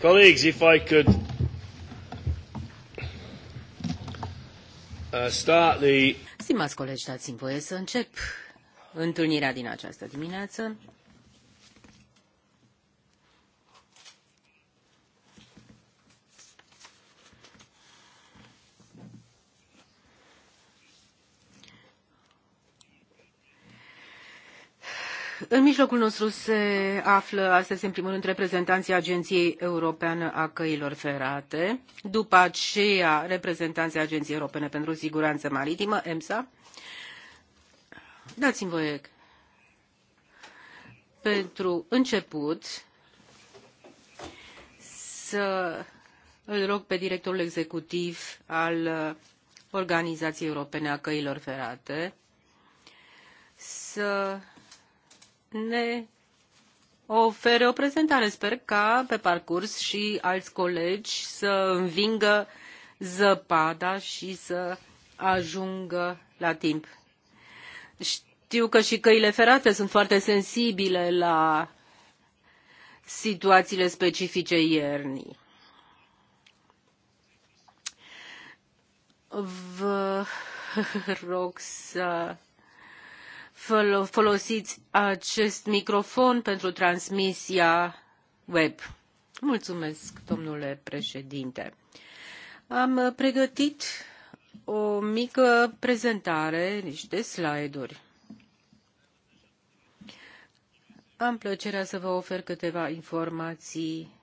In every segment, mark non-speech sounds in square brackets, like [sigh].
Colleagues, if I could uh, start the... Stimați colegi, dați-mi voie să încep întâlnirea din această dimineață. În mijlocul nostru se află astăzi, în primul rând, reprezentanții Agenției Europeană a Căilor Ferate, după aceea reprezentanții Agenției Europene pentru Siguranță Maritimă, EMSA. Dați-mi voie pentru început să îl rog pe directorul executiv al Organizației Europene a Căilor Ferate să ne oferă o prezentare. Sper ca pe parcurs și alți colegi să învingă zăpada și să ajungă la timp. Știu că și căile ferate sunt foarte sensibile la situațiile specifice iernii. Vă [laughs] rog să folosiți acest microfon pentru transmisia web. Mulțumesc, domnule președinte. Am pregătit o mică prezentare, niște slide-uri. Am plăcerea să vă ofer câteva informații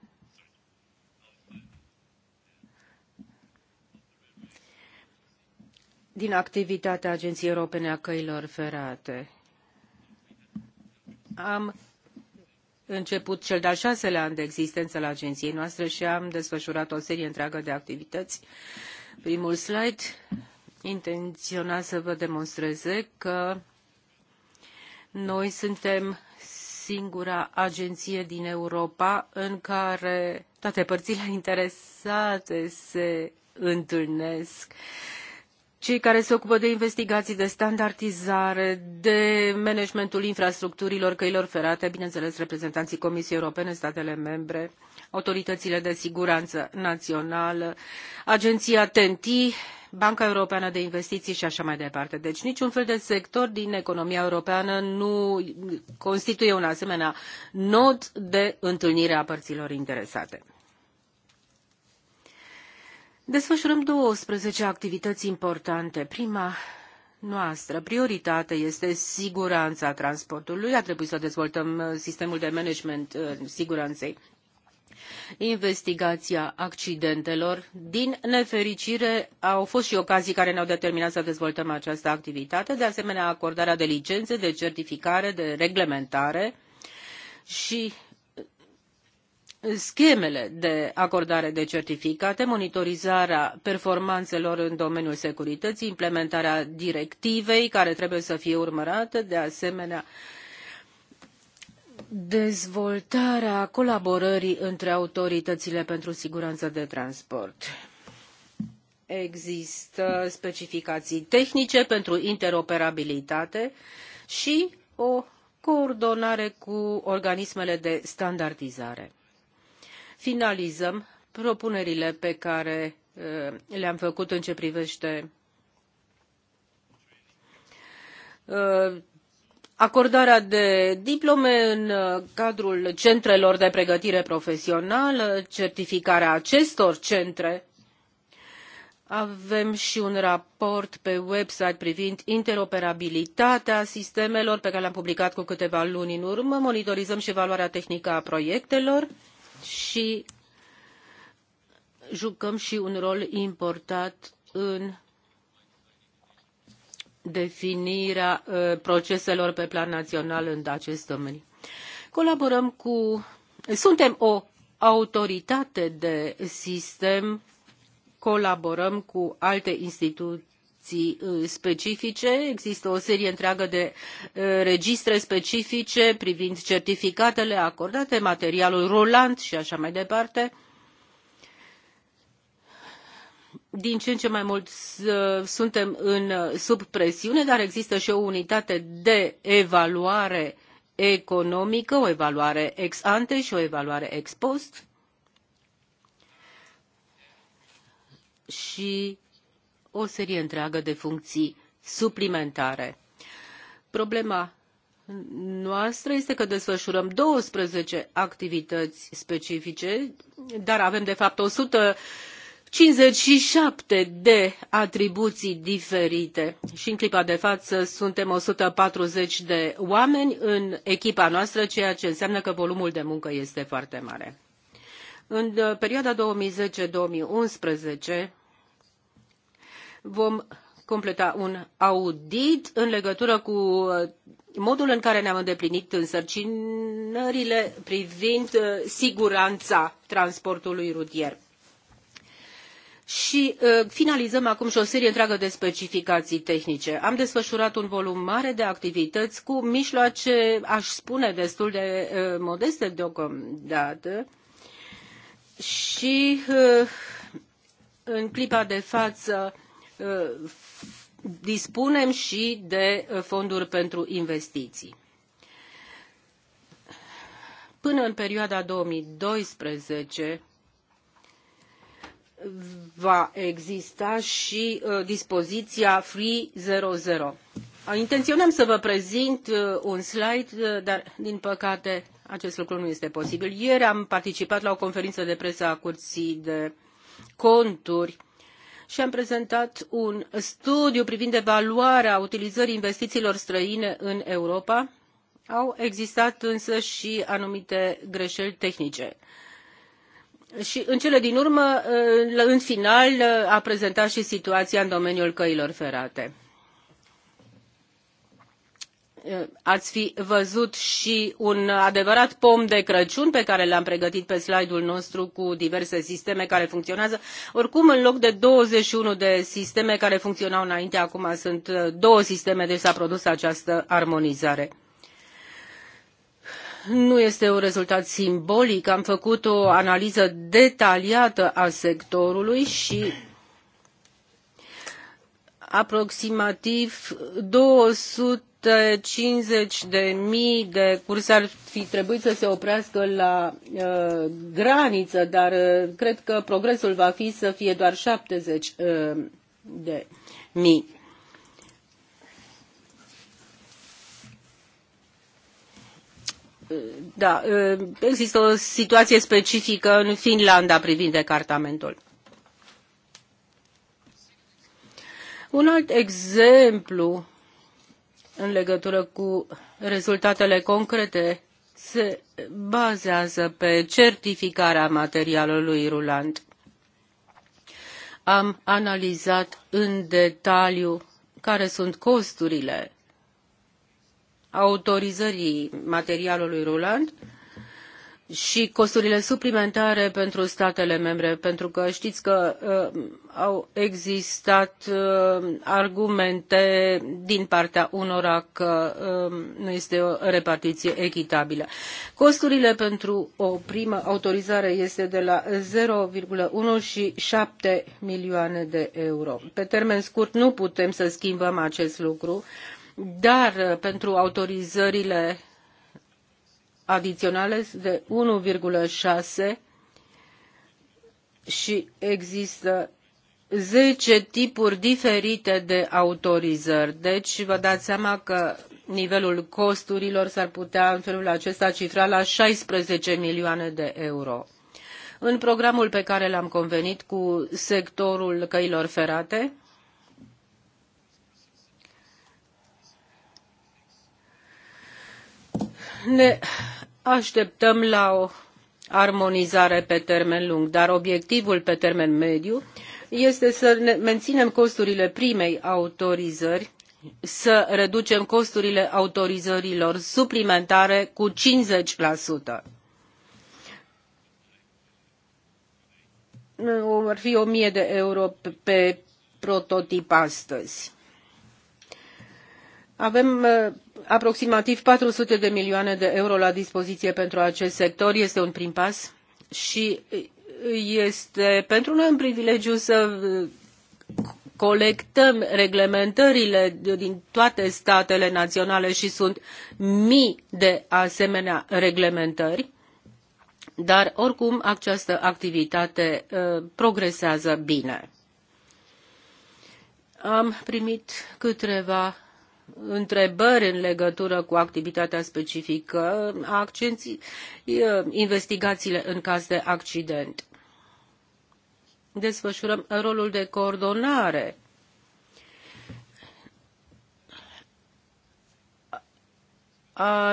din activitatea Agenției Europene a Căilor Ferate. Am început cel de-al șaselea an de existență al agenției noastre și am desfășurat o serie întreagă de activități. Primul slide intenționa să vă demonstreze că noi suntem singura agenție din Europa în care toate părțile interesate se întâlnesc. Uh, cei care se ocupă de investigații, de standardizare, de managementul infrastructurilor căilor ferate, bineînțeles reprezentanții Comisiei Europene, statele membre, autoritățile de siguranță națională, agenția TNT, Banca Europeană de Investiții și așa mai departe. Deci niciun fel de sector din economia europeană nu constituie un asemenea nod de întâlnire a părților interesate. Desfășurăm 12 activități importante. Prima noastră prioritate este siguranța transportului. A trebuit să dezvoltăm uh, sistemul de management uh, siguranței investigația accidentelor. Din nefericire, au fost și ocazii care ne-au determinat să dezvoltăm această activitate, de asemenea acordarea de licențe, de certificare, de reglementare și schemele de acordare de certificate, monitorizarea performanțelor în domeniul securității, implementarea directivei care trebuie să fie urmărată, de asemenea dezvoltarea colaborării între autoritățile pentru siguranță de transport. Există specificații tehnice pentru interoperabilitate și o coordonare cu organismele de standardizare finalizăm propunerile pe care uh, le-am făcut în ce privește uh, acordarea de diplome în uh, cadrul centrelor de pregătire profesională, certificarea acestor centre. Avem și un raport pe website privind interoperabilitatea sistemelor pe care l-am publicat cu câteva luni în urmă. Monitorizăm și evaluarea tehnică a proiectelor și jucăm și un rol important în definirea uh, proceselor pe plan național în acest domeniu. Colaborăm cu. Suntem o autoritate de sistem, colaborăm cu alte instituții direcții uh, specifice. Există o serie întreagă de uh, registre specifice privind certificatele acordate, materialul rulant și așa mai departe din ce în ce mai mult uh, suntem în, sub presiune, dar există și o unitate de evaluare economică, o evaluare ex ante și o evaluare ex post. Și o serie întreagă de funcții suplimentare. Problema noastră este că desfășurăm 12 activități specifice, dar avem de fapt 100 57 de atribuții diferite și în clipa de față suntem 140 de oameni în echipa noastră, ceea ce înseamnă că volumul de muncă este foarte mare. În uh, perioada 2010-2011 Vom completa un audit în legătură cu uh, modul în care ne-am îndeplinit însărcinările privind uh, siguranța transportului rutier. Și uh, finalizăm acum și o serie întreagă de specificații tehnice. Am desfășurat un volum mare de activități cu mijloace, aș spune, destul de modeste deocamdată și în clipa de față Eh, dispunem și de eh, fonduri pentru investiții. Până în perioada 2012 va exista și eh, dispoziția Free 00. Intenționăm să vă prezint un slide, dar din păcate acest lucru nu este posibil. Ieri am participat la o conferință de presă a Curții de Conturi și am prezentat un studiu privind evaluarea utilizării investițiilor străine în Europa. Au existat însă și anumite greșeli tehnice. Și în cele din urmă, în final, a prezentat și situația în domeniul căilor ferate Eh, ați fi văzut și un adevărat pom de Crăciun pe care l-am pregătit pe slide-ul nostru cu diverse sisteme care funcționează. Oricum, în loc de 21 de sisteme care funcționau înainte, acum sunt eh, două sisteme, deci s-a produs această armonizare nu este un rezultat simbolic am făcut o analiză detaliată a sectorului și aproximativ 200 150 de mii de curse ar fi trebuit să se oprească la uh, graniță, dar uh, cred că progresul va fi să fie doar 70 uh, de mii. Uh, da, uh, există o situație specifică în Finlanda privind decartamentul. Un alt exemplu în legătură cu rezultatele concrete se bazează pe certificarea materialului rulant. Am analizat în detaliu care sunt costurile autorizării materialului rulant și costurile suplimentare pentru statele membre, pentru că știți că uh, au existat uh, argumente din partea unora că uh, nu este o repartiție echitabilă. Costurile pentru o primă autorizare este de la 0,1 și 7 milioane de euro. Pe termen scurt nu putem să schimbăm acest lucru, dar pentru autorizările adiționale de 1,6 și există 10 tipuri diferite de autorizări. Deci vă dați seama că nivelul costurilor s-ar putea în felul acesta cifra la 16 milioane de euro. În programul pe care l-am convenit cu sectorul căilor ferate, ne așteptăm la o armonizare pe termen lung, dar obiectivul pe termen mediu este să ne menținem costurile primei autorizări, să reducem costurile autorizărilor suplimentare cu 50%. Ar fi 1000 de euro pe prototip astăzi. Avem aproximativ patru sute de milioane de euro la dispoziție pentru acest sector. Este un prim pas și este pentru noi un privilegiu să uh, colectăm reglementările din toate statele naționale și sunt mii de asemenea reglementări, dar oricum această activitate uh, progresează bine. Am primit câteva întrebări în legătură cu activitatea specifică a accenții, e, investigațiile în caz de accident. Desfășurăm rolul de coordonare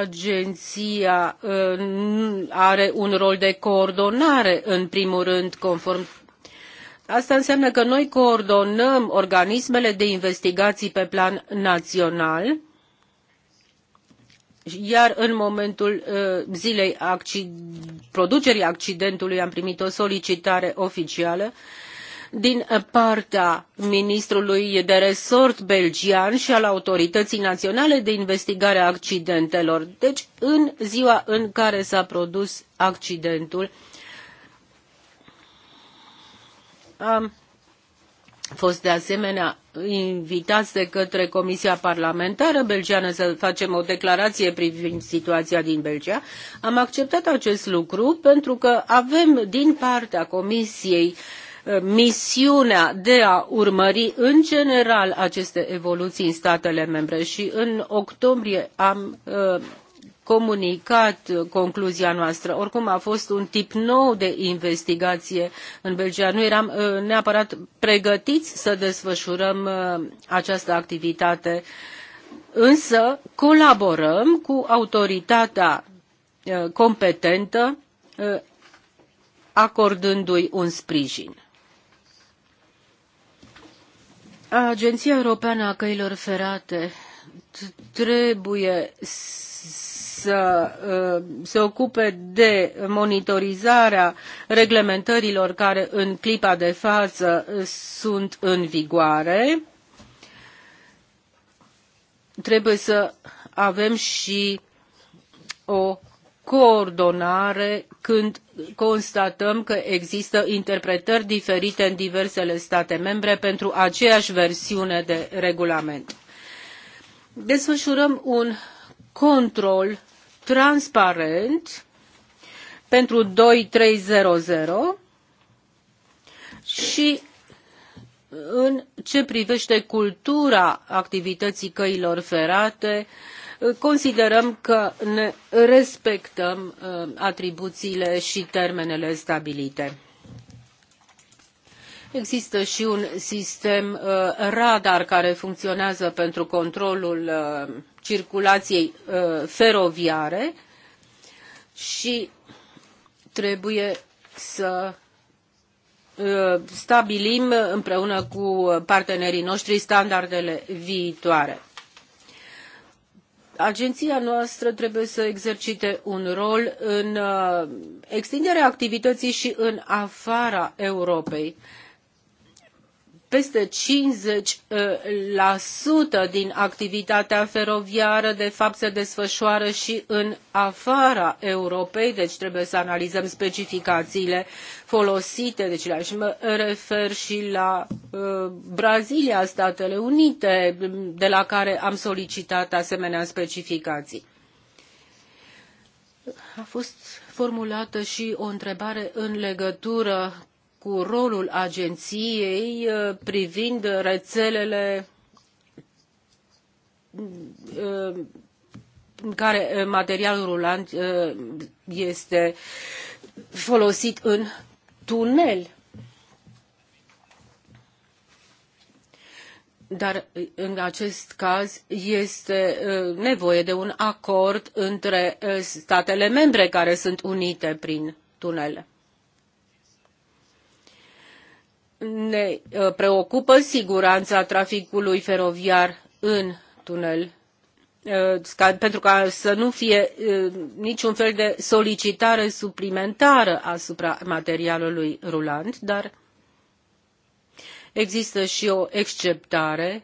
agenția uh, are un rol de coordonare, în primul rând, conform Asta înseamnă că noi coordonăm organismele de investigații pe plan național, iar în momentul uh, zilei producerii accidentului am primit o solicitare oficială din partea ministrului de resort belgian și al autorității naționale de investigare a accidentelor. Deci, în ziua în care s-a produs accidentul, Am fost de asemenea invitați de către Comisia Parlamentară Belgiană să facem o declarație privind situația din Belgia. Am acceptat acest lucru pentru că avem din partea Comisiei eh, misiunea de a urmări în general aceste evoluții în statele membre și în octombrie am eh, comunicat uh, concluzia noastră. Oricum a fost un tip nou de investigație în Belgia. Nu eram uh, neapărat pregătiți să desfășurăm uh, această activitate, însă colaborăm cu autoritatea competentă acordându-i un sprijin. Agenția Europeană a Căilor Ferate trebuie să uh, se ocupe de monitorizarea reglementărilor care în clipa de față uh, sunt în vigoare. Trebuie să avem și o coordonare când constatăm că există interpretări diferite în diversele state membre pentru aceeași versiune de regulament. Desfășurăm un control transparent pentru 2300 și în ce privește cultura activității căilor ferate, considerăm că ne respectăm uh, atribuțiile și termenele stabilite. Există și un sistem uh, radar care funcționează pentru controlul uh, circulației uh, feroviare și trebuie să stabilim împreună cu partenerii noștri standardele viitoare. Agenția noastră trebuie să exercite un rol în extinderea activității și în afara Europei peste 50% uh, din activitatea feroviară de fapt se desfășoară și în afara Europei, deci trebuie să analizăm specificațiile folosite. Deci la, și mă refer și la uh, Brazilia, Statele Unite, de la care am solicitat asemenea specificații. A fost formulată și o întrebare în legătură cu rolul agenției uh, privind rețelele uh, în care uh, materialul rulant este folosit în tunel. Dar în acest caz este nevoie de un acord între statele membre care sunt unite prin tunele ne uh, preocupă siguranța traficului feroviar în tunel, uh, pentru ca să nu fie uh, niciun fel de solicitare suplimentară asupra materialului rulant, dar există și o exceptare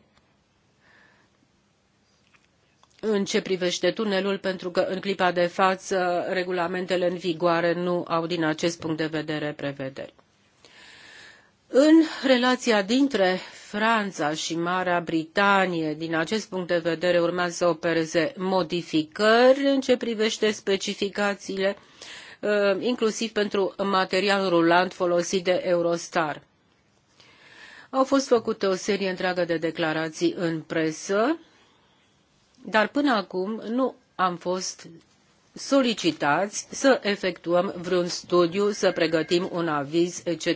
în ce privește tunelul, pentru că în clipa de față regulamentele în vigoare nu au din acest punct de vedere prevederi. În relația dintre Franța și Marea Britanie, din acest punct de vedere, urmează să opereze modificări în ce privește specificațiile, uh, inclusiv pentru material rulant folosit de Eurostar. Au fost făcute o serie întreagă de declarații în presă, dar până acum nu am fost solicitați să efectuăm vreun studiu, să pregătim un aviz, etc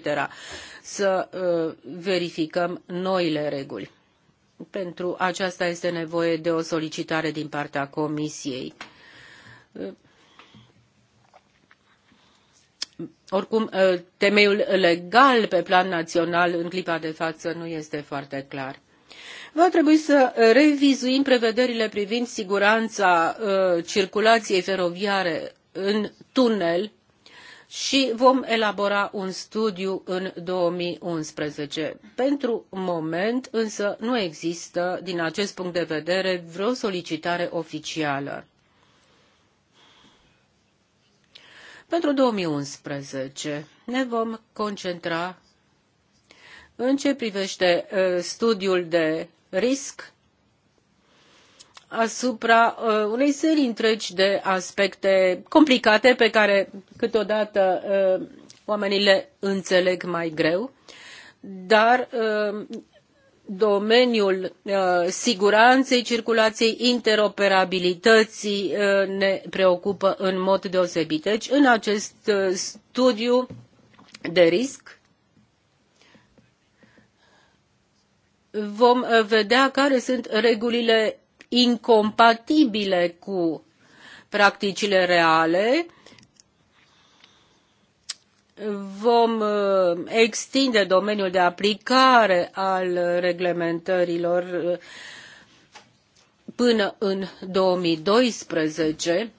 să uh, verificăm noile reguli. Pentru aceasta este nevoie de o solicitare din partea Comisiei. Uh, oricum, uh, temeiul legal pe plan național în clipa de față nu este foarte clar. Va trebui să revizuim prevederile privind siguranța circulației feroviare în tunel și vom elabora un studiu în 2011. Pentru moment însă nu există, din acest punct de vedere, vreo solicitare oficială. Pentru 2011 ne vom concentra în ce privește uh, studiul de risc asupra uh, unei serii întregi de aspecte complicate pe care câteodată uh, oamenii le înțeleg mai greu, dar uh, domeniul siguranței circulației, interoperabilității ne preocupă în mod deosebit. Deci, în acest studiu de risc, vom vedea care sunt regulile incompatibile cu practicile reale, vom uh, extinde domeniul de aplicare al reglementărilor uh, până în 2012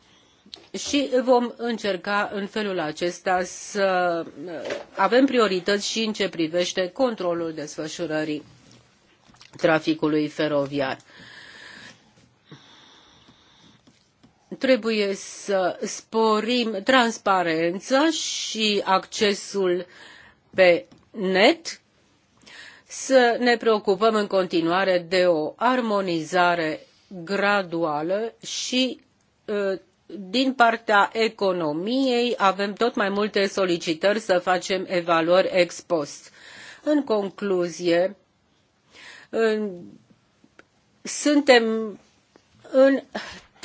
și vom încerca în felul acesta să uh, avem priorități și în ce privește controlul desfășurării traficului feroviar. trebuie să sporim transparența și accesul pe net, să ne preocupăm în continuare de o armonizare graduală și din partea economiei avem tot mai multe solicitări să facem evaluări ex post. În concluzie, suntem în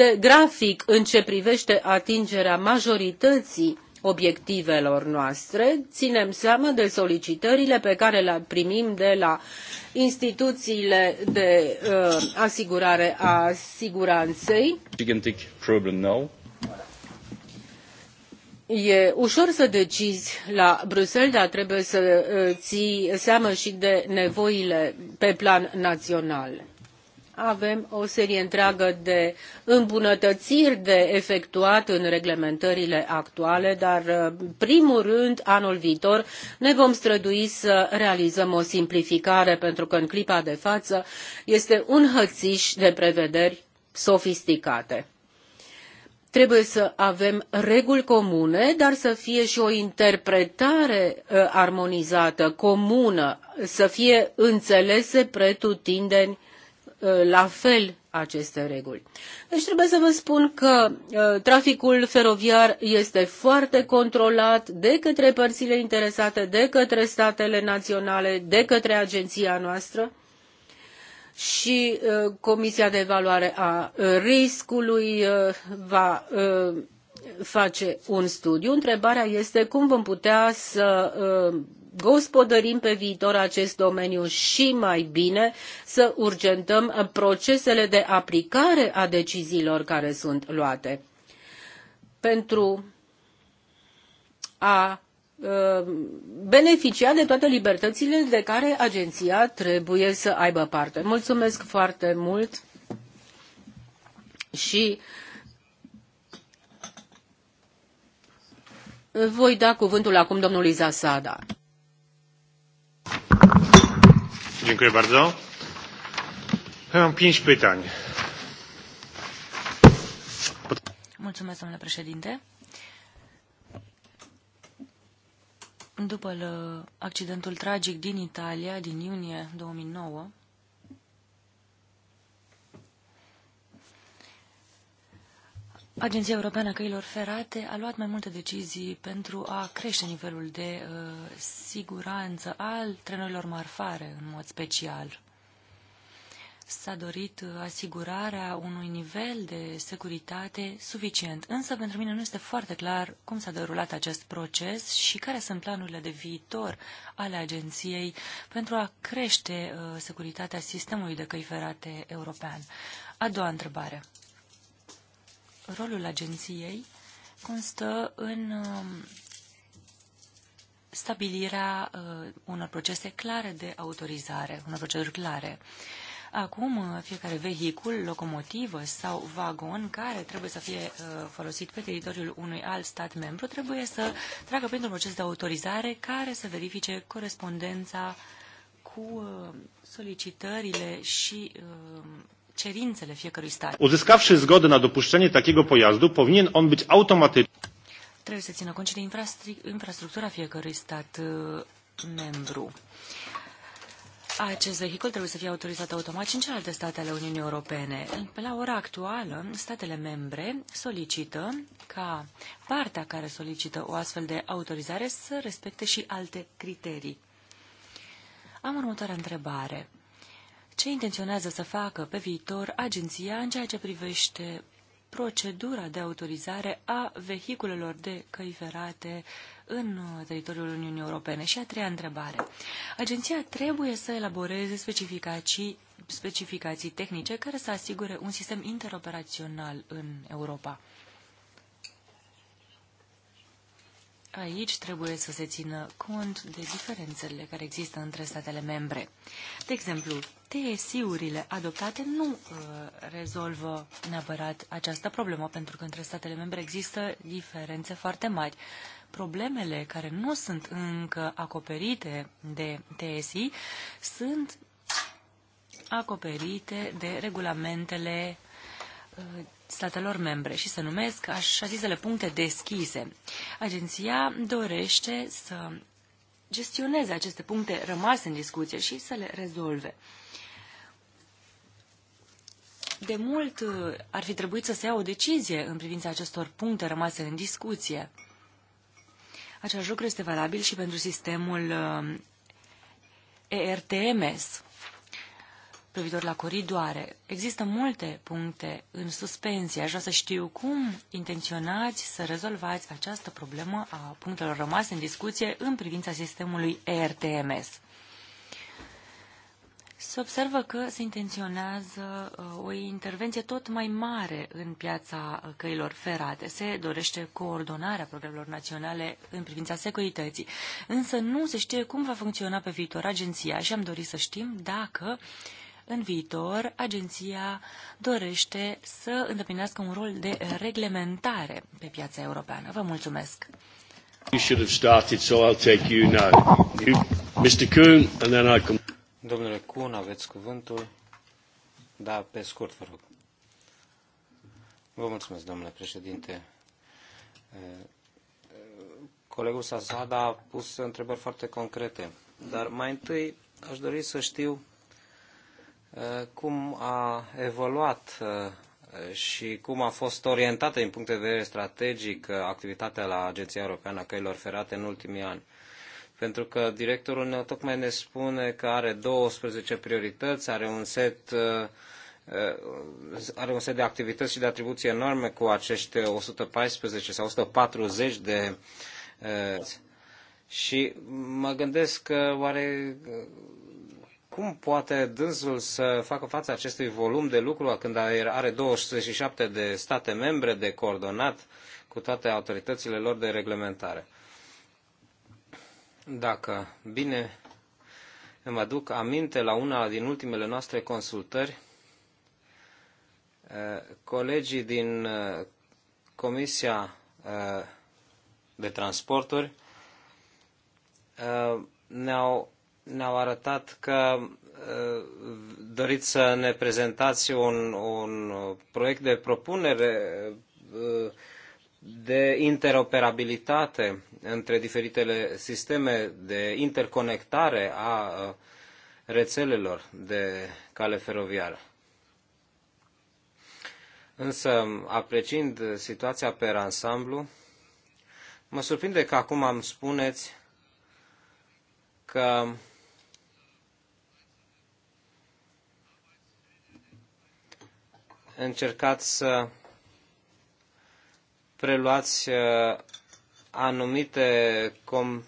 foarte grafic în ce privește atingerea majorității obiectivelor noastre, ținem seama de solicitările pe care le primim de la instituțiile de uh, asigurare a siguranței. Gigantic problem now. E ușor să decizi la Bruxelles, dar trebuie să uh, ții seama și de nevoile pe plan național avem o serie întreagă de îmbunătățiri de efectuat în reglementările actuale, dar uh, primul rând, anul viitor, ne vom strădui să realizăm o simplificare, pentru că în clipa de față este un hățiș de prevederi sofisticate trebuie să avem reguli comune, dar să fie și o interpretare uh, armonizată, comună, să fie înțelese pretutindeni Uh, la fel aceste reguli. Deci trebuie să vă spun că uh, traficul feroviar este foarte controlat de către părțile interesate, de către statele naționale, de către agenția noastră și uh, Comisia de Evaluare a Riscului va face un studiu. Întrebarea este cum vom putea să gospodărim pe viitor acest domeniu și mai bine, să urgentăm procesele de aplicare a deciziilor care sunt luate. Pentru a uh, beneficia de toate libertățile de care agenția trebuie să aibă parte. Mulțumesc foarte mult și voi da cuvântul acum domnului Zasada. Dziękuję bardzo. Ja mam pięć pytań. Mulțumesc, domnule președinte. După uh, accidentul tragic din Italia, din iunie 2009, Agenția Europeană a Căilor Ferate a luat mai multe decizii pentru a crește nivelul de uh, siguranță al trenurilor marfare, în mod special. S-a dorit uh, asigurarea unui nivel de securitate suficient, însă pentru mine nu este foarte clar cum s-a derulat acest proces și care sunt planurile de viitor ale agenției pentru a crește uh, securitatea sistemului de căi ferate european. A doua întrebare rolul agenției constă în um, stabilirea uh, unor procese clare de autorizare, unor proceduri clare. Acum, uh, fiecare vehicul, locomotivă sau vagon care trebuie să fie uh, folosit pe teritoriul unui alt stat membru trebuie să treacă printr-un proces de autorizare care să verifice corespondența cu solicitările și um, cerințele fiecărui stat. Uzyskawszy zgodę na dopuszczenie takiego pojazdu, powinien on być automatycznie. Trebuie să țină cont de infrastructura fiecărui stat e, membru. Acest vehicul trebuie să fie autorizat automat și în celelalte state ale Uniunii Europene. Pe la ora actuală, statele membre solicită ca partea care solicită o astfel de autorizare să respecte și alte criterii. Am următoarea întrebare ce intenționează să facă pe viitor agenția în ceea ce privește procedura de autorizare a vehiculelor de căi ferate în uh, teritoriul Uniunii Europene. Și a treia întrebare. Agenția trebuie să elaboreze specificații, specificații tehnice care să asigure un sistem interoperațional în Europa. Aici trebuie să se țină cont de diferențele care există între statele membre. De exemplu, TSI-urile adoptate nu uh, rezolvă neapărat această problemă, pentru că între statele membre există diferențe foarte mari. Problemele care nu sunt încă acoperite de TSI sunt acoperite de regulamentele uh, statelor membre și se numesc așa zisele puncte deschise. Agenția dorește să gestioneze aceste puncte rămase în discuție și să le rezolve. De mult uh, ar fi trebuit să se ia o decizie în privința acestor puncte rămase în discuție. Același lucru este valabil și pentru sistemul uh, ERTMS privitor la coridoare. Există multe puncte în suspensie. Aș vrea să știu cum intenționați să rezolvați această problemă a punctelor rămase în discuție în privința sistemului ERTMS. Se observă că se intenționează uh, o intervenție tot mai mare în piața uh, căilor ferate. Se dorește coordonarea programelor naționale în privința securității. Însă nu se știe cum va funcționa pe viitor agenția și am dorit să știm dacă uh, în viitor, agenția dorește să îndeplinească un rol de reglementare pe piața europeană. Vă mulțumesc! Domnule Kuhn, aveți cuvântul, dar pe scurt, vă rog. Vă mulțumesc, domnule președinte. E, colegul Sazada a pus întrebări foarte concrete, dar mai întâi aș dori să știu Eh, cum a evoluat eh, și cum a fost orientată din punct de vedere strategic eh, activitatea la Agenția Europeană a Căilor Ferate în ultimii ani. Pentru că directorul ne tocmai ne spune că are 12 priorități, are un set are un set de activități și de atribuții enorme cu acești 114 sau 140 de și mă gândesc că oare cum poate dânsul să facă față acestui volum de lucru când are 27 de state membre de coordonat cu toate autoritățile lor de reglementare? Dacă bine îmi aduc aminte la una din ultimele noastre consultări, eh, colegii din eh, Comisia eh, de Transporturi ne-au ne-au arătat că uh, doriți să ne prezentați un, un proiect de propunere uh, de interoperabilitate între diferitele sisteme de interconectare a uh, rețelelor de cale feroviară. Însă, apreciind situația pe ansamblu, mă surprinde că acum am spuneți că încercat să preluați uh, anumite com-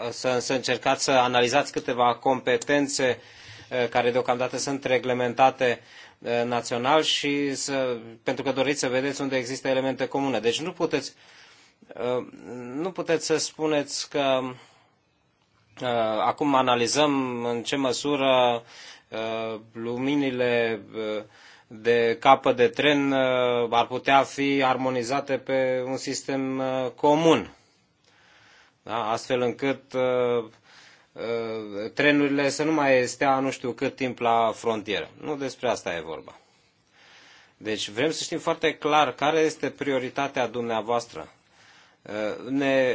uh, să, să încercați să analizați câteva competențe uh, care deocamdată sunt reglementate național și să, pentru că doriți să vedeți unde există elemente comune. Deci nu puteți, nu puteți să spuneți că acum analizăm în ce măsură Uh, luminile uh, de capă de tren uh, ar putea fi armonizate pe un sistem comun. Da? Astfel încât trenurile să nu mai stea nu știu cât timp la frontieră. Nu despre asta e vorba. Deci vrem să știm foarte clar care este prioritatea dumneavoastră. Ne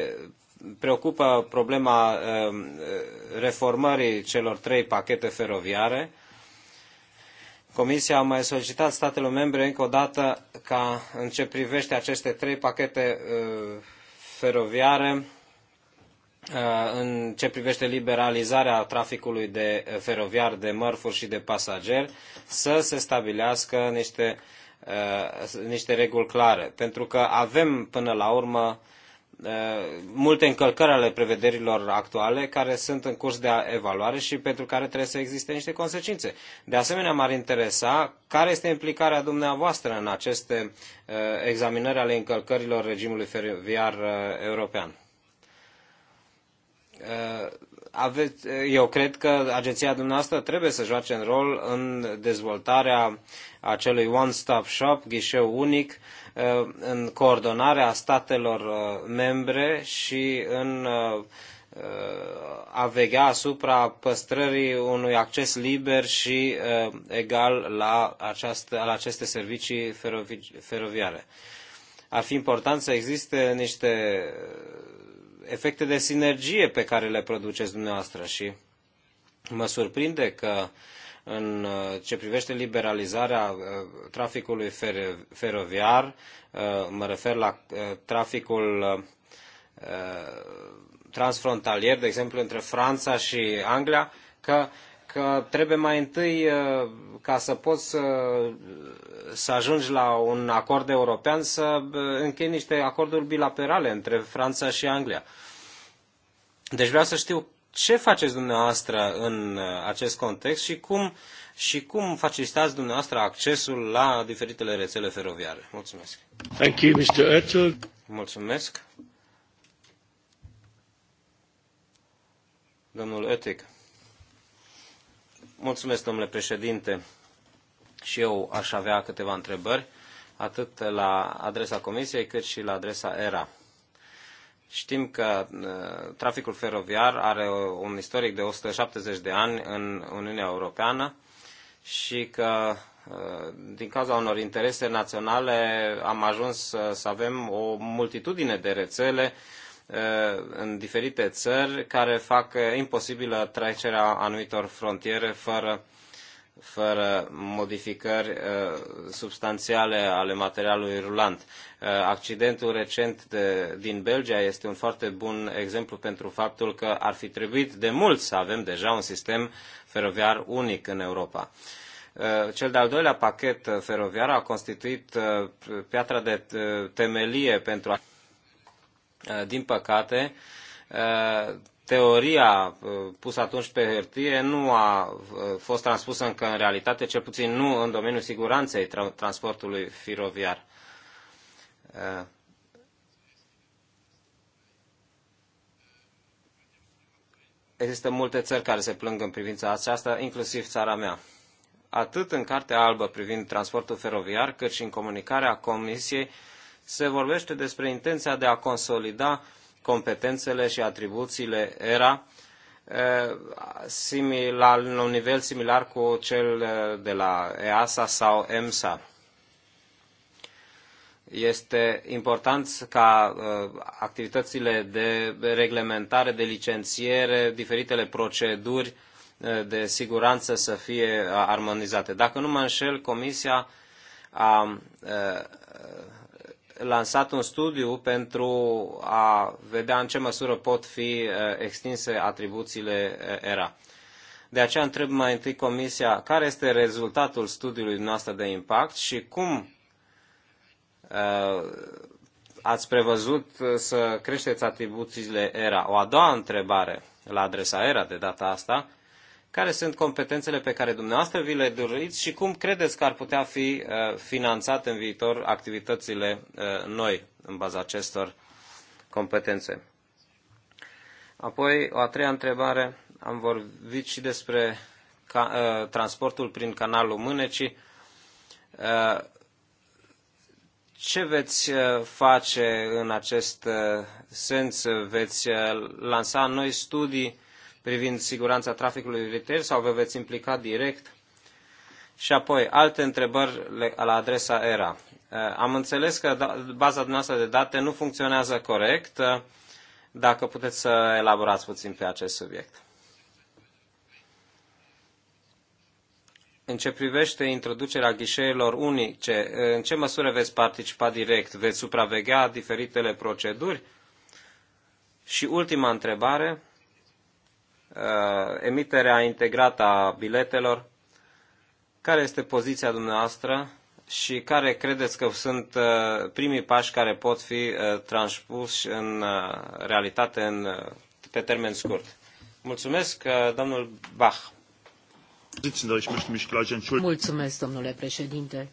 preocupă problema ehm, reformării celor trei pachete feroviare. Comisia a mai solicitat statelor membre încă o dată ca în ce privește aceste trei pachete eh, feroviare, eh, în ce privește liberalizarea traficului de eh, feroviar de mărfuri și de pasageri, să se stabilească niște, niște reguli clare. Pentru că avem până la urmă Eh, multe încălcări ale prevederilor actuale care sunt în curs de evaluare și pentru care trebuie să existe niște consecințe. De asemenea, m-ar interesa care este implicarea dumneavoastră în aceste eh, examinări ale încălcărilor regimului feroviar eh, european. Aveți, eu cred că agenția dumneavoastră trebuie să joace un rol în dezvoltarea acelui one-stop shop, ghișeu unic, uh, Eh, în coordonarea statelor eh, membre și în eh, a vegea asupra păstrării unui acces liber și egal la, această, la aceste servicii ferovi, feroviare. Ar fi important să existe niște efecte de sinergie pe care le produceți dumneavoastră și mă surprinde că uh, în uh, ce privește liberalizarea uh, traficului feroviar, uh, mă refer la traficul transfrontalier, de exemplu, între Franța și Anglia, că, că trebuie mai întâi, ca să poți să, să ajungi la un acord european, să închei niște acorduri bilaterale între Franța și Anglia. Deci vreau să știu ce faceți dumneavoastră în uh, acest context și cum, și cum facilitați dumneavoastră accesul la diferitele rețele feroviare? Mulțumesc. Thank you, Mr. Ertel. Mulțumesc. Domnul Etic. Mulțumesc, domnule președinte. Și eu aș avea câteva întrebări, atât la adresa Comisiei, cât și la adresa ERA. Știm că uh, traficul feroviar are un istoric de 170 de ani în Uniunea Europeană și că uh, din cauza unor interese naționale am ajuns să avem o multitudine de rețele uh, în diferite țări care fac imposibilă trecerea anumitor frontiere fără fără modificări uh, substanțiale ale materialului rulant. Uh, accidentul recent de, din Belgia este un foarte bun exemplu pentru faptul că ar fi trebuit de mult să avem deja un sistem feroviar unic în Europa. Uh, cel de-al doilea pachet feroviar a constituit piatra de temelie pentru. Din păcate, teoria uh, pusă atunci pe hârtie nu a uh, fost transpusă încă în realitate, cel puțin nu în domeniul siguranței transportului firoviar. Uh, există multe țări care se plâng în privința aceasta, inclusiv țara mea. Atât în Cartea Albă privind transportul feroviar, cât și în comunicarea Comisiei, se vorbește despre intenția de a consolida uh, competențele și atribuțiile ERA e, similar, la un nivel similar cu cel e, de la EASA sau EMSA. Este important ca e, activitățile de reglementare, de licențiere, diferitele proceduri de siguranță să fie armonizate. Dacă nu mă înșel, Comisia a lansat un studiu pentru a vedea în ce măsură pot fi e, extinse atribuțiile e, ERA. De aceea întreb mai întâi Comisia care este rezultatul studiului noastră de impact și cum e, ați prevăzut să creșteți atribuțiile ERA. O a doua întrebare la adresa ERA de data asta care sunt competențele pe care dumneavoastră vi le doriți și cum credeți că ar putea fi uh, finanțate în viitor activitățile uh, noi în baza acestor competențe. Apoi, o a treia întrebare, am vorbit și despre uh, transportul prin canalul Mânecii. Ce veți face în acest sens? Veți lansa noi studii privind siguranța traficului rutier sau vă veți implica direct? Și apoi, alte întrebări la adresa ERA. Uh, am înțeles că baza noastră de date nu funcționează corect. Uh, dacă puteți să elaborați puțin pe acest subiect. În ce privește introducerea ghișeelor unice, uh, în ce măsură veți participa direct? Veți supraveghea diferitele proceduri? Și ultima întrebare, Uh, emiterea integrată a biletelor. Care este poziția dumneavoastră și care credeți că sunt uh, primii pași care pot fi uh, transpuși în realitate în, pe termen scurt? Mulțumesc, domnul Bach. Mulțumesc, domnule președinte.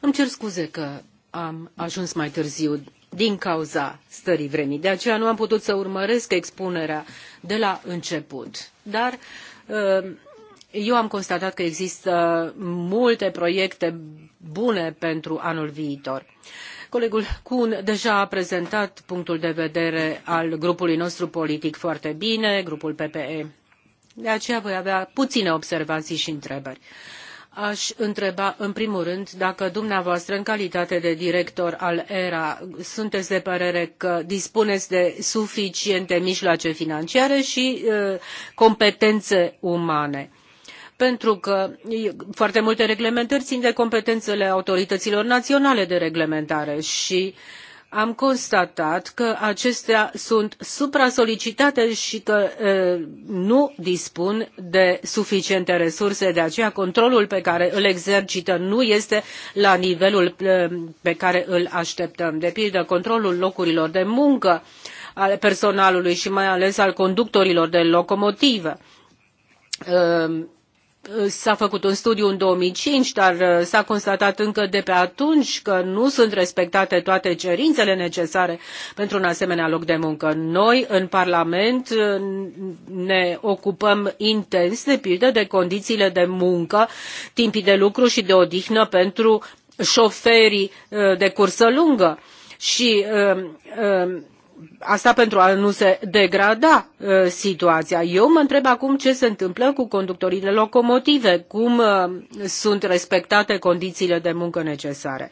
Îmi cer scuze că am ajuns mai târziu din cauza stării vremii. De aceea nu am putut să urmăresc expunerea de la început. Dar uh, eu am constatat că există multe proiecte bune pentru anul viitor. Colegul Kuhn deja a prezentat punctul de vedere al grupului nostru politic foarte bine, grupul PPE. De aceea voi avea puține observații și întrebări. Uh, aș întreba în primul rând dacă dumneavoastră, în calitate de director al ERA, sunteți de părere că dispuneți de suficiente mijloace financiare și uh, competențe umane pentru că e, foarte multe reglementări țin de competențele autorităților naționale de reglementare și uh, am constatat că acestea sunt supra-solicitate și că e, nu dispun de suficiente resurse, de aceea controlul pe care îl exercită nu este la nivelul e, pe care îl așteptăm. De pildă, controlul locurilor de muncă al personalului și mai ales al conductorilor de locomotivă e, Eh, s-a făcut un studiu în 2005, dar eh, s-a constatat încă de pe atunci că nu sunt respectate toate cerințele necesare pentru un asemenea loc de muncă. Noi, în Parlament, eh, ne ocupăm intens, de pildă, de condițiile de muncă, timpii de lucru și de odihnă pentru șoferii de cursă lungă. Și uh, uh, asta pentru a nu se degrada uh, situația. Eu mă întreb acum ce se întâmplă cu conductorii de locomotive, cum uh, sunt respectate condițiile de muncă necesare.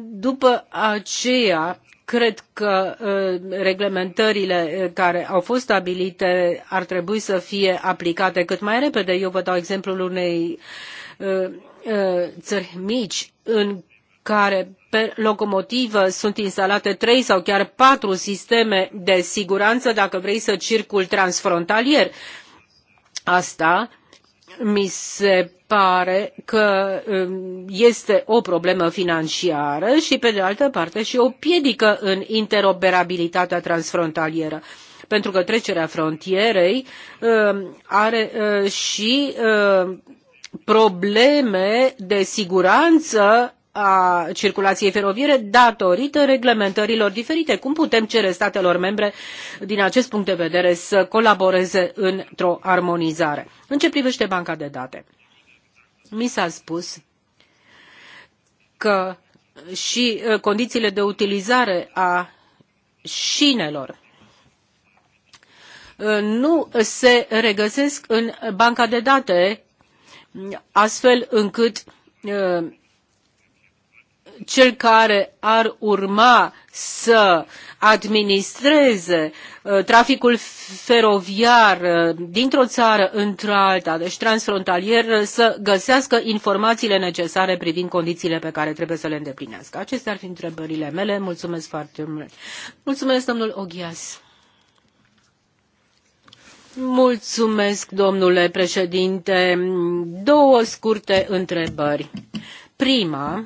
După aceea, cred că uh, reglementările uh, care au fost stabilite ar trebui să fie aplicate cât mai repede. Eu vă dau exemplul unei uh, uh, țări mici în care pe locomotivă sunt instalate trei sau chiar patru sisteme de siguranță dacă vrei să circul transfrontalier. Asta mi se pare că um, este o problemă financiară și, pe de altă parte, și o piedică în interoperabilitatea transfrontalieră pentru că trecerea frontierei um, are uh, și uh, probleme de siguranță a circulației feroviere datorită reglementărilor diferite. Cum putem cere statelor membre, din acest punct de vedere, să colaboreze într-o armonizare? În ce privește banca de date? Mi s-a spus că și uh, condițiile de utilizare a șinelor uh, nu se regăsesc în banca de date, astfel încât uh, cel care ar urma să administreze uh, traficul feroviar uh, dintr-o țară într-alta, deci transfrontalier, uh, să găsească informațiile necesare privind condițiile pe care trebuie să le îndeplinească. Acestea ar fi întrebările mele. Mulțumesc foarte mult. Mulțumesc, domnul Oghias. Mulțumesc, domnule președinte. Două scurte întrebări. Prima,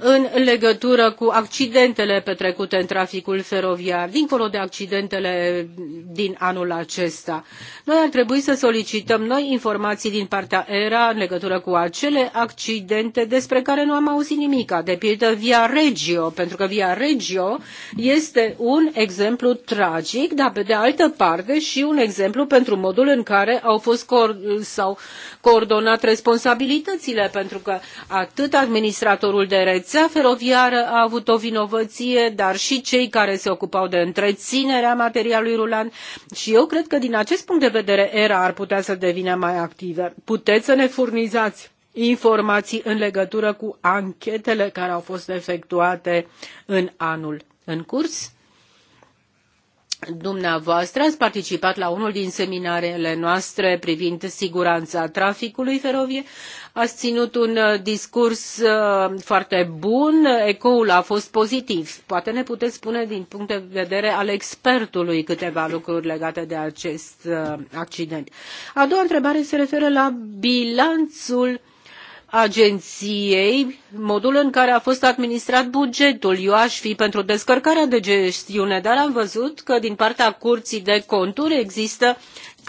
în legătură cu accidentele petrecute în traficul feroviar, dincolo de accidentele din anul acesta. Noi ar trebui să solicităm noi informații din partea ERA în legătură cu acele accidente despre care nu am auzit nimic, de pildă Via Regio, pentru că Via Regio este un exemplu tragic, dar pe de altă parte și un exemplu pentru modul în care au fost cor- sau coordonat responsabilitățile, pentru că atât administratorul de rețetă, rețea feroviară a avut o vinovăție, dar și cei care se ocupau de întreținerea materialului rulant și eu cred că din acest punct de vedere era ar putea să devină mai activă. Puteți să ne furnizați informații în legătură cu anchetele care au fost efectuate în anul în curs? Dumneavoastră ați participat la unul din seminarele noastre privind siguranța traficului feroviar. Ați ținut un uh, discurs uh, foarte bun, ecoul a fost pozitiv. Poate ne puteți spune din punct de vedere al expertului câteva lucruri legate de acest uh, accident. A doua întrebare se referă la bilanțul agenției modul în care a fost administrat bugetul. Eu aș fi pentru descărcarea de gestiune, dar am văzut că din partea Curții de Conturi există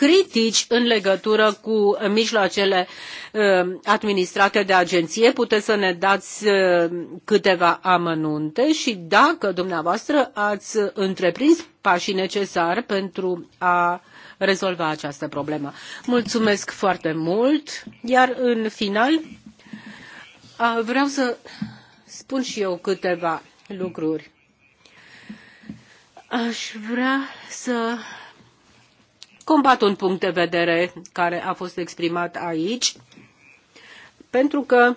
critici în legătură cu mijloacele uh, administrate de agenție. Puteți să ne dați uh, câteva amănunte și dacă dumneavoastră ați întreprins pașii necesari pentru a rezolva această problemă. Mulțumesc foarte mult, iar în final vreau să spun și eu câteva lucruri. Aș vrea să combat un punct de vedere care a fost exprimat aici, pentru că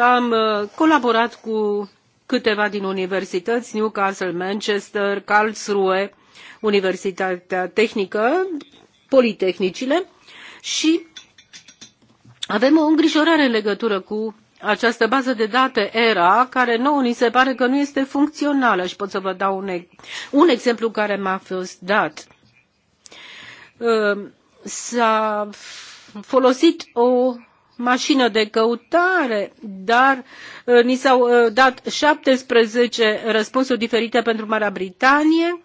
am uh, colaborat cu câteva din universități, Newcastle, Manchester, Karlsruhe, Universitatea Tehnică, Politehnicile și avem o îngrijorare în legătură cu această bază de date ERA, care nouă ni se pare că nu este funcțională și pot să vă dau un, un exemplu care m-a fost dat. Uh, s-a folosit o mașină de căutare, dar uh, ni s-au uh, dat 17 răspunsuri diferite pentru Marea Britanie,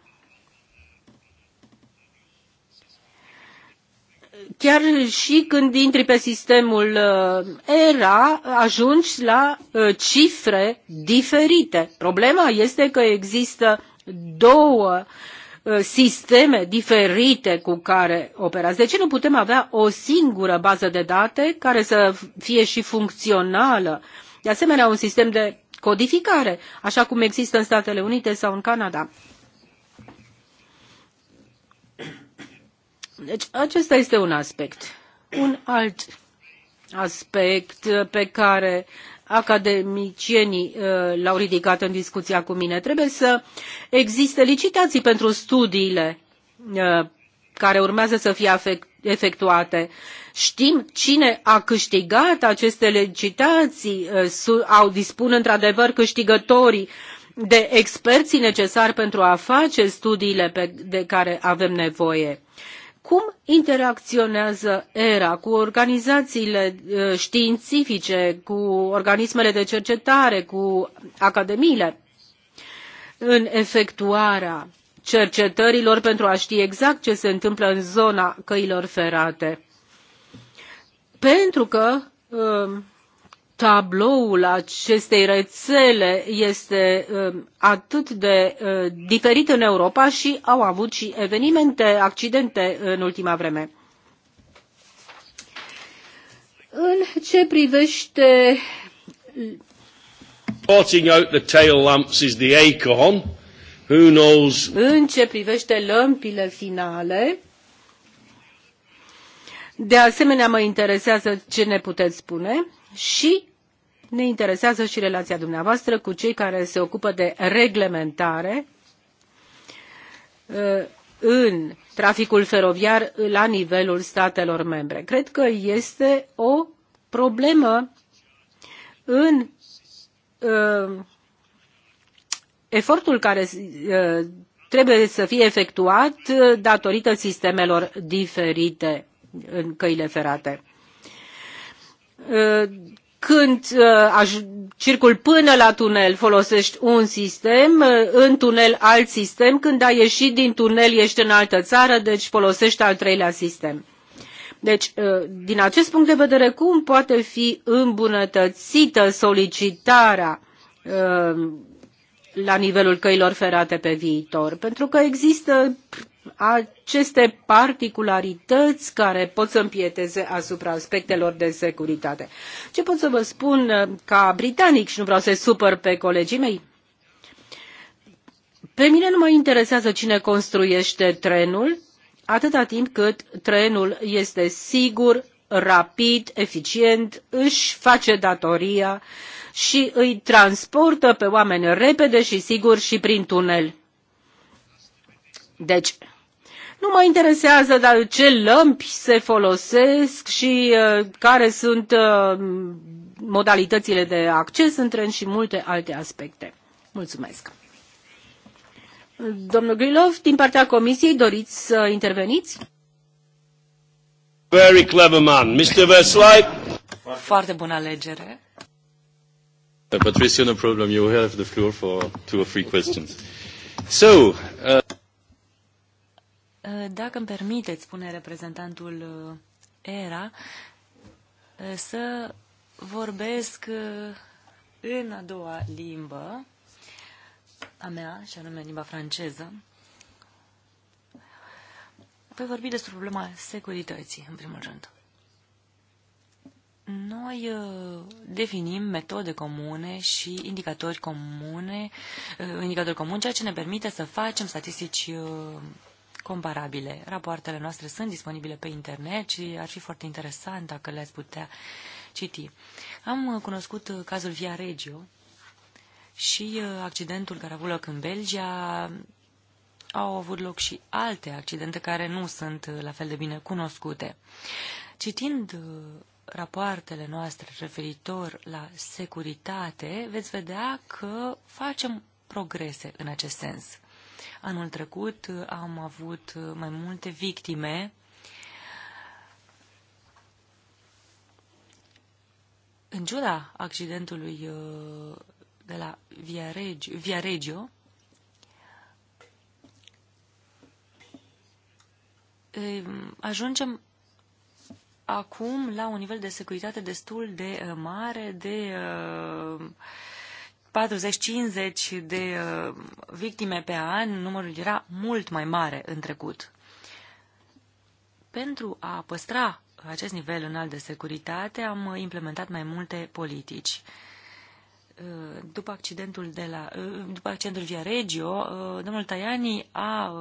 chiar și când intri pe sistemul uh, ERA, ajungi la uh, cifre diferite. Problema este că există două uh, sisteme diferite cu care operați. De ce nu putem avea o singură bază de date care să fie și funcțională? De asemenea, un sistem de codificare, așa cum există în Statele Unite sau în Canada. acesta este un aspect. Un alt aspect pe care academicienii uh, l-au ridicat în discuția cu mine. Trebuie să existe licitații pentru studiile uh, care urmează să fie efectuate. Știm cine a câștigat aceste licitații, uh, au dispun într-adevăr câștigătorii de experții necesari pentru a face studiile pe, de care avem nevoie cum interacționează ERA cu organizațiile uh, științifice, cu organismele de cercetare, cu academiile în efectuarea cercetărilor pentru a ști exact ce se întâmplă în zona căilor ferate. Pentru că uh, tabloul acestei rețele este um, atât de uh, diferit în Europa și au avut și evenimente, accidente în ultima vreme. În ce privește Porting out the tail lamps is the acorn. Who knows? În ce privește lămpile finale, de asemenea mă interesează ce ne puteți spune și ne interesează și relația dumneavoastră cu cei care se ocupă de reglementare uh, în traficul feroviar la nivelul statelor membre. Cred că este o problemă în uh, efortul care uh, trebuie să fie efectuat uh, datorită sistemelor diferite în căile ferate uh, când uh, circul până la tunel folosești un sistem, uh, în tunel alt sistem, când ai ieșit din tunel ești în altă țară, deci folosești al treilea sistem. Deci, uh, din acest punct de vedere, cum poate fi îmbunătățită solicitarea la nivelul căilor ferate pe viitor? Pentru că există aceste particularități care pot să împieteze asupra aspectelor de securitate. Ce pot să vă spun uh, ca britanic și nu vreau să supăr pe colegii mei? Pe mine nu mă interesează cine construiește trenul, atâta timp cât trenul este sigur, rapid, eficient, își face datoria și îi transportă pe oameni repede și sigur și prin tunel. Deci, Nu mă interesează dar ce lămpi se folosesc și uh, care sunt uh, modalitățile de acces în tren și multe alte aspecte. Mulțumesc. Domnul Grilov, din partea Comisiei, doriți să interveniți? Very clever man. Mr. Versley. Foarte bună alegere. Uh, Patricia, no problem. You have the floor for two or three questions. So, uh... Eh, dacă îmi permiteți, spune reprezentantul eh, ERA, eh, să vorbesc în a doua limbă, a mea, și anume limba franceză, voi vorbi despre problema securității, în primul rând. Noi definim metode comune și indicatori comune, indicatori comuni, ceea ce ne permite să facem statistici comparabile. Rapoartele noastre sunt disponibile pe internet și ar fi foarte interesant dacă le-ați putea citi. Am cunoscut cazul Via Regio și uh, accidentul care a avut loc în Belgia. Au avut loc și alte accidente care nu sunt uh, la fel de bine cunoscute. Citind uh, rapoartele noastre referitor la securitate, veți vedea că facem progrese în acest sens. Anul trecut am avut mai multe victime în ciuda accidentului uh, de la Via, Regi, Via Regio, um, ajungem acum la un nivel de securitate destul de uh, mare, de uh, 40-50 de uh, victime pe an, numărul era mult mai mare în trecut. Pentru a păstra acest nivel înalt de securitate, am implementat mai multe politici. Uh, după accidentul, de la, uh, după accidentul Via Regio, domnul Tajani a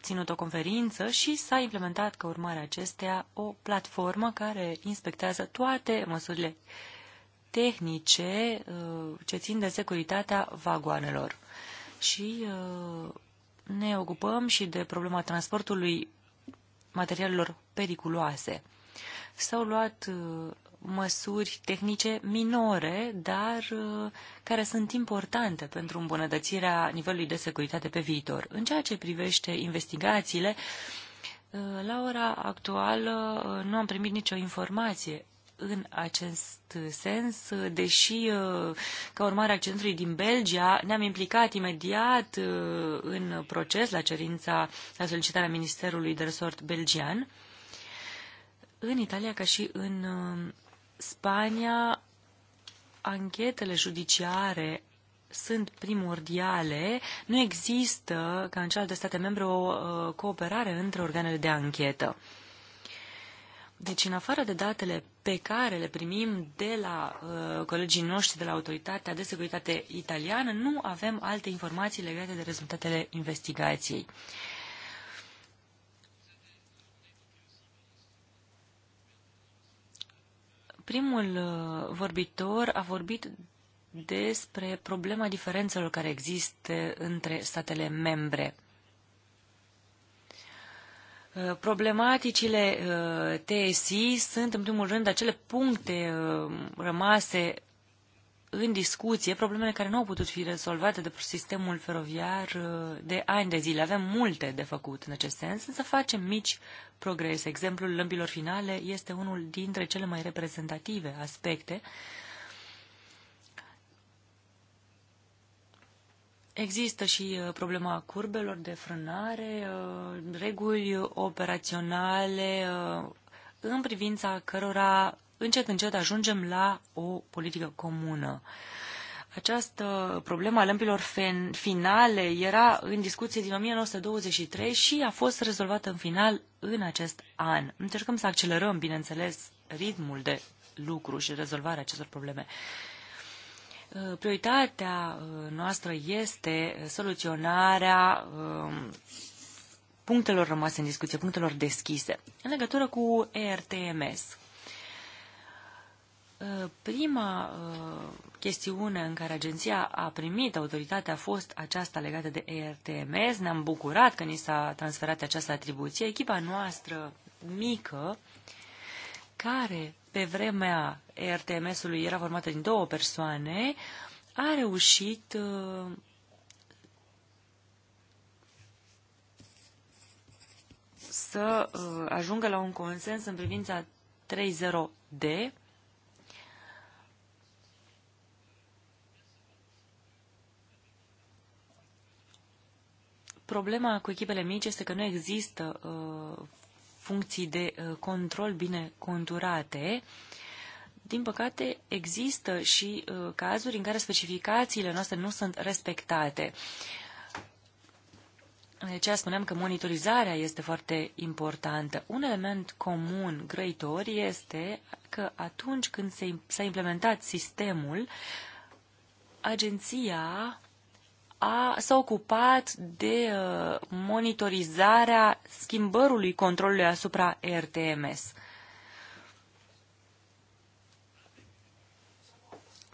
ținut o conferință și s-a implementat ca urmare acestea o platformă care inspectează toate măsurile tehnice uh, ce țin de securitatea vagoanelor. Și uh, ne ocupăm și de problema transportului materialelor periculoase. S-au luat uh, măsuri tehnice minore, dar care sunt importante pentru îmbunătățirea nivelului de securitate pe viitor. În ceea ce privește investigațiile, la ora actuală nu am primit nicio informație în acest sens, deși uh, ca urmare a accidentului din Belgia ne-am implicat imediat uh, în proces la cerința, la solicitarea Ministerului de Resort belgian. În Italia, ca și în uh, Spania, anchetele judiciare sunt primordiale, nu există, ca în celelalte state membre, o cooperare între organele de anchetă. Deci, în afară de datele pe care le primim de la uh, colegii noștri, de la autoritatea de securitate italiană, nu avem alte informații legate de rezultatele investigației. Primul uh, vorbitor a vorbit despre problema diferențelor care există între statele membre. Uh, problematicile uh, TSI sunt, în primul rând, acele puncte uh, rămase în discuție, problemele care nu au putut fi rezolvate de sistemul feroviar de ani de zile. Avem multe de făcut în acest sens, însă facem mici progrese. Exemplul lămpilor finale este unul dintre cele mai reprezentative aspecte Există și uh, problema curbelor de frânare, uh, reguli operaționale uh, în privința cărora încet, încet ajungem la o politică comună. Această problemă a lămpilor finale era în discuție din 1923 și a fost rezolvată în final în acest an. Încercăm să accelerăm, bineînțeles, ritmul de lucru și rezolvarea acestor probleme. Eh, prioritatea eh, noastră este soluționarea eh, punctelor rămase în discuție, punctelor deschise, în legătură cu ERTMS. Prima chestiune în care agenția a primit autoritatea a fost aceasta legată de ERTMS. Ne-am bucurat că ni s-a transferat această atribuție. Echipa noastră mică, care pe vremea RTMS-ului era formată din două persoane, a reușit uh, să uh, ajungă la un consens în privința 30D, Problema cu echipele mici este că nu există uh, funcții de uh, control bine conturate. Din păcate, există și uh, cazuri în care specificațiile noastre nu sunt respectate. De aceea spuneam că monitorizarea este foarte importantă. Un element comun grăitor este că atunci când s-a implementat sistemul, agenția a s-a ocupat de uh, monitorizarea schimbărului controlului asupra RTMS.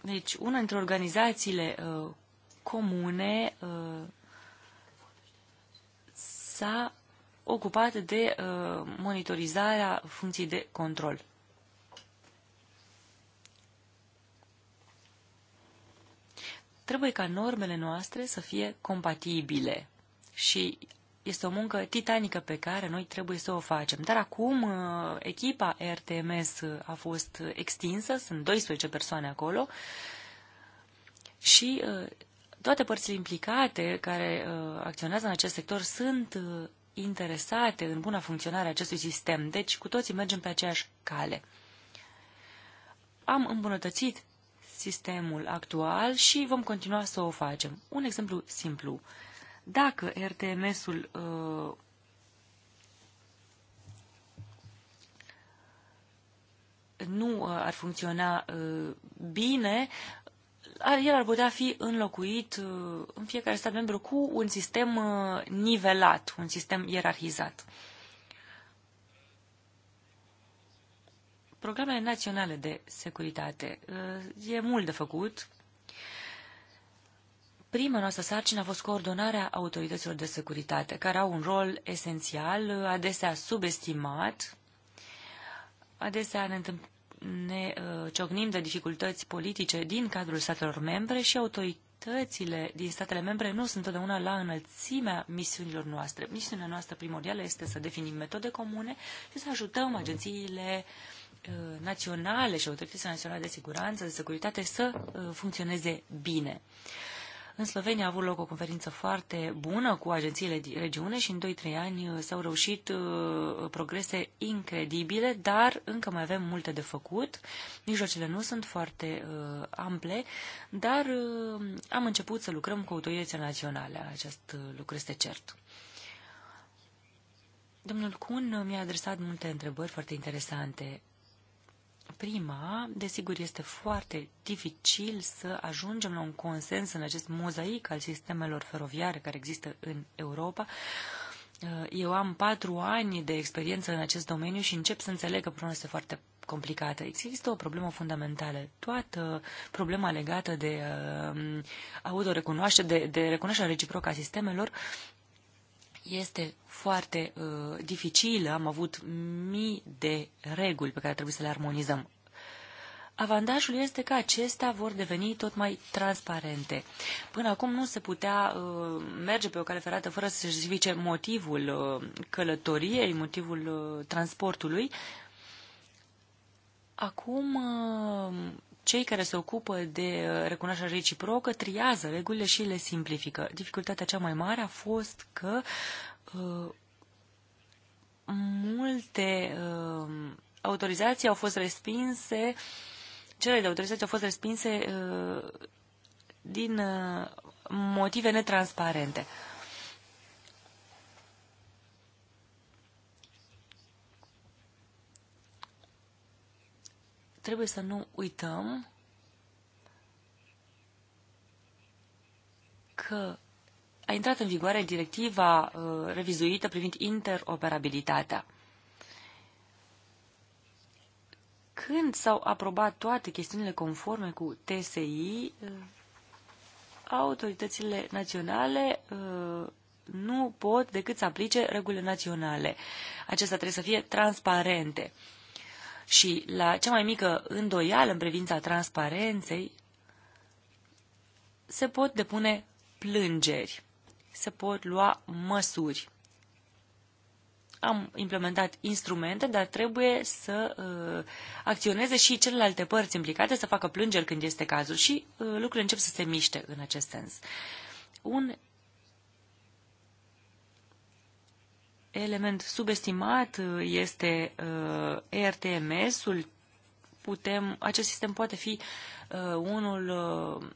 Deci, una dintre organizațiile uh, comune uh, s-a ocupat de monitorizarea funcției de control. Trebuie ca normele noastre să fie compatibile și este o muncă titanică pe care noi trebuie să o facem. Dar acum uh, echipa RTMS a fost extinsă, sunt 12 persoane acolo și uh, toate părțile implicate care uh, acționează în acest sector sunt interesate în buna funcționare a acestui sistem. Deci cu toții mergem pe aceeași cale. Am îmbunătățit sistemul actual și vom continua să o facem. Un exemplu simplu. Dacă RTMS-ul uh, nu uh, ar funcționa uh, bine, el ar putea fi înlocuit uh, în fiecare stat membru cu un sistem uh, nivelat, un sistem ierarhizat. Uh, programele naționale de securitate. E mult de făcut. Prima noastră sarcină a fost coordonarea autorităților de securitate, care au un rol esențial, adesea subestimat. Adesea ne, ne uh, ciocnim de dificultăți politice din cadrul statelor membre și autorități din statele membre nu sunt întotdeauna la înălțimea misiunilor noastre. Misiunea noastră primordială este să definim metode comune și să ajutăm agențiile Uh, naționale și autoritățile naționale de siguranță, de securitate să uh, funcționeze bine. În Slovenia a avut loc o conferință foarte bună cu agențiile de regiune și în 2-3 ani uh, s-au reușit progrese incredibile, dar încă mai avem multe de făcut. Mijloacele nu sunt foarte ample, dar am început să lucrăm cu autoritățile naționale. Acest lucru este cert. Domnul Kun mi-a adresat multe întrebări foarte interesante. Prima, desigur, este foarte dificil să ajungem la un consens în acest mozaic al sistemelor feroviare care există în Europa. Eh, eu am patru ani de experiență în acest domeniu și încep să înțeleg că problema este foarte complicată. Există o problemă fundamentală. Toată problema legată de uh, autorecunoaștere, de, de recunoașterea reciprocă a sistemelor este foarte uh, dificilă, am avut mii de reguli pe care trebuie să le armonizăm. Avantajul este că acestea vor deveni tot mai transparente. Până acum nu se putea uh, merge pe o cale ferată fără să se justifice motivul uh, călătoriei, motivul uh, transportului. Acum uh, Cei care se ocupă de uh, recunoașterea reciprocă triază regulile și le simplifică. Dificultatea cea mai mare a fost că uh, multe uh, autorizații au fost respinse, cele de autorizații au fost respinse uh, din uh, motive netransparente. Uh, trebuie să nu uităm că a intrat în vigoare directiva uh, revizuită privind interoperabilitatea. Când s-au aprobat toate chestiunile conforme cu TSI, uh, autoritățile naționale uh, nu pot decât să aplice regulile naționale. Acestea trebuie să fie transparente și la cea mai mică îndoială în privința transparenței, se pot depune plângeri, se pot lua măsuri. Am implementat instrumente, dar trebuie să uh, acționeze și celelalte părți implicate, să facă plângeri când este cazul și uh, lucrurile încep să se miște în acest sens. Un element subestimat uh, este uh, ERTMS-ul. acest sistem poate fi uh, unul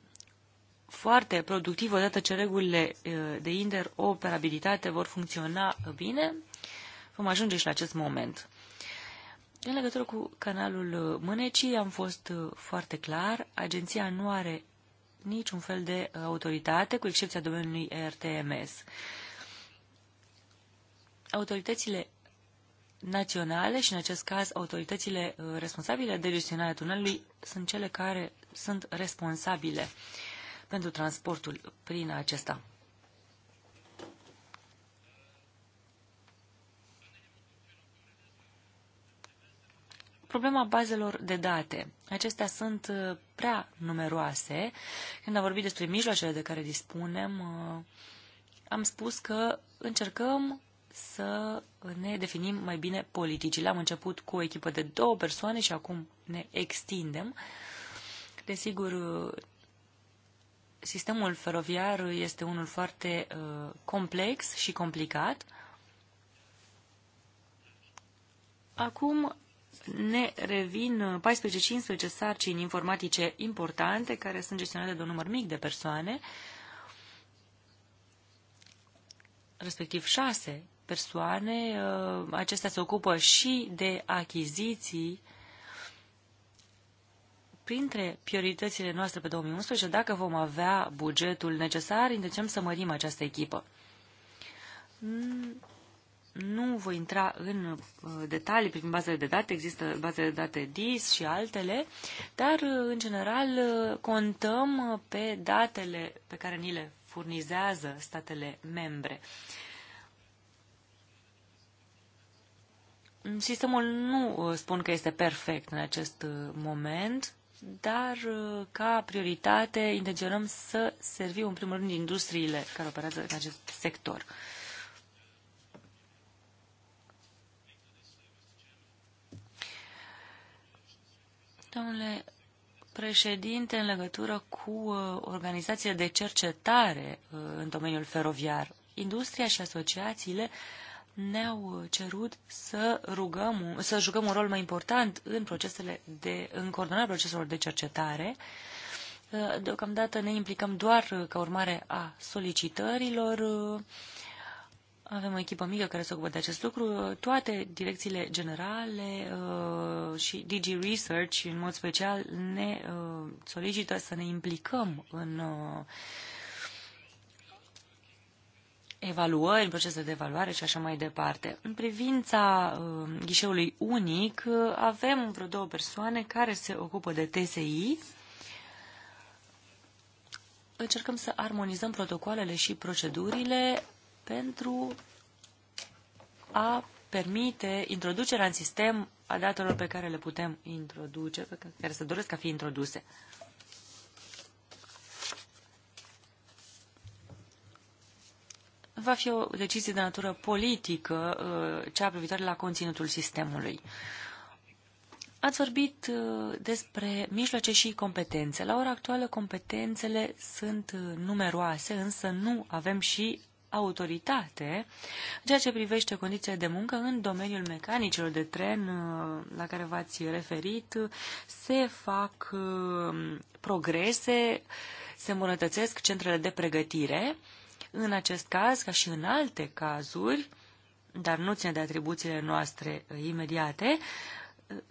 foarte productiv odată ce regulile de interoperabilitate vor funcționa bine. Vom ajunge și la acest moment. În legătură cu canalul Mânecii am fost foarte clar. Agenția nu are niciun fel de autoritate, cu excepția domeniului e RTMS autoritățile naționale și, în acest caz, autoritățile uh, responsabile de gestionarea tunelului sunt cele care sunt responsabile pentru transportul prin acesta. Problema bazelor de date. Acestea sunt uh, prea numeroase. Când am vorbit despre mijloacele de care dispunem, uh, am spus că încercăm să ne definim mai bine politicile. Am început cu o echipă de două persoane și acum ne extindem. Desigur, sistemul feroviar este unul foarte uh, complex și complicat. Acum ne revin 14-15 uh, sarcini informatice importante care sunt gestionate de un număr mic de persoane, respectiv 6 persoane, uh, acestea se ocupă și de achiziții printre prioritățile noastre pe 2011, dacă vom avea bugetul necesar, intenționăm să mărim această echipă. Nu voi intra în uh, detalii privind bazele de date, există bazele de date DIS și altele, dar, uh, în general, contăm pe datele pe care ni le furnizează statele membre. Uh, Mm, sistemul nu uh, spun că este perfect în acest uh, moment, dar uh, ca prioritate intenționăm să servim în primul rând industriile care operează în acest sector. Domnule președinte, în legătură cu organizațiile de cercetare în domeniul feroviar, industria și asociațiile uh, ne-au cerut să rugăm, să jucăm un rol mai important în procesele de, în coordonarea proceselor de cercetare. Deocamdată ne implicăm doar ca urmare a solicitărilor. Avem o echipă mică care se ocupă de acest lucru. Toate direcțiile generale uh, și DG Research, în mod special, ne uh, solicită să ne implicăm în uh, evaluări, procese de evaluare și așa mai departe. În privința um, ghișeului unic, avem vreo două persoane care se ocupă de TSI. Încercăm să armonizăm protocoalele și procedurile pentru a permite introducerea în sistem a datelor pe care le putem introduce, pe care se doresc a fi introduse. va fi o decizie de natură politică, uh, cea privitoare la conținutul sistemului. Ați vorbit uh, despre mijloace și competențe. La ora actuală, competențele sunt uh, numeroase, însă nu avem și autoritate în ceea ce privește condițiile de muncă în domeniul mecanicilor de tren la care v-ați referit. Se fac progrese, se îmbunătățesc centrele de pregătire, În acest caz, ca și în alte cazuri, dar nu ține de atribuțiile noastre imediate,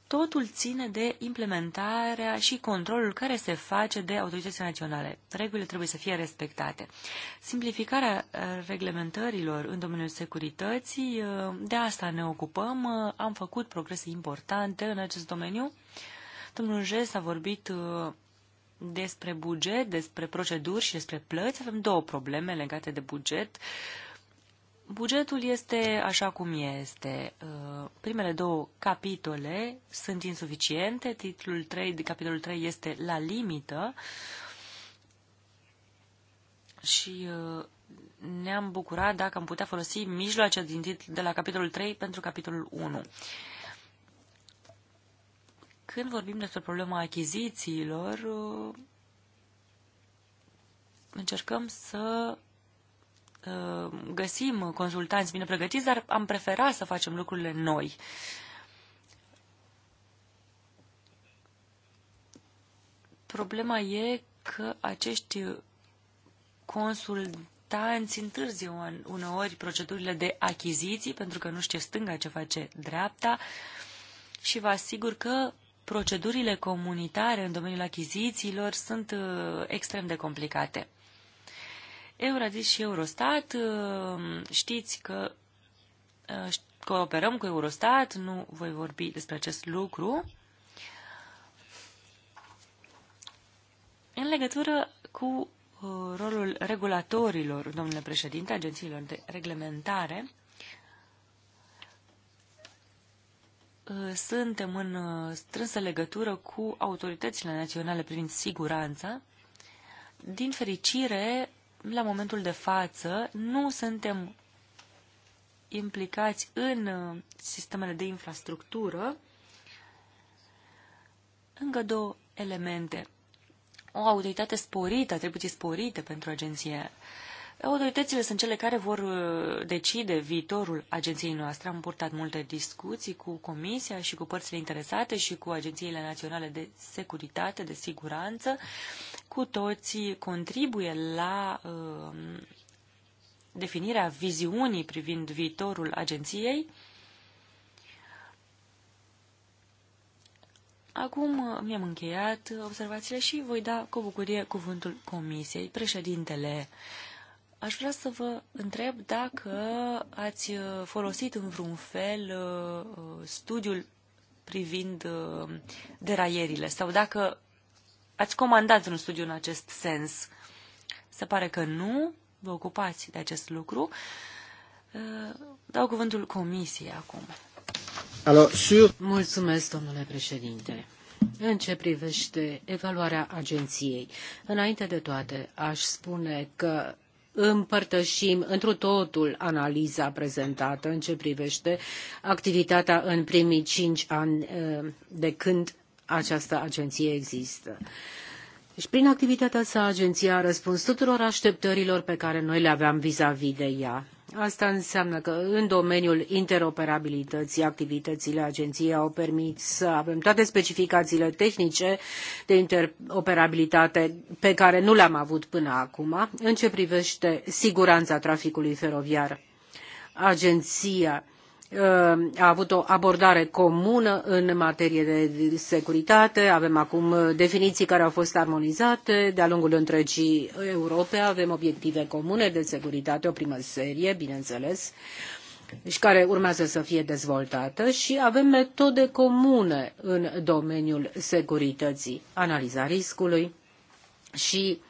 totul ține de implementarea și controlul care se face de autoritățile naționale. Regulile trebuie să fie respectate. Simplificarea uh, reglementărilor în domeniul securității, uh, de asta ne ocupăm. Uh, am făcut progrese importante în acest domeniu. Domnul Jes a vorbit despre buget, despre proceduri și despre plăți. Avem două probleme legate de buget. Bugetul este așa cum este. Uh, primele două capitole sunt insuficiente. Titlul 3 de capitolul 3 este la limită. Și uh, ne-am bucurat dacă am putea folosi mijloace din titl de la capitolul 3 pentru capitolul 1. Când vorbim despre problema achizițiilor, uh, încercăm să uh, găsim consultanți bine pregătiți, dar am preferat să facem lucrurile noi. Problema e că acești consultanți întârzi uneori procedurile de achiziții pentru că nu știe stânga ce face dreapta și vă asigur că procedurile comunitare în domeniul achizițiilor sunt uh, extrem de complicate. Euradis și Eurostat, uh, știți că uh, cooperăm cu Eurostat, nu voi vorbi despre acest lucru. În legătură cu rolul regulatorilor, domnule președinte, agențiilor de reglementare, Uh, suntem în uh, strânsă legătură cu autoritățile naționale privind siguranța. Din fericire, la momentul de față, nu suntem implicați în uh, sistemele de infrastructură. Încă două elemente. O autoritate sporită, atribuții sporite pentru agenție. Autoritățile sunt cele care vor uh, decide viitorul agenției noastre. Am purtat multe discuții cu Comisia și cu părțile interesate și cu agențiile naționale de securitate, de siguranță. Cu toții contribuie la uh, definirea viziunii privind viitorul agenției. Acum uh, mi-am încheiat observațiile și voi da cu bucurie cuvântul Comisiei. Președintele uh, Aș vrea să vă întreb dacă ați folosit în vreun fel uh, studiul privind uh, deraierile sau dacă ați comandat un studiu în acest sens. Se pare că nu, vă ocupați de acest lucru. Uh, dau cuvântul comisiei acum. Mulțumesc, domnule președinte. În ce privește evaluarea agenției, înainte de toate, aș spune că împărtășim întru totul analiza prezentată în ce privește activitatea în primii cinci ani eh, de când această agenție există. Și prin activitatea sa, agenția a răspuns tuturor așteptărilor pe care noi le aveam vis-a-vis de ea. Asta înseamnă că în domeniul interoperabilității, activitățile agenției au permis să avem toate specificațiile tehnice de interoperabilitate pe care nu le-am avut până acum. În ce privește siguranța traficului feroviar, agenția a avut o abordare comună în materie de securitate, avem acum definiții care au fost armonizate de-a lungul întregii Europe, avem obiective comune de securitate, o primă serie, bineînțeles, și care urmează să fie dezvoltată și avem metode comune în domeniul securității, analiza riscului și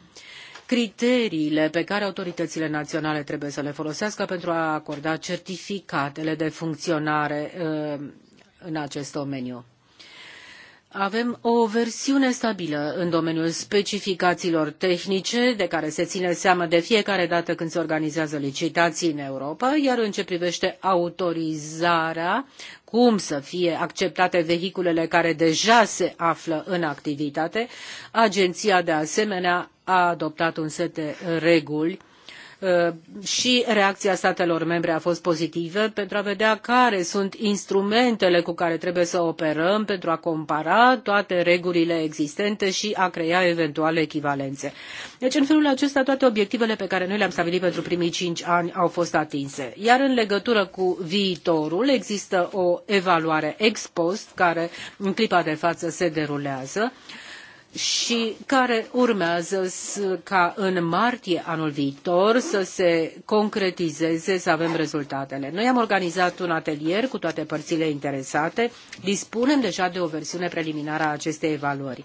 criteriile pe care autoritățile naționale trebuie să le folosească pentru a acorda certificatele de funcționare uh, în acest domeniu avem o versiune stabilă în domeniul specificațiilor tehnice, de care se ține seama de fiecare dată când se organizează licitații în Europa, iar în ce privește autorizarea, cum să fie acceptate vehiculele care deja se află în activitate, agenția de asemenea a adoptat un set de reguli Eh, și reacția statelor membre a fost pozitivă pentru a vedea care sunt instrumentele cu care trebuie să operăm pentru a compara toate regulile existente și a crea eventuale echivalențe. Deci, în felul acesta, toate obiectivele pe care noi le-am stabilit pentru primii cinci ani au fost atinse. Iar în legătură cu viitorul, există o evaluare ex post care în clipa de față se derulează. Uh, și care urmează ca în martie anul viitor să se concretizeze, să avem rezultatele. Noi am organizat un atelier cu toate părțile interesate, dispunem deja de o versiune preliminară a acestei evaluări.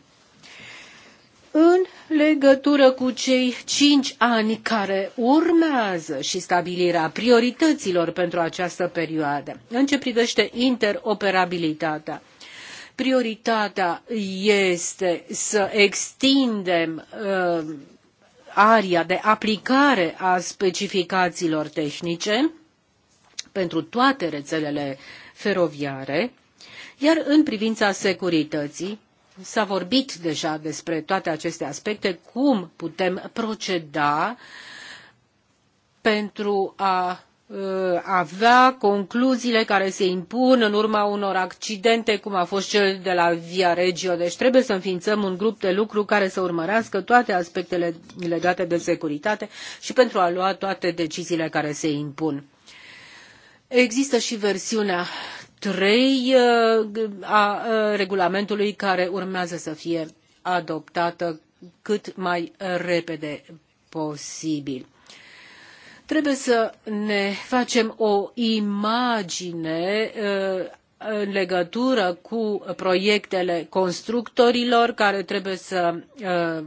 În legătură cu cei cinci ani care urmează și stabilirea priorităților pentru această perioadă, în ce privește interoperabilitatea, Prioritatea este să extindem uh, aria de aplicare a specificațiilor tehnice pentru toate rețelele feroviare, iar în privința securității, S-a vorbit deja despre toate aceste aspecte, cum putem proceda pentru a Uh, avea concluziile care se impun în urma unor accidente, cum a fost cel de la Via Regio. Deci trebuie să înființăm un grup de lucru care să urmărească toate aspectele legate de securitate și pentru a lua toate deciziile care se impun. Există și versiunea 3 uh, a uh, regulamentului care urmează să fie adoptată cât mai repede posibil Trebuie să ne facem o imagine uh, în legătură cu proiectele constructorilor care trebuie să uh,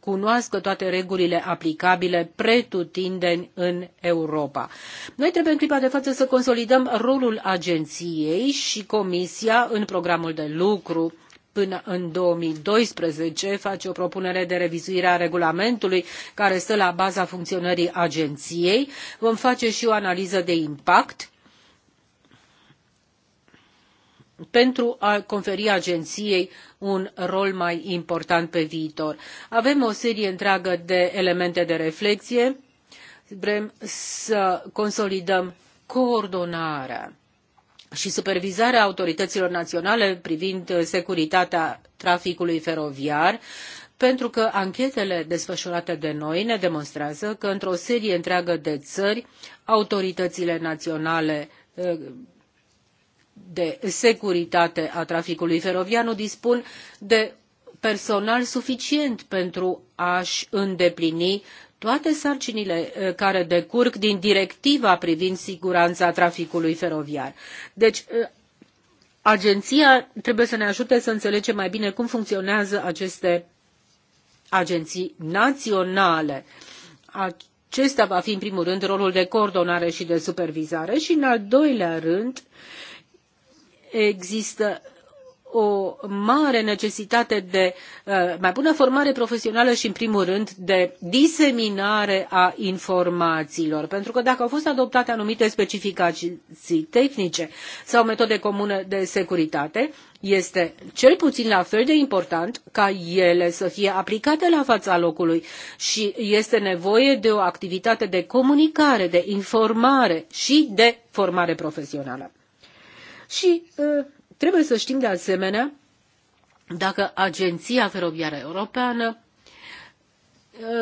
cunoască toate regulile aplicabile pretutindeni în Europa. Noi trebuie în clipa de față să consolidăm rolul agenției și Comisia în programul de lucru până în 2012 face o propunere de revizuire a regulamentului care stă la baza funcționării agenției. Vom face și o analiză de impact pentru a conferi agenției un rol mai important pe viitor. Avem o serie întreagă de elemente de reflexie. Vrem să consolidăm coordonarea și supervizarea autorităților naționale privind uh, securitatea traficului feroviar, pentru că anchetele desfășurate de noi ne demonstrează că într-o serie întreagă de țări, autoritățile naționale uh, de securitate a traficului feroviar nu dispun de personal suficient pentru a-și îndeplini toate sarcinile eh, care decurg din directiva privind siguranța traficului feroviar. Deci, eh, agenția trebuie să ne ajute să înțelegem mai bine cum funcționează aceste agenții naționale. Acesta va fi, în primul rând, rolul de coordonare și de supervizare și, în al doilea rând, există o mare necesitate de uh, mai bună formare profesională și, în primul rând, de diseminare a informațiilor. Pentru că dacă au fost adoptate anumite specificații tehnice sau metode comune de securitate, este cel puțin la fel de important ca ele să fie aplicate la fața locului și este nevoie de o activitate de comunicare, de informare și de formare profesională. Și uh, Trebuie să știm de asemenea dacă Agenția Feroviară Europeană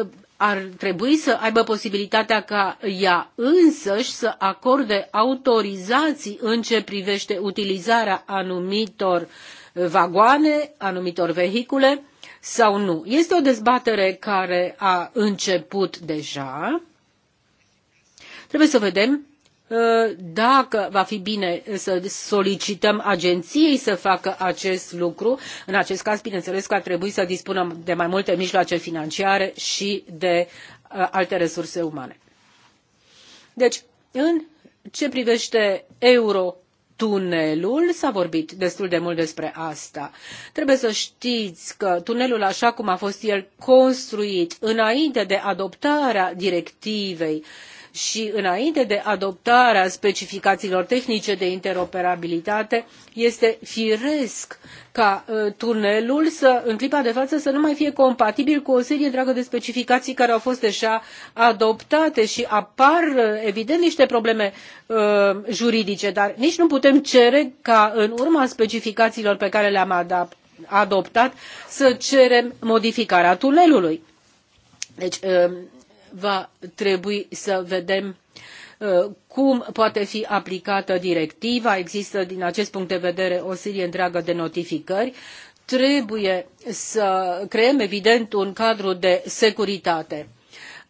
uh, ar trebui să aibă posibilitatea ca ea însăși să acorde autorizații în ce privește utilizarea anumitor uh, vagoane, anumitor vehicule sau nu. Este o dezbatere care a început deja. Trebuie să vedem dacă va fi bine să solicităm agenției să facă acest lucru, în acest caz, bineînțeles că ar trebui să dispunem de mai multe mijloace financiare și de uh, alte resurse umane. Deci, în ce privește eurotunelul, s-a vorbit destul de mult despre asta. Trebuie să știți că tunelul, așa cum a fost el construit înainte de adoptarea directivei uh, și înainte de adoptarea specificațiilor tehnice de interoperabilitate, este firesc ca uh, tunelul să, în clipa de față să nu mai fie compatibil cu o serie întreagă de specificații care au fost deja adoptate și apar uh, evident niște probleme uh, juridice, dar nici nu putem cere ca în urma specificațiilor pe care le-am adoptat să cerem modificarea tunelului. Deci uh, va trebui să vedem uh, cum poate fi aplicată directiva. Există din acest punct de vedere o serie întreagă de notificări. Trebuie să creăm evident un cadru de securitate.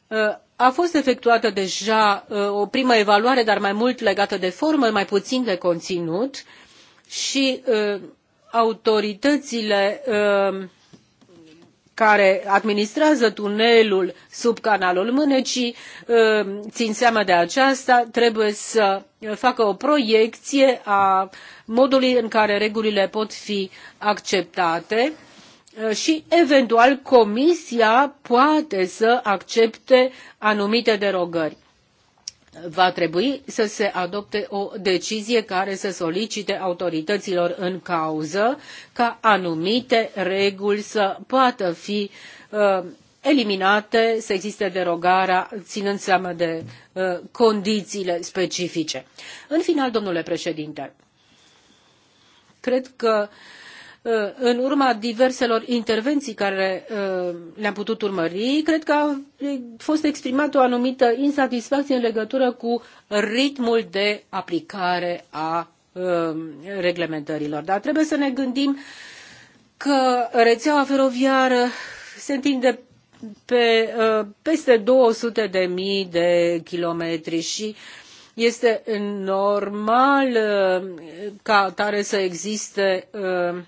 Uh, a fost efectuată deja uh, o primă evaluare, dar mai mult legată de formă, mai puțin de conținut și autoritățile care administrează tunelul sub canalul Mânecii, um, țin seama de aceasta, trebuie să facă o proiecție a modului în care regulile pot fi acceptate uh, și eventual comisia poate să accepte anumite derogări va trebui să se adopte o decizie care să solicite autorităților în cauză ca anumite reguli să poată fi uh, eliminate, să existe derogarea, ținând seama de uh, condițiile specifice. În final, domnule președinte, cred că uh, Uh, în urma diverselor intervenții care uh, le-am putut urmări, cred că a e, fost exprimată o anumită insatisfacție în legătură cu ritmul de aplicare a uh, reglementărilor. Dar trebuie să ne gândim că rețeaua feroviară se întinde pe peste 200 de mii de kilometri și este normal ca atare să existe uh,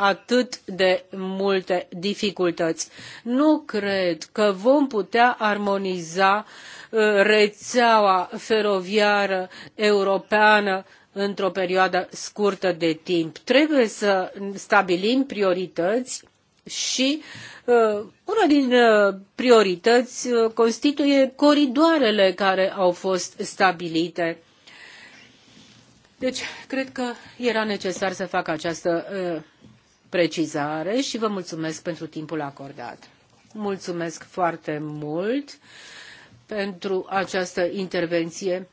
atât de multe dificultăți. Nu cred că vom putea armoniza uh, rețeaua feroviară europeană într-o perioadă scurtă de timp. Trebuie să stabilim priorități și uh, una din uh, priorități uh, constituie coridoarele care au fost stabilite. Deci, cred că era necesar să fac această uh, precizare și vă mulțumesc pentru timpul acordat. Mulțumesc foarte mult pentru această intervenție.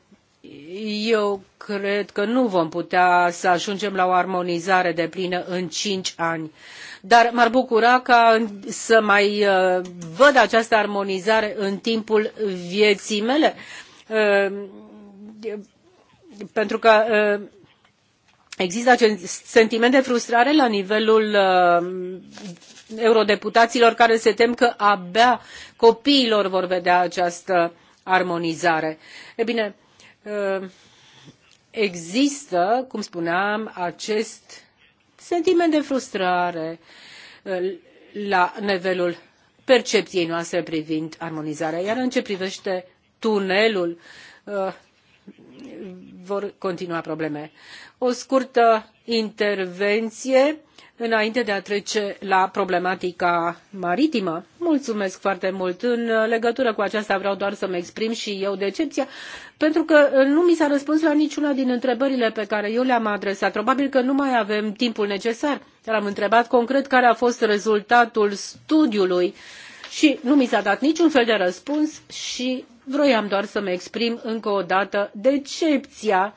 Eu cred că nu vom putea să ajungem la o armonizare de plină în cinci ani, dar m-ar bucura ca să mai uh, văd această armonizare în timpul vieții mele, uh, pentru că uh, Există acest sentiment de frustrare la nivelul uh, eurodeputaților care se tem că abia copiilor vor vedea această armonizare. E bine, uh, există, cum spuneam, acest sentiment de frustrare uh, la nivelul percepției noastre privind armonizarea. Iar în ce privește tunelul, uh, vor continua probleme. O scurtă intervenție înainte de a trece la problematica maritimă. Mulțumesc foarte mult. În legătură cu aceasta vreau doar să-mi exprim și eu decepția, pentru că nu mi s-a răspuns la niciuna din întrebările pe care eu le-am adresat. Probabil că nu mai avem timpul necesar. L-am întrebat concret care a fost rezultatul studiului și nu mi s-a dat niciun fel de răspuns și Vroiam doar să-mi exprim încă o dată decepția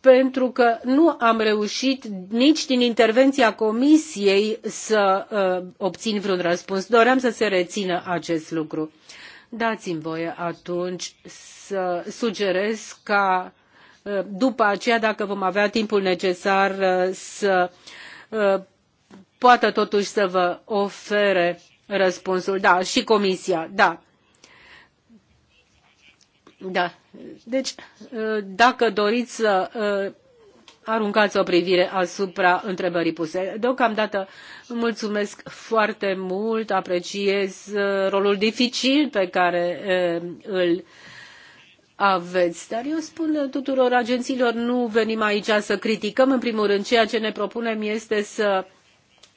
pentru că nu am reușit nici din intervenția Comisiei să uh, obțin vreun răspuns. Doream să se rețină acest lucru. Dați-mi voie atunci să sugerez ca uh, după aceea, dacă vom avea timpul necesar, uh, să uh, poată totuși să vă ofere răspunsul. Da, și Comisia, da Da. Deci, uh, dacă doriți să uh, aruncați o privire asupra întrebării puse. Deocamdată mulțumesc foarte mult, apreciez uh, rolul dificil pe care îl aveți. Dar eu spun tuturor agențiilor, nu venim aici să criticăm. În primul rând, ceea ce ne propunem este să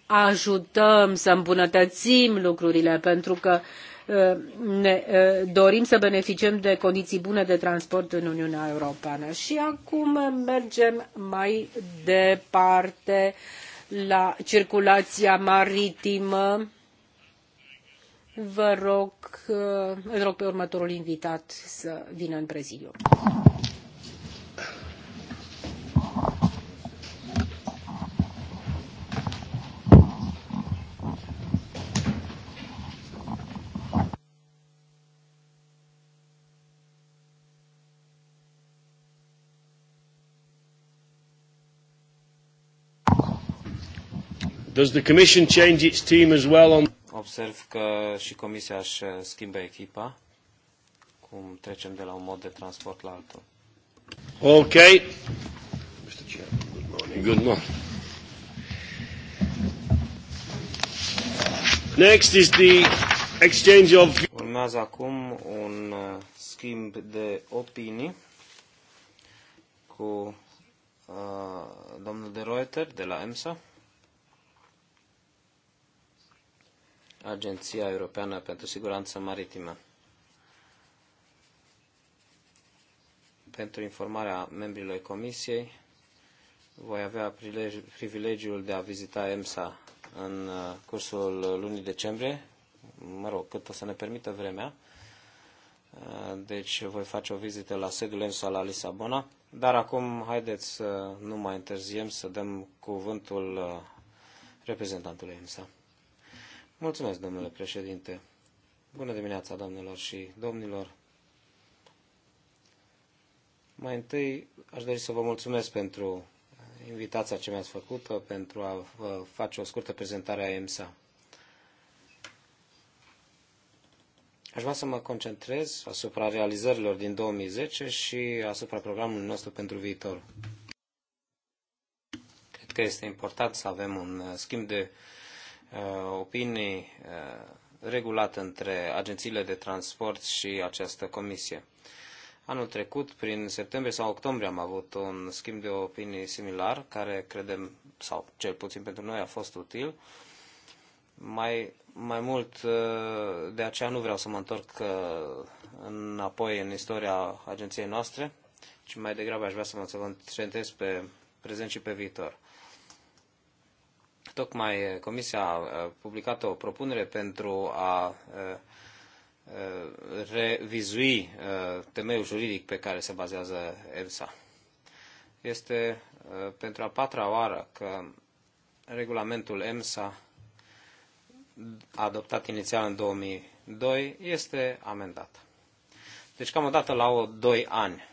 ajutăm, să îmbunătățim lucrurile, pentru că uh, Eh, ne eh, dorim să beneficiem de condiții bune de transport în Uniunea Europeană. Și acum mergem mai departe la circulația maritimă. Vă rog, îl eh, rog pe următorul invitat să vină în prezidiu. Does the Commission change its team as well on... Observ că și Comisia își uh, schimbă echipa, cum trecem de la un mod de transport la altul. Ok. Mr. Chair, good morning. Good morning. Next is the exchange of... Urmează acum un uh, schimb de opinii cu uh, domnul de Reuter de la EMSA. Agenția Europeană pentru Siguranță Maritimă. Pentru informarea membrilor comisiei, voi avea privilegiul de a vizita EMSA în uh, cursul lunii decembrie, mă rog, cât o să ne permită vremea. Uh, deci voi face o vizită la sediul EMSA la Lisabona. Dar acum haideți să nu mai întârziem să dăm cuvântul uh, reprezentantului EMSA. Mulțumesc, domnule președinte. Bună dimineața, doamnelor și domnilor. Mai întâi aș dori să vă mulțumesc pentru invitația ce mi-ați făcut pentru a vă face o scurtă prezentare a EMSA. Aș vrea să mă concentrez asupra realizărilor din 2010 și asupra programului nostru pentru viitor. Cred că este important să avem un schimb de Uh, opinii uh, regulată între agențiile de transport și această comisie. Anul trecut, prin septembrie sau octombrie, am avut un schimb de opinii similar, care credem, sau cel puțin pentru noi, a fost util. Mai, mai mult, uh, de aceea nu vreau să mă întorc înapoi în istoria agenției noastre, ci mai degrabă aș vrea să mă concentrez pe prezent și pe viitor. Tocmai eh, Comisia a publicat o propunere pentru a eh, eh, revizui temeiul juridic pe care se bazează EBSA. Este pentru a patra oară că regulamentul EMSA adoptat inițial în 2002 este amendat. Deci cam o dată la o 2 ani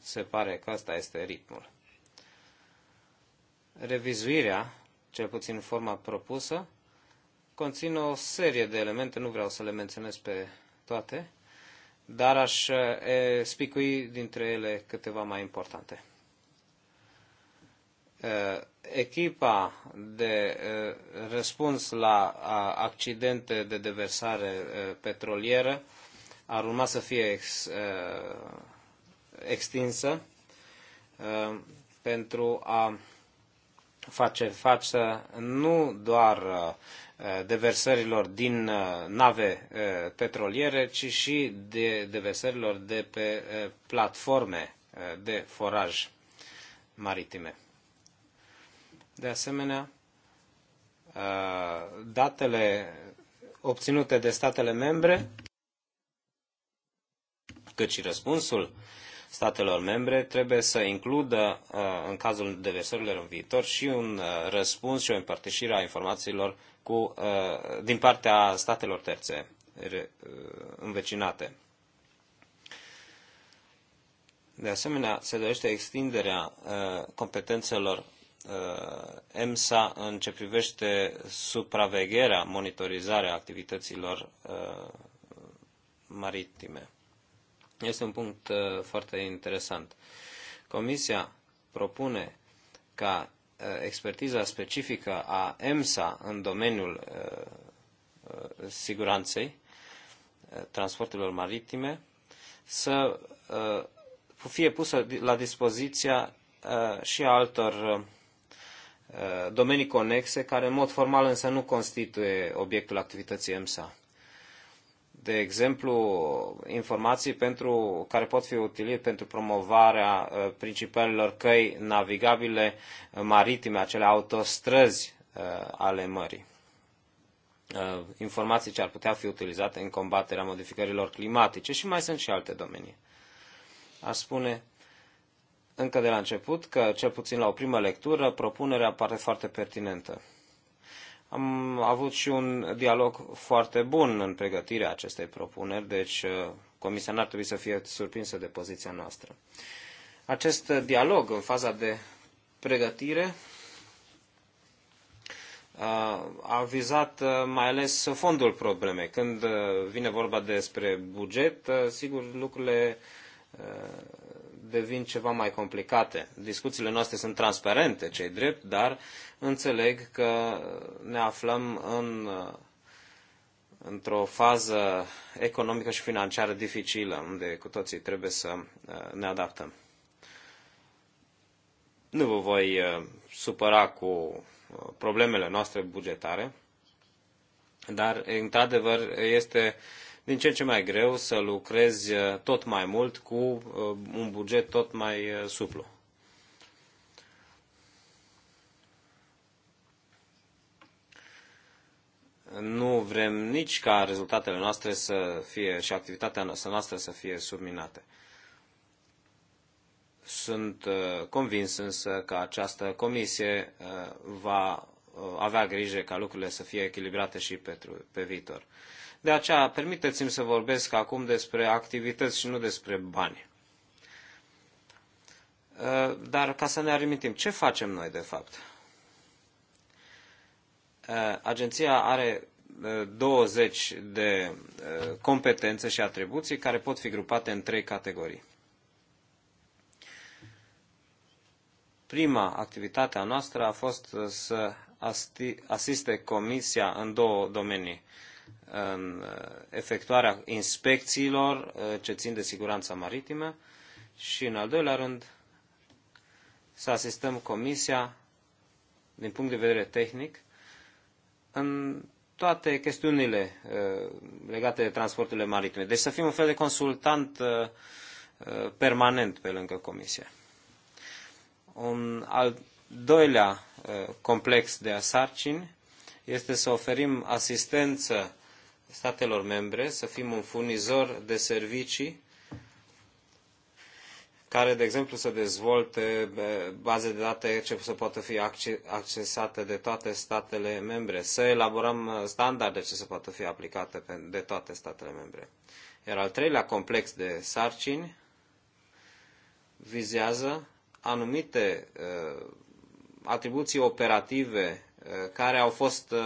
se pare că asta este ritmul. Revizuirea cel puțin în forma propusă, conțin o serie de elemente, nu vreau să le menționez pe toate, dar aș e, spicui dintre ele câteva mai importante. E, echipa de e, răspuns la accidente de deversare petrolieră ar urma să fie ex, extinsă pentru a face față nu doar e, deversărilor din e, nave e, petroliere, ci și de deversărilor de pe platforme de foraj maritime. De asemenea, datele obținute de statele membre, cât și răspunsul statelor membre trebuie să includă, uh, în cazul deversărilor în viitor, și un uh, răspuns și o împărtășire a informațiilor cu, uh, din partea statelor terțe învecinate. De asemenea, se dorește extinderea competențelor EMSA în ce privește supravegherea, monitorizarea activităților maritime. Este un punct uh, foarte interesant. Comisia propune ca uh, expertiza specifică a EMSA în domeniul uh, siguranței transporturilor maritime să fie pusă la dispoziția și a altor domenii conexe, care în mod formal însă nu constituie obiectul activității EMSA de exemplu, informații pentru, care pot fi utile pentru promovarea uh, principalelor căi navigabile uh, maritime, acele autostrăzi uh, ale mării. Informații ce ar putea fi utilizate în combaterea modificărilor climatice și mai sunt și alte domenii. Aș spune încă de la început că, cel puțin la o primă lectură, propunerea pare foarte pertinentă. Am avut și un dialog foarte bun în pregătirea acestei propuneri, deci uh, Comisia n-ar trebui să fie surprinsă de poziția noastră. Acest dialog în faza de pregătire uh, a vizat uh, mai ales fondul problemei. Când vine vorba despre buget, sigur, lucrurile devin ceva mai complicate. Discuțiile noastre sunt transparente, cei drept, dar înțeleg că ne aflăm în, într-o fază economică și financiară dificilă, unde cu toții trebuie să uh, ne adaptăm. Nu vă voi uh, supăra cu uh, problemele noastre bugetare, dar, într-adevăr, este uh, din ce în ce mai greu să lucrezi uh, tot mai mult cu uh, un buget tot mai uh, suplu. Nu vrem nici ca rezultatele noastre să fie și activitatea no-, noastră să fie subminate. Sunt convins însă că această comisie va avea grijă ca lucrurile să fie echilibrate și pe, viitor. De aceea, permiteți-mi să vorbesc acum despre activități și nu despre bani. Uh, dar ca să ne amintim, ce facem noi de fapt? Uh, agenția are 20 uh, de competențe și atribuții care pot fi grupate în trei categorii. Prima activitate a noastră a fost să asiste Comisia în două domenii Eh, efectuarea inspecțiilor eh, ce țin de siguranța maritimă și, în al doilea rând, să asistăm Comisia, din punct de vedere tehnic, în toate chestiunile eh, legate de transporturile maritime. Deci să fim un fel de consultant permanent pe lângă Comisia. Un al doilea complex de sarcini este să oferim asistență statelor membre, să fim un furnizor de servicii care, de exemplu, să dezvolte eh, baze de date ce să poată fi accesate de toate statele membre, să elaborăm eh, standarde ce să poată fi aplicate de toate statele membre. Iar al treilea complex de sarcini vizează anumite eh, atribuții operative care au fost uh,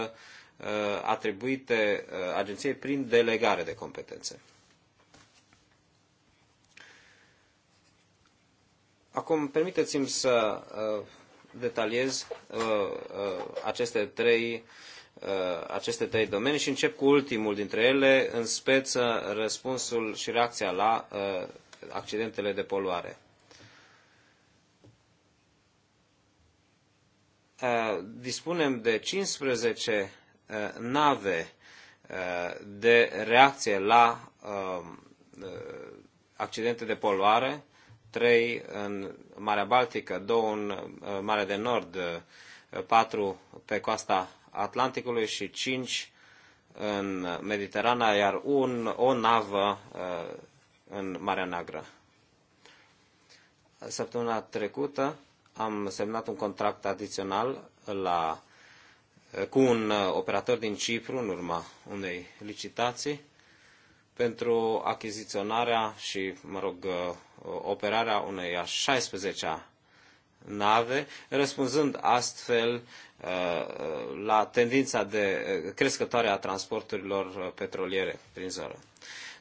Uh, atribuite uh, agenției prin delegare de competențe. Acum, permiteți-mi să uh, detaliez aceste trei aceste trei domenii și încep cu ultimul dintre ele, în speță răspunsul și reacția la accidentele de poluare. Dispunem de 15 Eh, nave eh, de reacție la ehm, eh, accidente de poluare, trei în Marea Baltică, două în Marea de Nord, patru pe coasta Atlanticului și cinci în Mediterana, iar un, o navă în Marea Neagră. Săptămâna trecută am semnat un contract adițional la cu un uh, operator din Cipru în urma unei licitații pentru achiziționarea și, mă rog, uh, operarea unei a 16-a nave, răspunzând astfel uh, la tendința de crescătoare a transporturilor petroliere prin zonă.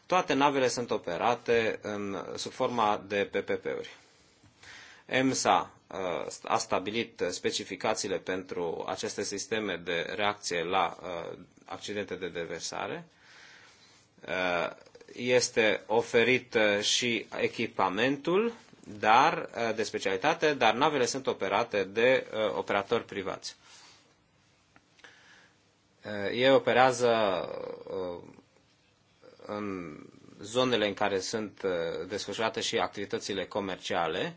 Toate navele sunt operate în, sub forma de PPP-uri. EMSA a stabilit specificațiile pentru aceste sisteme de reacție la accidente de deversare. Este oferit și echipamentul dar, de specialitate, dar navele sunt operate de operatori privați. Ei operează în zonele în care sunt desfășurate și activitățile comerciale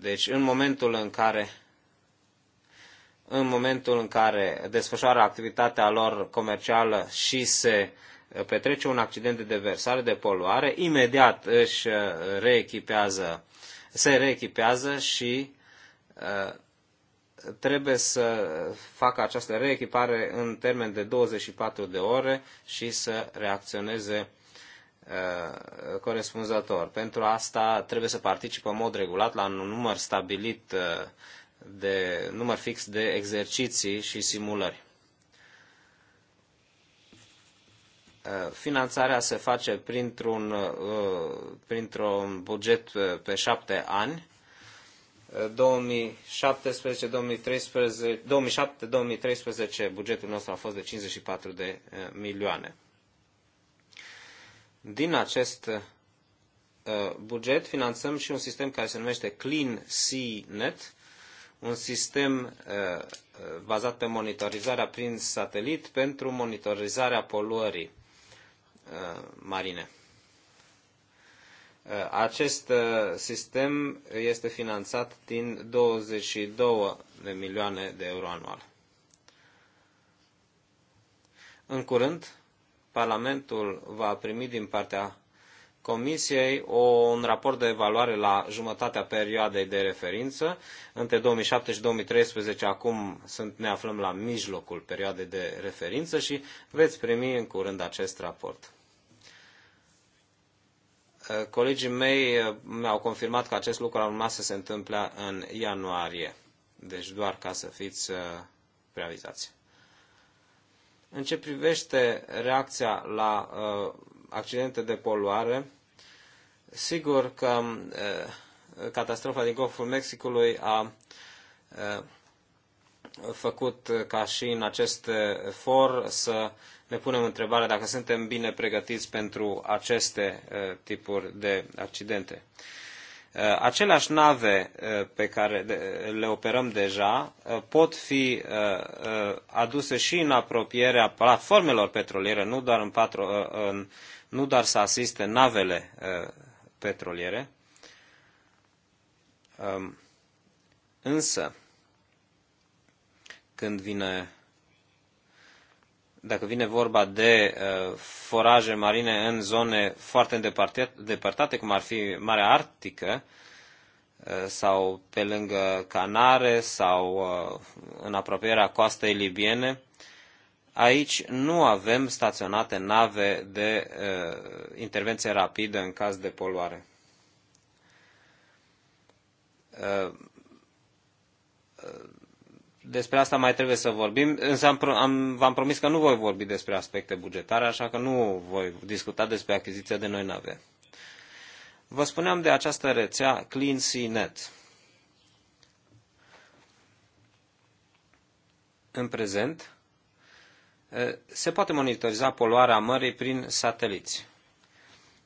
Deci în momentul în care în momentul în care desfășoară activitatea lor comercială și se petrece un accident de deversare, de poluare, imediat își uh, reechipează, se reechipează și uh, trebuie să facă această reechipare în termen de 24 de ore și să reacționeze Uh, corespunzător. Pentru asta trebuie să participă în mod regulat la un număr stabilit uh, de număr fix de exerciții și simulări. Uh, finanțarea se face printr-un, printr buget pe șapte ani, 2017-2013, bugetul nostru a fost de 54 de milioane din acest uh, buget finanțăm și un sistem care se numește Clean Sea Net, un sistem uh, uh, bazat pe monitorizarea prin satelit pentru monitorizarea poluării marine. Acest sistem este finanțat din 22 de milioane de euro anual. În curând, Parlamentul va primi din partea Comisiei o, un raport de evaluare la jumătatea perioadei de referință. Între 2007 și 2013 acum sunt, ne aflăm la mijlocul perioadei de referință și veți primi în curând acest raport. Colegii mei uh, mi-au confirmat că acest lucru ar urma să se întâmple în ianuarie. Deci doar ca să fiți uh, preavizați. În ce privește reacția la uh, accidente de poluare, sigur că uh, catastrofa din Golful Mexicului a uh, făcut ca și în acest for să ne punem întrebarea dacă suntem bine pregătiți pentru aceste uh, tipuri de accidente. Uh, Eh, aceleași nave eh, pe care le operăm deja eh, pot fi aduse și în apropierea platformelor petroliere, nu doar, în patru, în, nu doar să asiste navele petroliere. Ehm, însă, când vine dacă vine vorba de e, foraje marine în zone foarte îndepărtate, cum ar fi Marea Arctică, e, sau pe lângă Canare sau e, în apropierea coastei libiene, aici nu avem staționate nave de intervenție rapidă în caz de poluare despre asta mai trebuie să vorbim, însă am, am, v-am promis că nu voi vorbi despre aspecte bugetare, așa că nu voi discuta despre achiziția de noi nave. Vă spuneam de această rețea Clean Sea Net. În prezent, e, se poate monitoriza poluarea mării prin sateliți.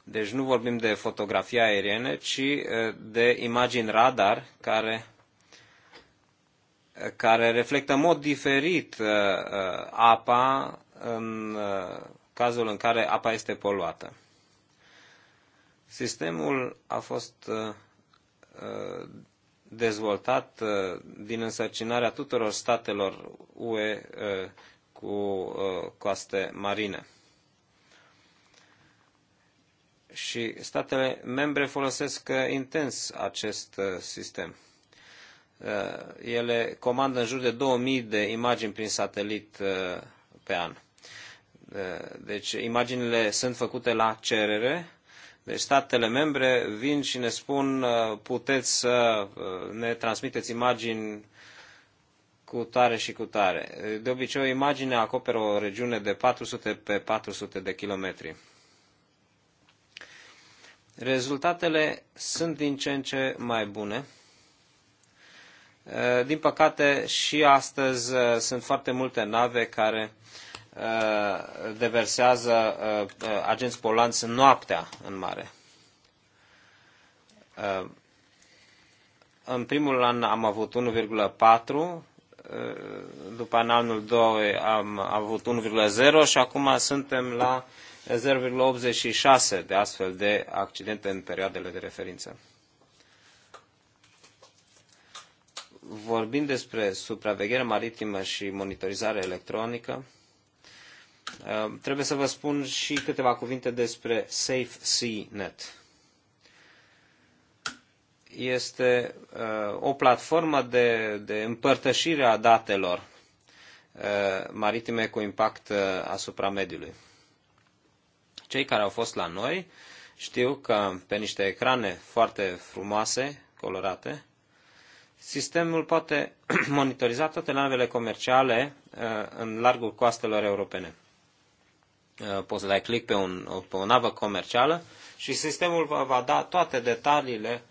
Deci nu vorbim de fotografii aeriene, ci e, de imagini radar care care reflectă în mod diferit uh, uh, apa în uh, cazul în care apa este poluată. Sistemul a fost dezvoltat din însărcinarea tuturor statelor UE cu coaste marine. Și statele membre folosesc intens acest sistem. Eh, ele comandă în jur de 2000 de imagini prin satelit eh, pe an. Eh, deci imaginile sunt făcute la cerere, deci statele membre vin și ne spun puteți să ne transmiteți imagini cu tare și cu tare. De obicei, o imagine acoperă o regiune de 400 pe 400 de kilometri. Rezultatele sunt din ce în ce mai bune Eh, din păcate și astăzi eh, sunt foarte multe nave care eh, deversează agenți polanți noaptea în mare. În primul an am avut 1,4, după în anul 2 am avut 1,0 și acum suntem la 0,86 de astfel de accidente în perioadele de referință. vorbim despre supraveghere maritimă și monitorizare electronică, uh, trebuie să vă spun și câteva cuvinte despre Safe Sea Net. Este uh, o platformă de, de împărtășire a datelor uh, maritime cu impact asupra mediului. Cei care au fost la noi știu că pe niște ecrane foarte frumoase, colorate, Sistemul poate [clears throat] monitoriza toate navele comerciale uh, în largul coastelor europene. Uh, poți să dai click pe, un, pe o navă comercială și sistemul vă va da toate detaliile,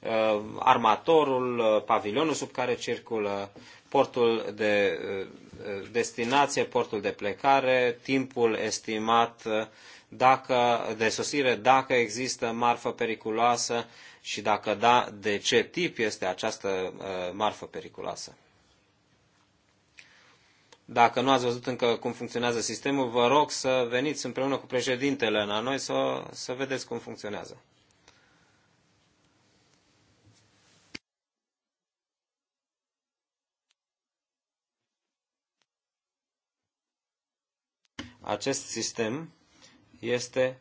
uh, armatorul, pavilionul sub care circulă, portul de destinație, portul de plecare, timpul estimat dacă, de sosire, dacă există marfă periculoasă, Și dacă da, de ce tip este această uh, marfă periculoasă? Dacă nu ați văzut încă cum funcționează sistemul, vă rog să veniți împreună cu președintele la noi să, să vedeți cum funcționează. Acest sistem este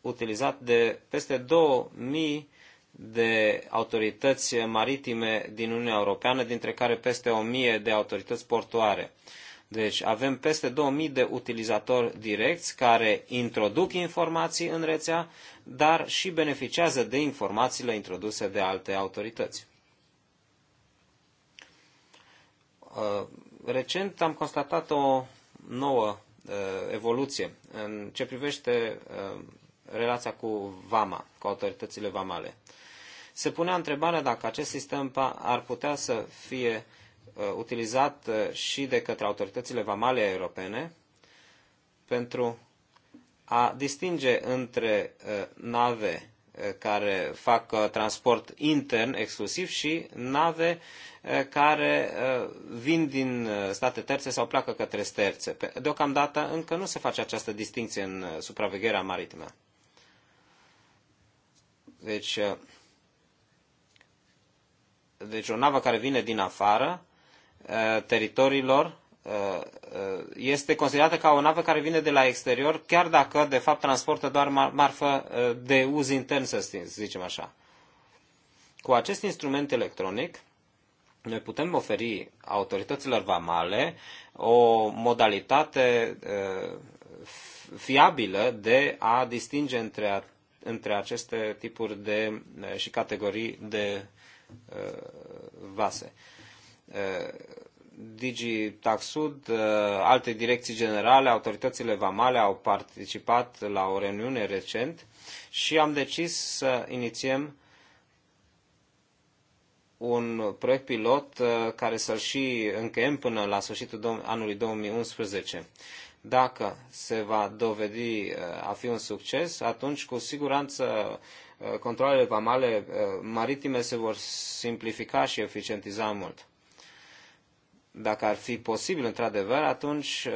utilizat de peste 2000 de autorități maritime din Uniunea Europeană, dintre care peste 1000 de autorități portoare. Deci avem peste 2000 de utilizatori direcți care introduc informații în rețea, dar și beneficiază de informațiile introduse de alte autorități. Uh, recent am constatat o nouă uh, evoluție în ce privește uh, relația cu VAMA, cu autoritățile VAMALE. Se punea întrebarea dacă acest sistem ar putea să fie uh, utilizat uh, și de către autoritățile vamale europene pentru a distinge între uh, nave uh, care fac uh, transport intern exclusiv și nave care vin din state terțe sau pleacă către sterțe. Deocamdată încă nu se face această distinție în supravegherea maritimă. Deci, deci o navă care vine din afară e, teritoriilor e, e, este considerată ca o navă care vine de la exterior, chiar dacă, de fapt, transportă doar marfă de uz intern, să zicem așa. Cu acest instrument electronic, noi putem oferi autorităților vamale o modalitate fiabilă de a distinge între între aceste tipuri de, eh, și categorii de eh, vase. Eh, Digi Taxud, alte direcții generale, autoritățile vamale au participat la o reuniune recent și am decis să inițiem un proiect pilot care să-l și încheiem până la sfârșitul anului 2011. Dacă se va dovedi eh, a fi un succes, atunci cu siguranță eh, controlele vamale eh, maritime se vor simplifica și eficientiza mult. Dacă ar fi posibil, într-adevăr, atunci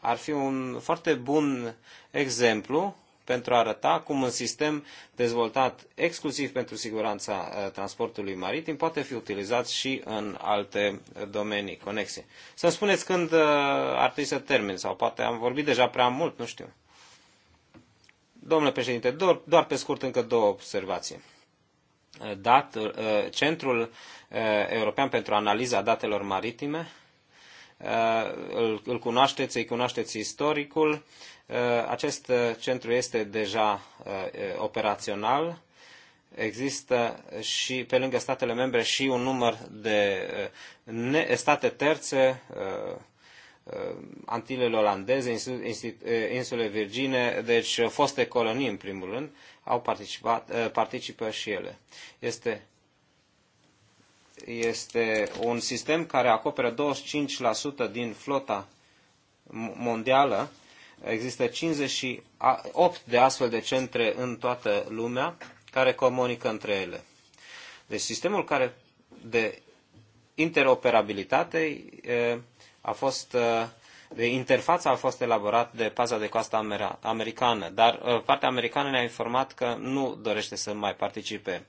ar fi un foarte bun exemplu pentru a arăta cum un sistem dezvoltat exclusiv pentru siguranța eh, transportului maritim poate fi utilizat și în alte domenii conexe. să spuneți când eh, ar trebui să termin sau poate am vorbit deja prea mult, nu știu. Domnule președinte, doar, doar pe scurt încă două observații. Eh, dat, Centrul European pentru Analiza Datelor Maritime Uh, îl cunoașteți, îi cunoașteți istoricul. Uh, acest centru este deja uh, operațional. Există și pe lângă statele membre și un număr de state terțe, Antilele olandeze, insule Virgine, deci foste colonii în primul rând, au participat, participă și ele. Este este un sistem care acoperă 25% din flota mondială. Există 58 de astfel de centre în toată lumea care comunică între ele. Deci sistemul care de interoperabilitate e, a fost e, de interfață a fost elaborat de paza de coastă americană, dar e, partea americană ne-a informat că nu dorește să mai participe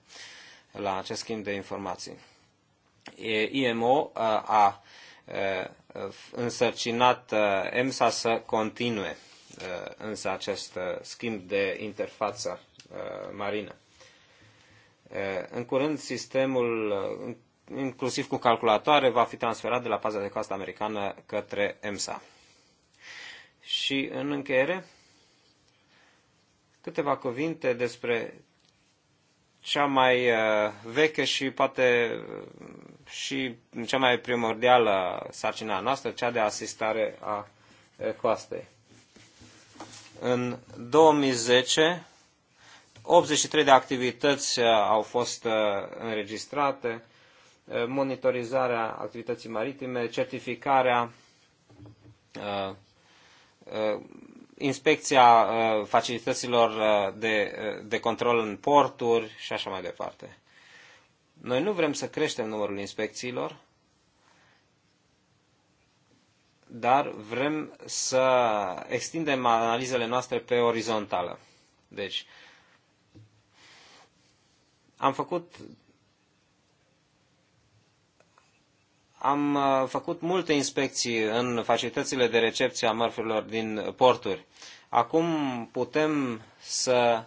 la acest schimb de informații. IMO eh, a eh, însărcinat EMSA eh, să continue însă acest schimb de interfață marină. În curând, sistemul, inclusiv cu calculatoare, va fi transferat de la paza de coastă americană către EMSA. Și în încheiere, câteva cuvinte despre cea mai uh, veche și poate uh, și cea mai primordială uh, sarcina noastră, cea de asistare a coastei. În 2010, 83 de activități au fost înregistrate, monitorizarea activității maritime, certificarea inspecția uh, facilităților uh, de, uh, de control în porturi și așa mai departe. Noi nu vrem să creștem numărul inspecțiilor, dar vrem să extindem analizele noastre pe orizontală. Deci, am făcut am uh, făcut multe inspecții în facilitățile de recepție a mărfurilor din porturi. Acum putem să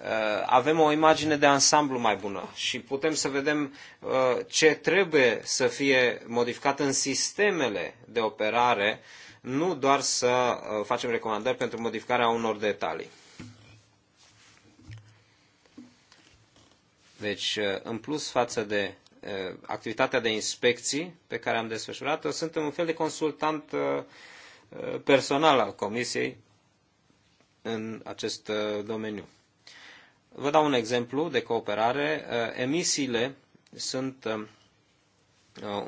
uh, avem o imagine de ansamblu mai bună și putem să vedem uh, ce trebuie să fie modificat în sistemele de operare, nu doar să facem recomandări pentru modificarea unor detalii. Deci, în plus față de Eh, activitatea de inspecții pe care am desfășurat-o, sunt un fel de consultant eh, eh, personal al Comisiei în acest domeniu. Vă dau un exemplu de cooperare. Emisiile sunt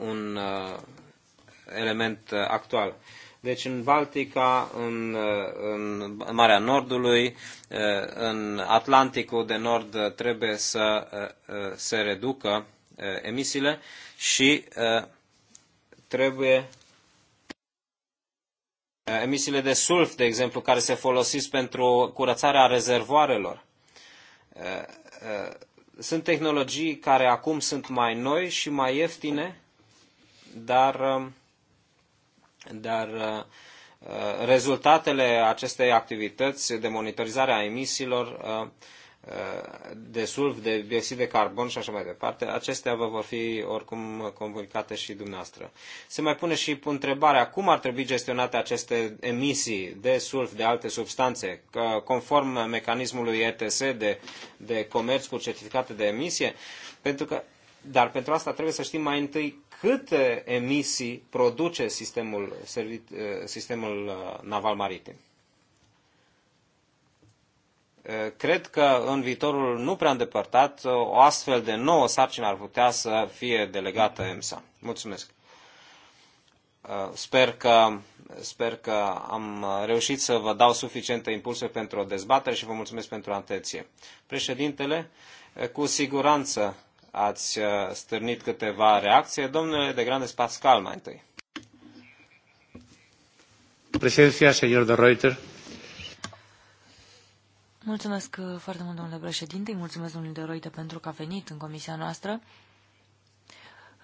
un element actual. Deci în Baltica, în, în Marea Nordului, în Atlanticul de Nord trebuie să se reducă E, emisiile și e, trebuie e, emisiile de sulf, de exemplu, care se folosesc pentru curățarea rezervoarelor. Sunt tehnologii care acum sunt mai noi și mai ieftine, dar, dar rezultatele acestei activități de monitorizare a emisiilor uh, de sulf, de dioxid de carbon și așa mai departe, acestea vă vor fi oricum comunicate și dumneavoastră. Se mai pune și întrebarea cum ar trebui gestionate aceste emisii de sulf, de alte substanțe, conform mecanismului ETS de, de comerț cu certificate de emisie, pentru că, dar pentru asta trebuie să știm mai întâi câte emisii produce sistemul, servit, eh, sistemul eh, naval maritim. E, cred că în viitorul nu prea îndepărtat o astfel de nouă sarcină ar putea să fie delegată EMSA. Mulțumesc! E, sper că, sper că am reușit să vă dau suficiente impulse pentru o dezbatere și vă mulțumesc pentru atenție. Președintele, e, cu siguranță ați stârnit câteva reacții. Domnule de Grande Pascal, mai întâi. Presencia, señor de Reuters. Mulțumesc uh, foarte mult, domnule președinte, îi mulțumesc domnului de Roite pentru că a venit în comisia noastră.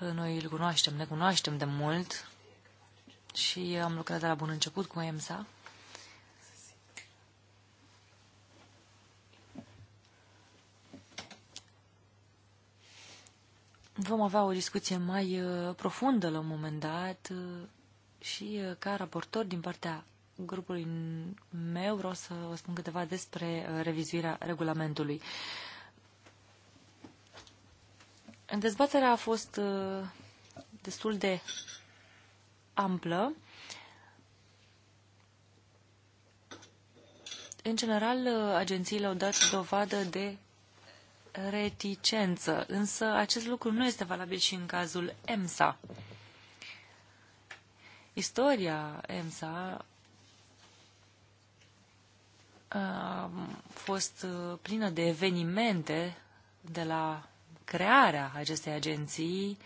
Uh, noi îl cunoaștem, ne cunoaștem de mult și am lucrat de la bun început cu EMSA. Vom avea o discuție mai uh, profundă la un moment dat și ca raportor din partea grupului meu vreau să vă spun câteva despre uh, revizuirea regulamentului. Dezbaterea a fost uh, destul de amplă. În general, uh, agențiile au dat dovadă de reticență, însă acest lucru nu este valabil și în cazul EMSA. Istoria EMSA a fost uh, plină de evenimente de la crearea acestei agenții.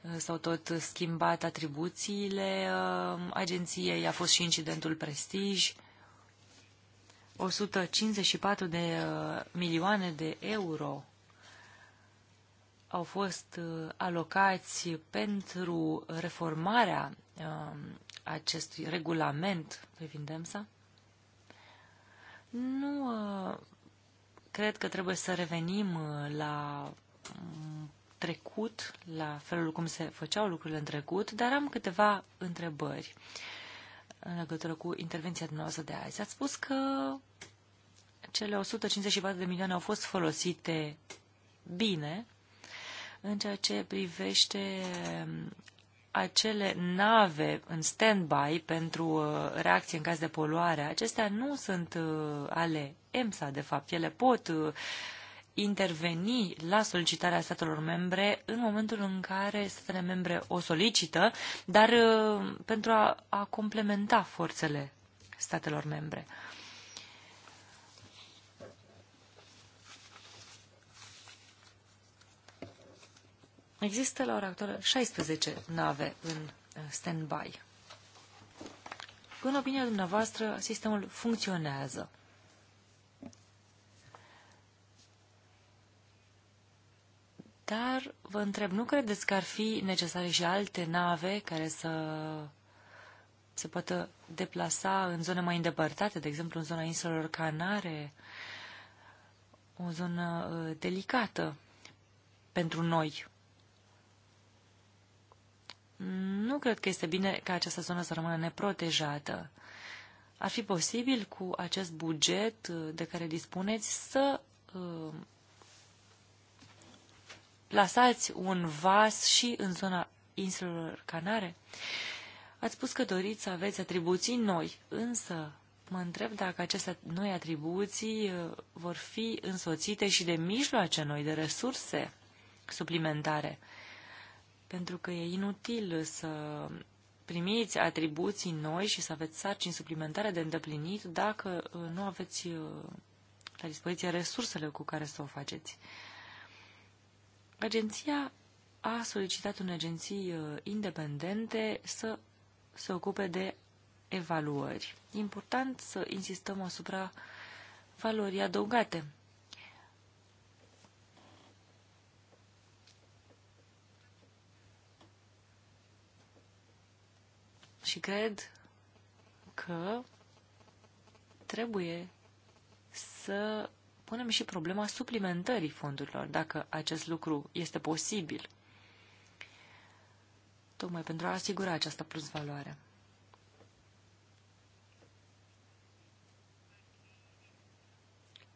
Uh, s-au tot schimbat atribuțiile uh, agenției, a fost și incidentul Prestige. 154 de milioane de euro au fost alocați pentru reformarea um, acestui regulament privind EMSA. Nu cred că trebuie să revenim la mm, trecut, la felul cum se făceau lucrurile în trecut, dar am câteva întrebări în legătură cu intervenția dumneavoastră de azi. Ați spus că cele 154 de milioane au fost folosite bine în ceea ce privește acele nave în stand-by pentru uh, reacție în caz de poluare, acestea nu sunt uh, ale EMSA, de fapt. Ele pot uh, interveni la solicitarea statelor membre în momentul în care statele membre o solicită, dar pentru a, a complementa forțele statelor membre. Uh, Există la ora actuală 16 nave în uh, stand-by. În opinia dumneavoastră, sistemul funcționează. Dar vă întreb, nu credeți că ar fi necesare și alte nave care să se poată deplasa în zone mai îndepărtate, de exemplu în zona insulelor Canare, o zonă uh, delicată pentru noi? nu cred că este bine ca această zonă să rămână neprotejată. Ar fi posibil cu acest buget uh, de care dispuneți să uh, plasați un vas și în zona insulelor Canare? Ați spus că doriți să aveți atribuții noi, însă mă întreb dacă aceste noi atribuții uh, vor fi însoțite și de mijloace noi, de resurse suplimentare. Uh, pentru că e inutil să primiți atribuții noi și să aveți sarcini suplimentare de îndeplinit dacă uh, nu aveți uh, la dispoziție resursele cu care să o faceți. Agenția a solicitat unei agenții uh, independente să se ocupe de evaluări. Important să insistăm asupra valorii adăugate Și cred că trebuie să punem și problema suplimentării fondurilor, dacă acest lucru este posibil, tocmai pentru a asigura această plusvaloare.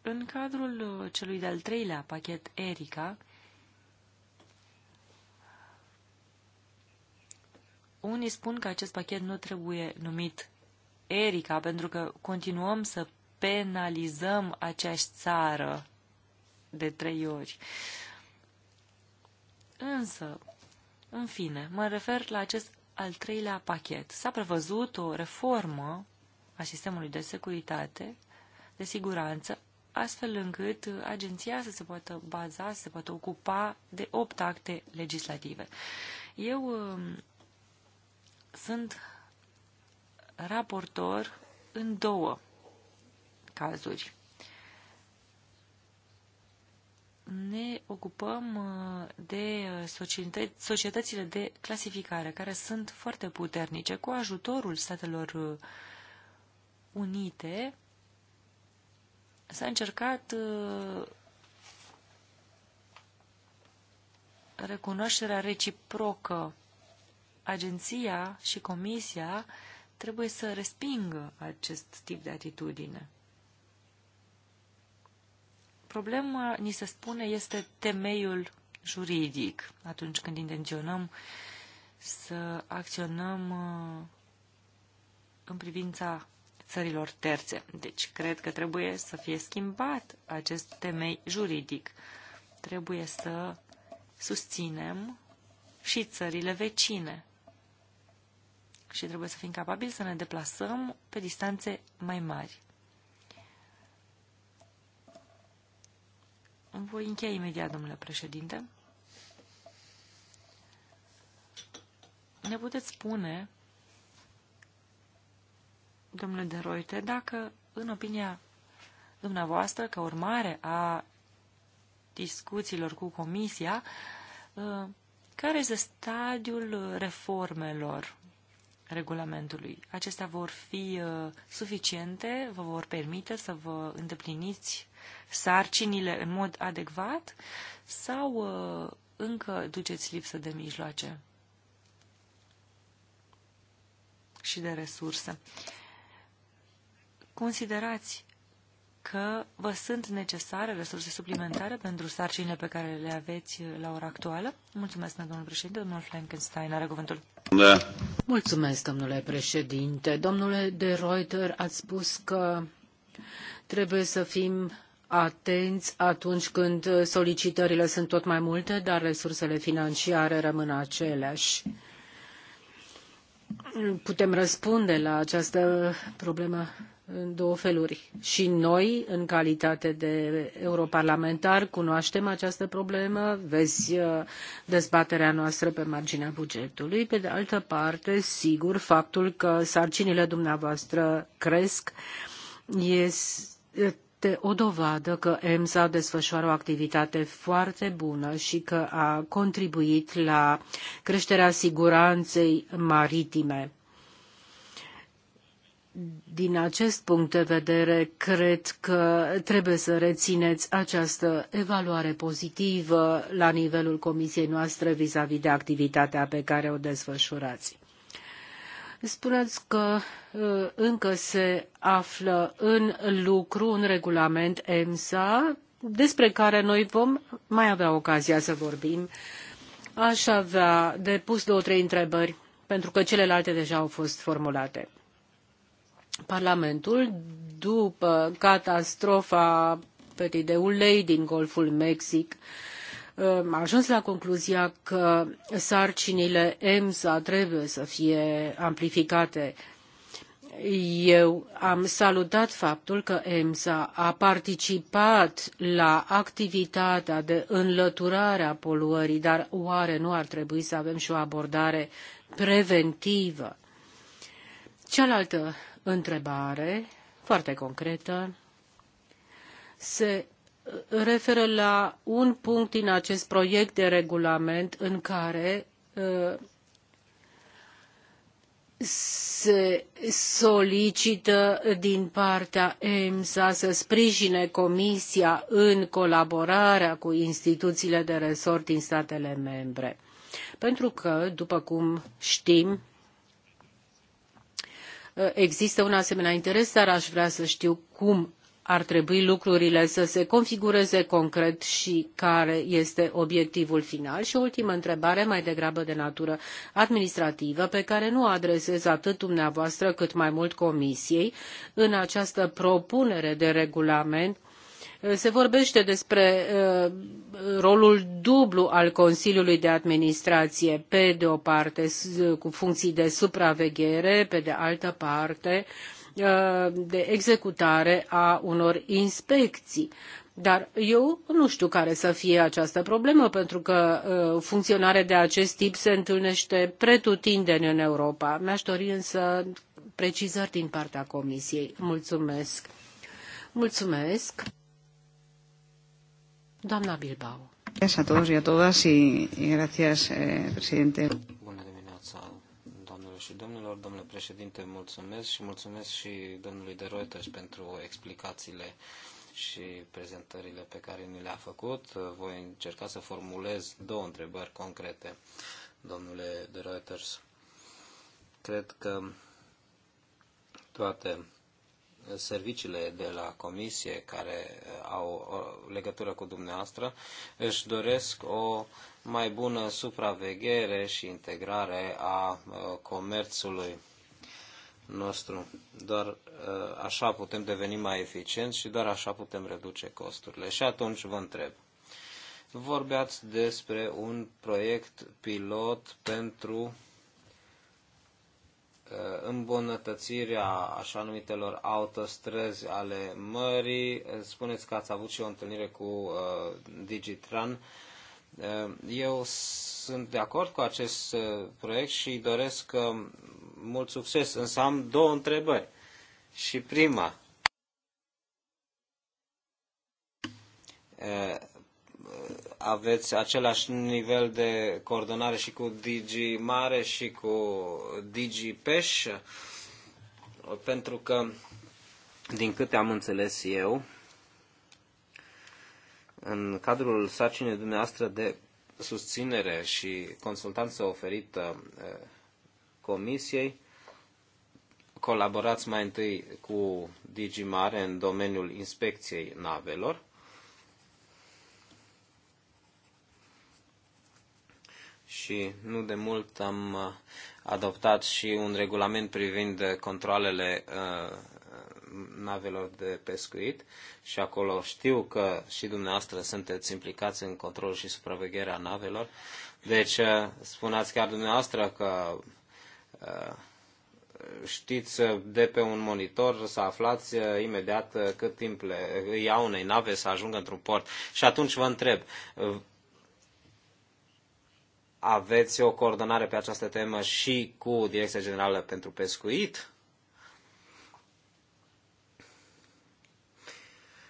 În cadrul celui de-al treilea pachet ERICA, Unii spun că acest pachet nu trebuie numit Erica, pentru că continuăm să penalizăm aceeași țară de trei ori. Însă, în fine, mă refer la acest al treilea pachet. S-a prevăzut o reformă a sistemului de securitate, de siguranță, astfel încât agenția să se poată baza, să se poată ocupa de opt acte legislative. Eu Sunt raportor în două cazuri. Ne ocupăm uh, de uh, societățile de clasificare, care sunt foarte puternice. Cu ajutorul Statelor uh, Unite s-a încercat recunoașterea reciprocă agenția și comisia trebuie să respingă acest tip de atitudine. Problema, ni se spune, este temeiul juridic atunci când intenționăm să acționăm uh, în privința țărilor terțe. Deci, cred că trebuie să fie schimbat acest temei juridic. Trebuie să susținem și țările vecine și trebuie să fim capabili să ne deplasăm pe distanțe mai mari. voi încheia imediat, domnule președinte. Ne puteți spune, domnule de Reuter, dacă, în opinia dumneavoastră, ca urmare a discuțiilor cu Comisia, uh, care este stadiul reformelor regulamentului. Acestea vor fi uh, suficiente, vă vor permite să vă îndepliniți sarcinile în mod adecvat sau uh, încă duceți lipsă de mijloace și de resurse. Considerați că vă sunt necesare resurse suplimentare pentru sarcinile pe care le aveți la ora actuală? Mulțumesc, domnul președinte. Domnul Frankenstein are cuvântul. Da. Mulțumesc, domnule președinte. Domnule de Reuter, ați spus că trebuie să fim atenți atunci când solicitările sunt tot mai multe, dar resursele financiare rămân aceleași. Putem răspunde la această problemă în două feluri. Și noi, în calitate de europarlamentari, cunoaștem această problemă, vezi uh, dezbaterea noastră pe marginea bugetului. Pe de altă parte, sigur, faptul că sarcinile dumneavoastră cresc este o dovadă că EMSA desfășoară o activitate foarte bună și că a contribuit la creșterea siguranței maritime din acest punct de vedere, cred că trebuie să rețineți această evaluare pozitivă la nivelul comisiei noastre vis-a-vis de activitatea pe care o desfășurați. Spuneți că uh, încă se află în lucru un regulament EMSA despre care noi vom mai avea ocazia să vorbim. Aș avea depus două, trei întrebări pentru că celelalte deja au fost formulate. Parlamentul, după catastrofa perii de ulei din Golful Mexic, a ajuns la concluzia că sarcinile EMSA trebuie să fie amplificate. Eu am salutat faptul că EMSA a participat la activitatea de înlăturare a poluării, dar oare nu ar trebui să avem și o abordare preventivă? Cealaltă întrebare foarte concretă se referă la un punct din acest proiect de regulament în care uh, se solicită din partea EMSA să sprijine Comisia în colaborarea cu instituțiile de resort din statele membre. Pentru că, după cum știm, Eh, există un asemenea interes, dar aș vrea să știu cum ar trebui lucrurile să se configureze concret și care este obiectivul final. Și o ultimă întrebare, mai degrabă de natură administrativă, pe care nu o adresez atât dumneavoastră cât mai mult Comisiei. În această propunere de regulament Eh, se vorbește despre eh, rolul dublu al Consiliului de Administrație, pe de o parte cu funcții de supraveghere, pe de altă parte eh, de executare a unor inspecții. Dar eu nu știu care să fie această problemă, pentru că funcționare de acest tip se întâlnește pretutindeni în Europa. Mi-aș dori însă precizări din partea Comisiei. Mulțumesc! Mulțumesc! Doamna Bilbao. Gracias a todos y a todas y, y gracias, eh, presidente. Bună dimineața, doamnelor și domnilor, domnule președinte, mulțumesc și mulțumesc și domnului de Reuters pentru explicațiile și prezentările pe care ni le-a făcut. Voi încerca să formulez două întrebări concrete, domnule de Reuters. Cred că toate serviciile de la comisie care au o legătură cu dumneavoastră își doresc o mai bună supraveghere și integrare a uh, comerțului nostru. Doar uh, așa putem deveni mai eficienți și doar așa putem reduce costurile. Și atunci vă întreb. Vorbeați despre un proiect pilot pentru Uh, îmbunătățirea așa numitelor autostrăzi ale mării. Uh, spuneți că ați avut și o întâlnire cu uh, Digitran. Eu sunt de acord cu acest proiect și doresc mult succes, însă am două întrebări. Și prima, aveți același nivel de coordonare și cu Digi Mare și cu Digi Peș? Pentru că, din câte am înțeles eu, în cadrul sarcinii dumneavoastră de susținere și consultanță oferită eh, Comisiei, colaborați mai întâi cu DigiMare în domeniul inspecției navelor și nu de mult am uh, adoptat și un regulament privind controlele uh, navelor de pescuit și acolo știu că și dumneavoastră sunteți implicați în control și supravegherea navelor. Deci uh, spuneați chiar dumneavoastră că știți de pe un monitor să aflați imediat cât timp le ia unei nave să ajungă într-un port. Și atunci vă întreb, aveți o coordonare pe această temă și cu Direcția Generală pentru Pescuit.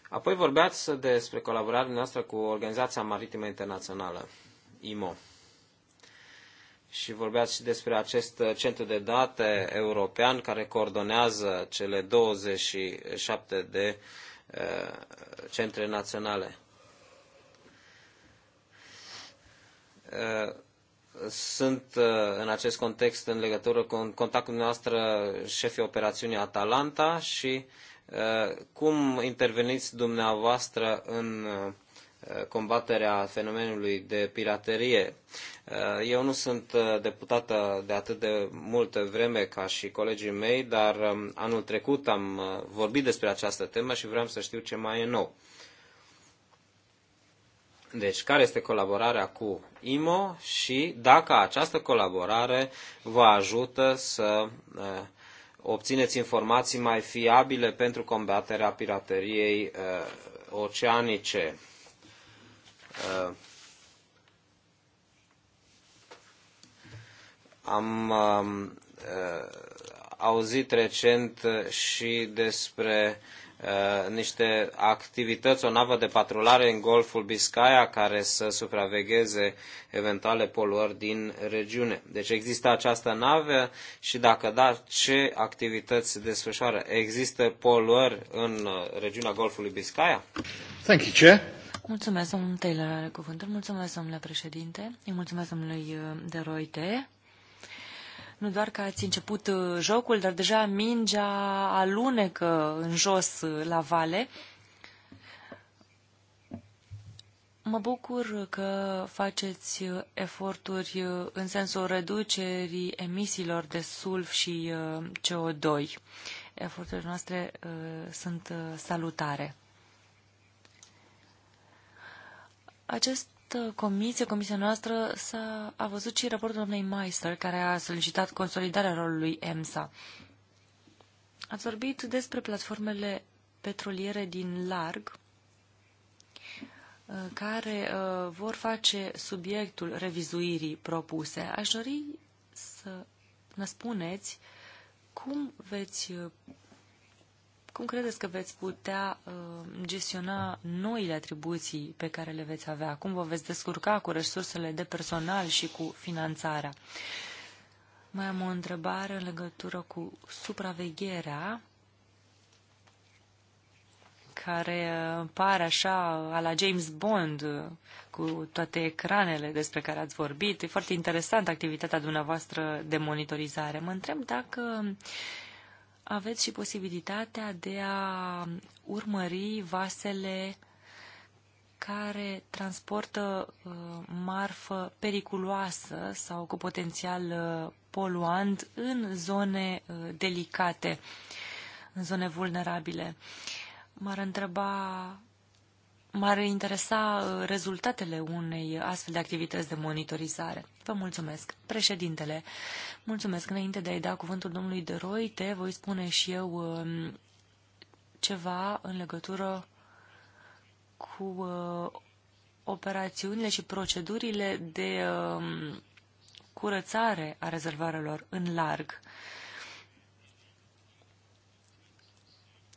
Apoi vorbeați despre colaborarea noastră cu Organizația Maritimă Internațională, IMO. Și vorbeați și despre acest centru de date european care coordonează cele 27 de uh, centre naționale. Uh, sunt uh, în acest context în legătură cu contactul noastră șefii operațiunii Atalanta și uh, cum interveniți dumneavoastră în uh, combaterea fenomenului de piraterie. Eu nu sunt deputată de atât de multă vreme ca și colegii mei, dar um, anul trecut am vorbit despre această temă și vreau să știu ce mai e nou. Deci, care este colaborarea cu IMO și dacă această colaborare vă ajută să e, obțineți informații mai fiabile pentru combaterea pirateriei e, oceanice. E, am auzit recent și despre uh, Eh, niște activități, o navă de patrulare în Golful Biscaya care să supravegheze eventuale poluări din regiune. Deci există această navă și dacă da, ce activități se desfășoară? Există poluări în eh, regiunea Golfului Biscaya? Thank you, Chair. Mulțumesc, domnul Taylor, are cuvântul. Mulțumesc, domnule președinte. Îi mulțumesc domnului eh, De Roite Nu doar că ați început uh, jocul, dar deja mingea alunecă în jos uh, la vale. Mă bucur că faceți uh, eforturi în sensul reducerii emisiilor de sulf și CO2. Eforturile noastre sunt salutare. Acest comisie, comisia noastră, s-a, a văzut și raportul doamnei Meister, care a solicitat consolidarea rolului EMSA. Ați vorbit despre platformele petroliere din larg, uh, care uh, vor face subiectul revizuirii propuse. Aș dori să ne spuneți cum veți uh, Cum credeți că veți putea uh, gestiona noile atribuții pe care le veți avea? Cum vă veți descurca cu resursele de personal și cu finanțarea? Mai am o întrebare în legătură cu supravegherea care pare așa a la James Bond uh, cu toate ecranele despre care ați vorbit. E foarte interesant activitatea dumneavoastră de monitorizare. Mă întreb dacă aveți și posibilitatea de a urmări vasele care transportă uh, marfă periculoasă sau cu potențial uh, poluant în zone uh, delicate, în zone vulnerabile. M-ar întreba m-ar interesa uh, rezultatele unei astfel de activități de monitorizare. Vă mulțumesc. Președintele, mulțumesc. Înainte de a-i da cuvântul domnului de Roite, voi spune și eu um, ceva în legătură cu uh, operațiunile și procedurile de um, curățare a rezervarelor în larg.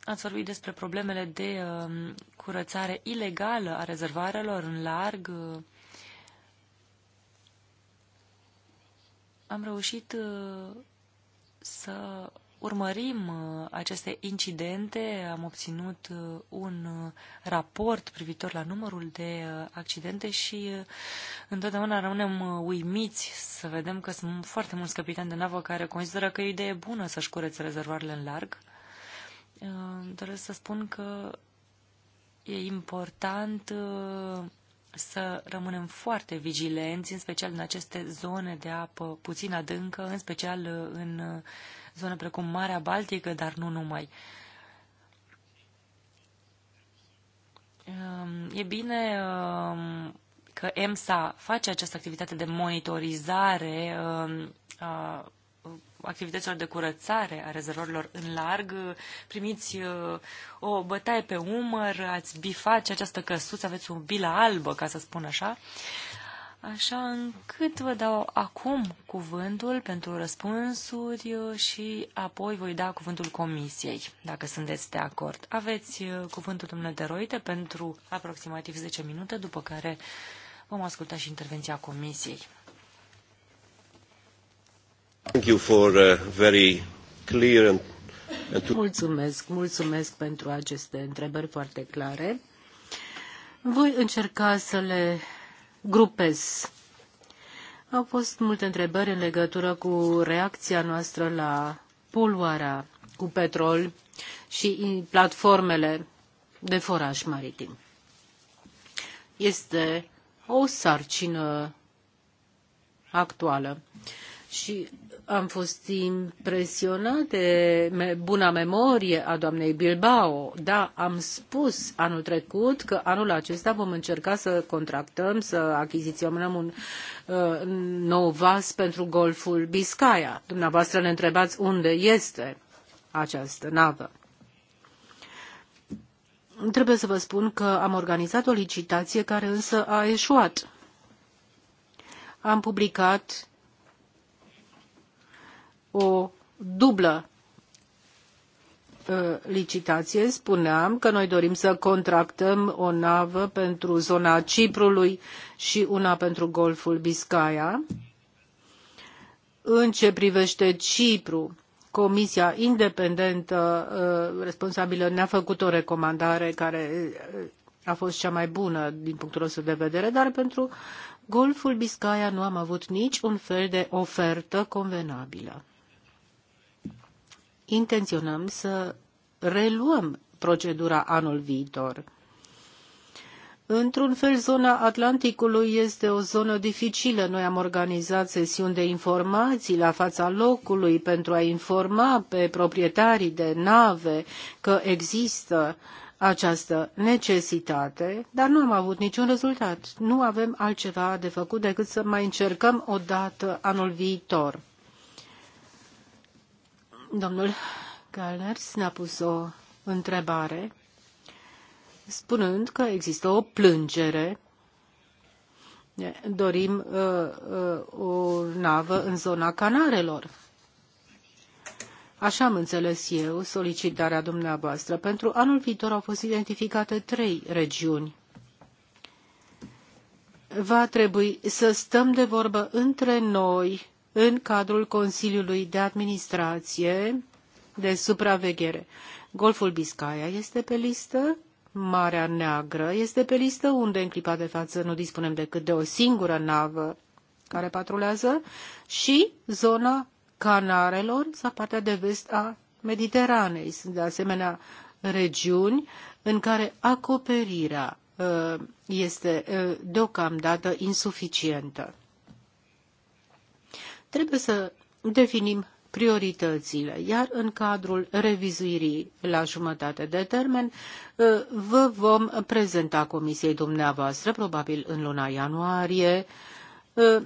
Ați vorbit despre problemele de um, curățare ilegală a rezervarelor în larg, am reușit uh, să urmărim uh, aceste incidente, am obținut uh, un raport privitor la numărul de accidente și întotdeauna rămânem uimiți să vedem că sunt foarte mulți capitani de navă care consideră că e o idee bună să-și curețe rezervoarele în larg. Doresc să spun că E important uh, să rămânem foarte vigilenți, în special în aceste zone de apă puțin adâncă, în special uh, în uh, zone precum Marea Baltică, dar nu numai. Um, e bine um, că EMSA face această activitate de monitorizare um, a activităților de curățare a rezervorilor în larg, primiți uh, o bătaie pe umăr, ați bifat această căsuță, aveți o bilă albă, ca să spun așa, așa încât vă dau acum cuvântul pentru răspunsuri uh, și apoi voi da cuvântul comisiei, dacă sunteți de acord. Aveți uh, cuvântul domnule de Roite pentru aproximativ 10 minute, după care vom asculta și intervenția comisiei. Uh, mulțumesc, mulțumesc pentru aceste întrebări foarte clare. Voi încerca să le grupez. Au fost multe întrebări în legătură cu reacția noastră la poluarea cu petrol și platformele de foraj maritim. Este o sarcină actuală și am fost impresionat de buna memorie a doamnei Bilbao. Da, am spus anul trecut că anul acesta vom încerca să contractăm, să achiziționăm un uh, nou vas pentru golful Biscaya. Dumneavoastră ne întrebați unde este această navă. Trebuie să vă spun că am organizat o licitație care însă a eșuat. Am publicat o dublă uh, licitație. Spuneam că noi dorim să contractăm o navă pentru zona Ciprului și una pentru Golful Biscaya. În ce privește Cipru, Comisia independentă uh, responsabilă ne-a făcut o recomandare care uh, a fost cea mai bună din punctul nostru de vedere, dar pentru Golful Biscaya nu am avut nici un fel de ofertă convenabilă intenționăm să reluăm procedura anul viitor. Într-un fel, zona Atlanticului este o zonă dificilă. Noi am organizat sesiuni de informații la fața locului pentru a informa pe proprietarii de nave că există această necesitate, dar nu am avut niciun rezultat. Nu avem altceva de făcut decât să mai încercăm o dată anul viitor. Domnul Galner ne-a pus o întrebare spunând că există o plângere. Dorim uh, uh, o navă în zona Canarelor. Așa am înțeles eu solicitarea dumneavoastră. Pentru anul viitor au fost identificate trei regiuni. Va trebui să stăm de vorbă între noi în cadrul Consiliului de Administrație de Supraveghere. Golful Biscaya este pe listă, Marea Neagră este pe listă, unde în clipa de față nu dispunem decât de o singură navă care patrulează, și zona Canarelor sau partea de vest a Mediteranei. Sunt de asemenea regiuni în care acoperirea uh, este uh, deocamdată insuficientă. Trebuie să definim prioritățile, iar în cadrul revizuirii la jumătate de termen uh, vă vom prezenta comisiei dumneavoastră, probabil în luna ianuarie, uh,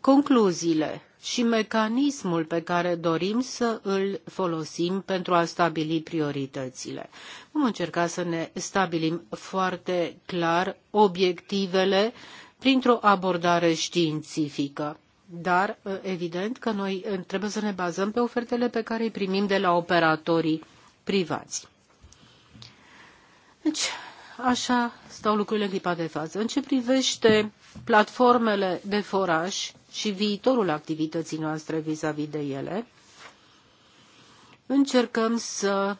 concluziile și mecanismul pe care dorim să îl folosim pentru a stabili prioritățile. Vom încerca să ne stabilim foarte clar obiectivele printr-o abordare științifică. Dar, eh, evident că noi eh, trebuie să ne bazăm pe ofertele pe care îi primim de la operatorii privați. Deci, așa stau lucrurile în clipa de față. În ce privește platformele de foraj și viitorul activității noastre vis-a-vis -vis de ele, încercăm să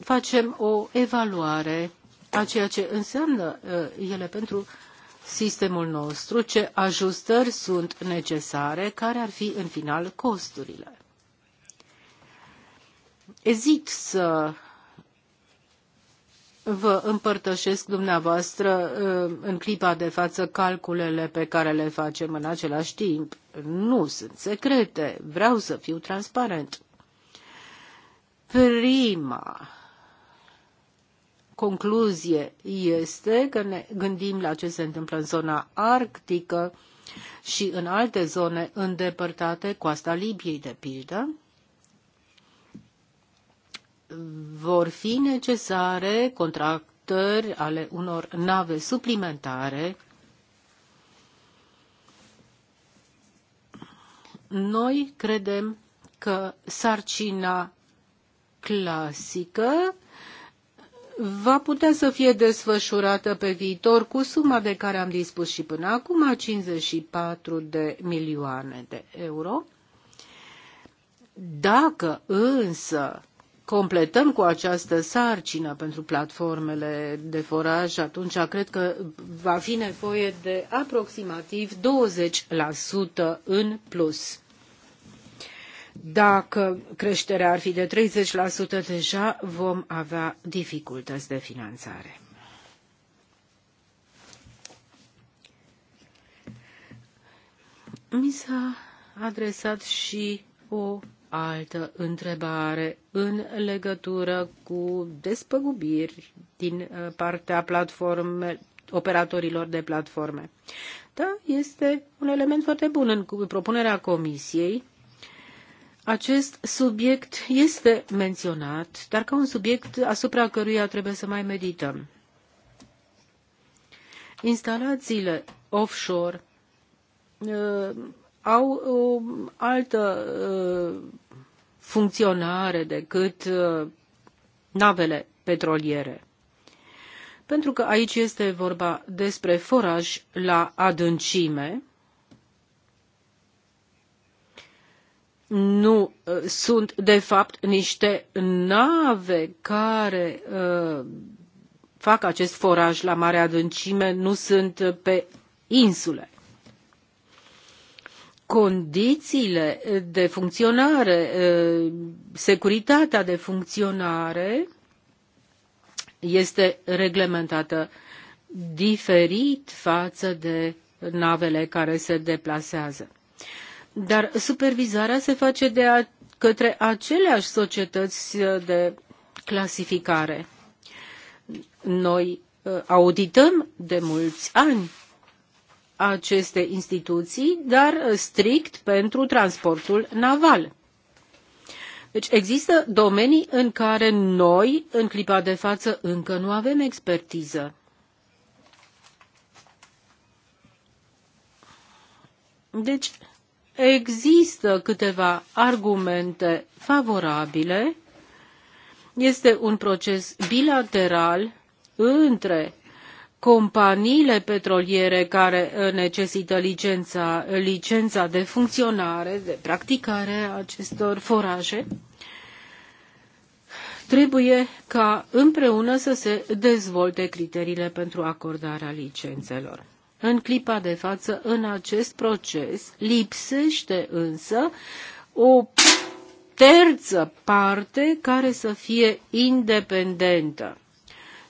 facem o evaluare a ceea ce înseamnă eh, ele pentru sistemul nostru, ce ajustări sunt necesare, care ar fi în final costurile. Ezit să vă împărtășesc dumneavoastră uh, în clipa de față calculele pe care le facem în același timp. Nu sunt secrete, vreau să fiu transparent. Prima concluzie este că ne gândim la ce se întâmplă în zona arctică și în alte zone îndepărtate, coasta Libiei de pildă, vor fi necesare contractări ale unor nave suplimentare. Noi credem că sarcina clasică va putea să fie desfășurată pe viitor cu suma de care am dispus și până acum, 54 de milioane de euro. Dacă însă completăm cu această sarcină pentru platformele de foraj, atunci cred că va fi nevoie de aproximativ 20% în plus. Dacă creșterea ar fi de 30%, deja vom avea dificultăți de finanțare. Mi s-a adresat și o altă întrebare în legătură cu despăgubiri din uh, partea platforme, operatorilor de platforme. Da, este un element foarte bun în propunerea Comisiei acest subiect este menționat, dar ca un subiect asupra căruia trebuie să mai medităm. Instalațiile offshore uh, au o uh, altă uh, funcționare decât uh, navele petroliere. Pentru că aici este vorba despre foraj la adâncime, nu sunt de fapt niște nave care uh, fac acest foraj la mare adâncime, nu sunt pe insule condițiile de funcționare, uh, securitatea de funcționare este reglementată diferit față de navele care se deplasează. Dar supervizarea se face de a, către aceleași societăți uh, de clasificare. Noi uh, audităm de mulți ani aceste instituții, dar uh, strict pentru transportul naval. Deci există domenii în care noi, în clipa de față, încă nu avem expertiză. Deci, există câteva argumente favorabile. Este un proces bilateral între companiile petroliere care uh, necesită licența, licența de funcționare, de practicare a acestor foraje, trebuie ca împreună să se dezvolte criteriile pentru acordarea licențelor. În clipa de față, în acest proces, lipsește însă o terță parte care să fie independentă.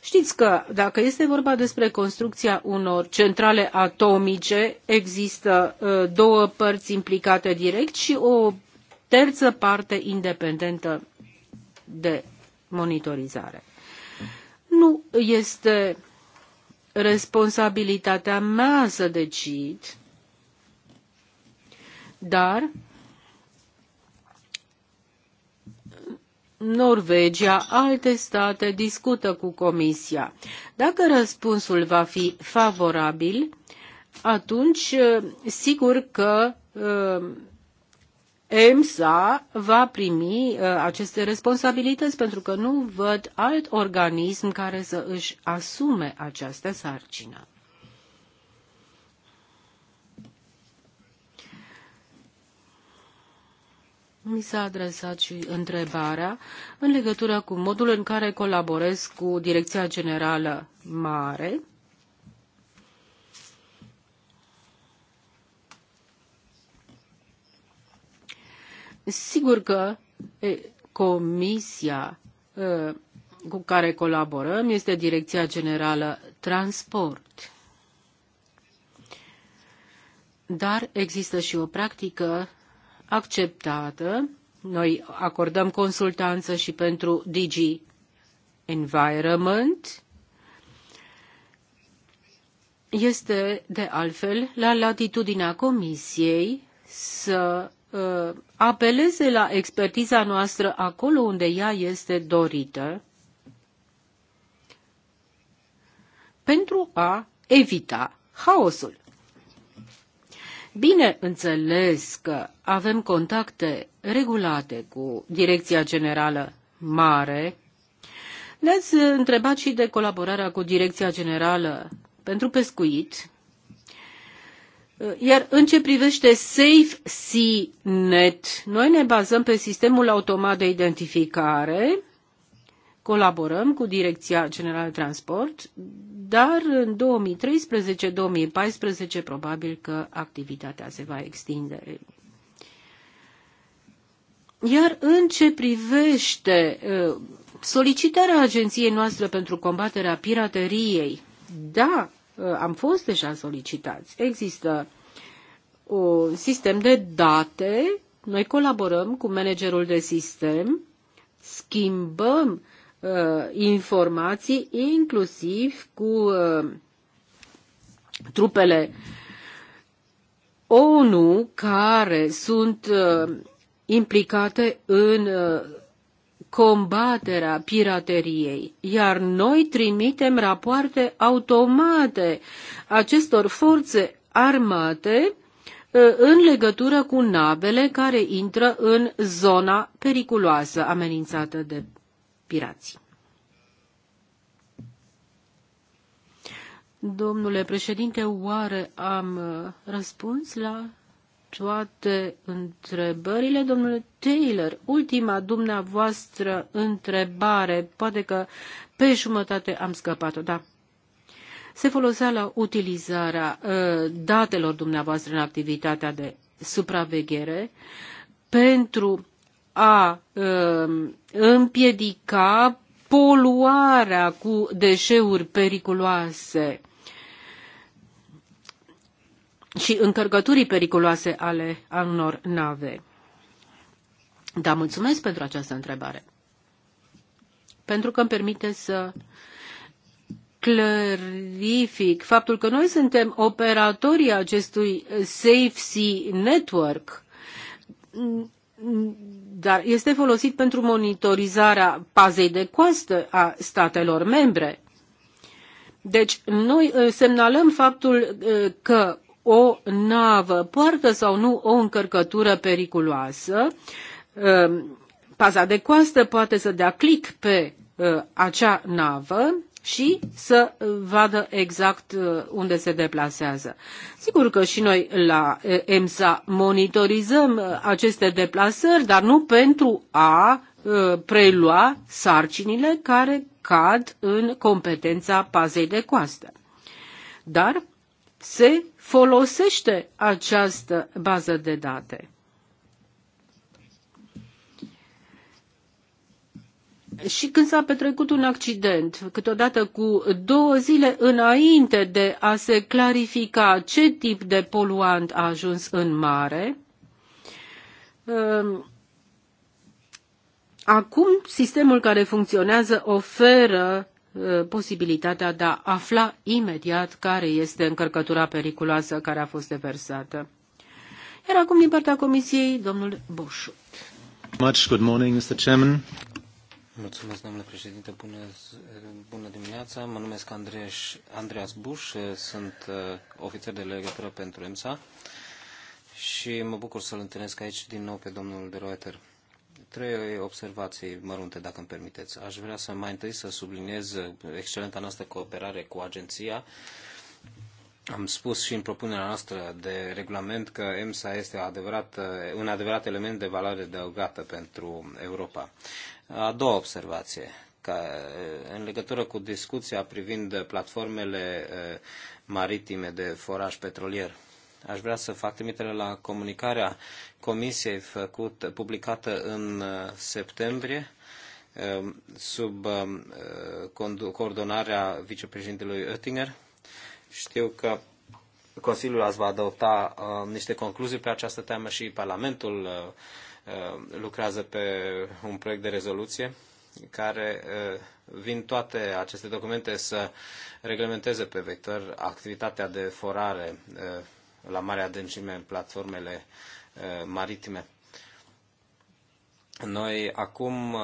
Știți că dacă este vorba despre construcția unor centrale atomice, există uh, două părți implicate direct și o terță parte independentă de monitorizare. Nu este responsabilitatea mea să decid, dar Norvegia, alte state discută cu Comisia. Dacă răspunsul va fi favorabil, atunci sigur că uh, EMSA va primi uh, aceste responsabilități pentru că nu văd alt organism care să își asume această sarcină. Mi s-a adresat și întrebarea în legătură cu modul în care colaborez cu Direcția Generală Mare Sigur că e, comisia e, cu care colaborăm este Direcția Generală Transport. Dar există și o practică acceptată. Noi acordăm consultanță și pentru DG Environment. Este, de altfel, la latitudinea Comisiei să e, apeleze la expertiza noastră acolo unde ea este dorită pentru a evita haosul. Bine înțeles că avem contacte regulate cu Direcția Generală Mare. Ne-ați întrebat și de colaborarea cu Direcția Generală pentru Pescuit, Iar în ce privește SafeSeaNet, noi ne bazăm pe sistemul automat de identificare, colaborăm cu Direcția Generală de Transport, dar în 2013-2014 probabil că activitatea se va extinde. Iar în ce privește uh, solicitarea agenției noastre pentru combaterea pirateriei, da, Uh, am fost deja solicitați. Există un sistem de date, noi colaborăm cu managerul de sistem, schimbăm uh, informații inclusiv cu uh, trupele ONU care sunt uh, implicate în uh, combaterea pirateriei, iar noi trimitem rapoarte automate acestor forțe armate în legătură cu navele care intră în zona periculoasă amenințată de pirații. Domnule președinte, oare am răspuns la toate întrebările. Domnule Taylor, ultima dumneavoastră întrebare, poate că pe jumătate am scăpat-o, da. Se folosea la utilizarea uh, datelor dumneavoastră în activitatea de supraveghere pentru a uh, împiedica poluarea cu deșeuri periculoase și încărcăturii periculoase ale unor nave. Da, mulțumesc pentru această întrebare. Pentru că îmi permite să clarific faptul că noi suntem operatorii acestui Safe Sea Network, dar este folosit pentru monitorizarea pazei de coastă a statelor membre. Deci, noi semnalăm faptul uh, că o navă poartă sau nu o încărcătură periculoasă, um, paza de coastă poate să dea click pe uh, acea navă și să vadă exact uh, unde se deplasează. Sigur că și noi la uh, EMSA monitorizăm aceste deplasări, dar nu pentru a prelua sarcinile care cad în competența pazei de coastă. Dar se folosește această bază de date. Și când s-a petrecut un accident, câteodată cu două zile înainte de a se clarifica ce tip de poluant a ajuns în mare, um, acum sistemul care funcționează oferă Eh, posibilitatea de a afla imediat care este încărcătura periculoasă care a fost deversată. Iar acum din partea Comisiei, domnul Boșu. Much. Good morning, Mr. Chairman. Mulțumesc, domnule președinte. Bună, eh, bună dimineața. Mă numesc Andreas Andreas Bush. Eh, sunt ofițer de legătură pentru EMSA și mă bucur să-l întâlnesc aici din nou pe domnul de Reuter. Trei observații mărunte, dacă îmi permiteți. Aș vrea să mai întâi să subliniez excelenta noastră cooperare cu agenția. Am spus și în propunerea noastră de regulament că EMSA este adevărat, un adevărat element de valoare adăugată pentru Europa. A doua observație că în legătură cu discuția privind platformele eh, maritime de foraj petrolier. Aș vrea să fac trimitere la comunicarea Comisiei făcut, publicată în uh, septembrie um, sub um, uh, coordonarea vicepreședintelui Oettinger. Știu că Consiliul azi va adopta um, niște concluzii pe această temă și Parlamentul uh, lucrează pe un proiect de rezoluție care vin toate aceste documente să reglementeze pe vector activitatea de forare la mare adâncime în platformele uh, maritime. Noi acum uh,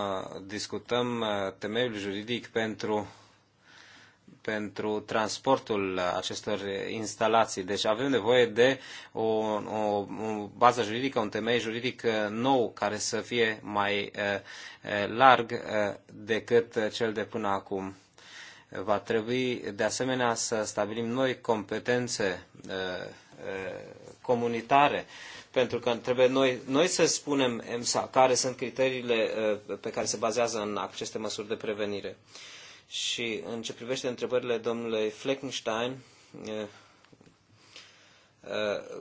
discutăm uh, temeiul juridic pentru, pentru transportul acestor instalații. Deci avem nevoie de o, o, o bază juridică, un temei juridic nou care să fie mai larg decât cel de până acum. Va trebui de asemenea să stabilim noi competențe Eh, comunitare. Pentru că trebuie noi, noi să spunem EMSA care sunt criteriile eh, pe care se bazează în aceste măsuri de prevenire. Și în ce privește întrebările domnului Fleckenstein, eh,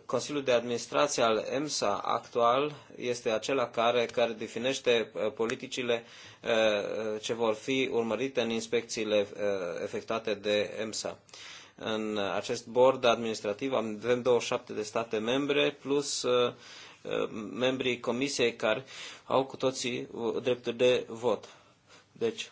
Consiliul de Administrație al EMSA actual este acela care, care definește politicile ce vor fi urmărite în inspecțiile efectuate de EMSA în acest board administrativ avem 27 de state membre plus uh, uh, membrii comisiei care au cu toții uh, dreptul de vot. Deci,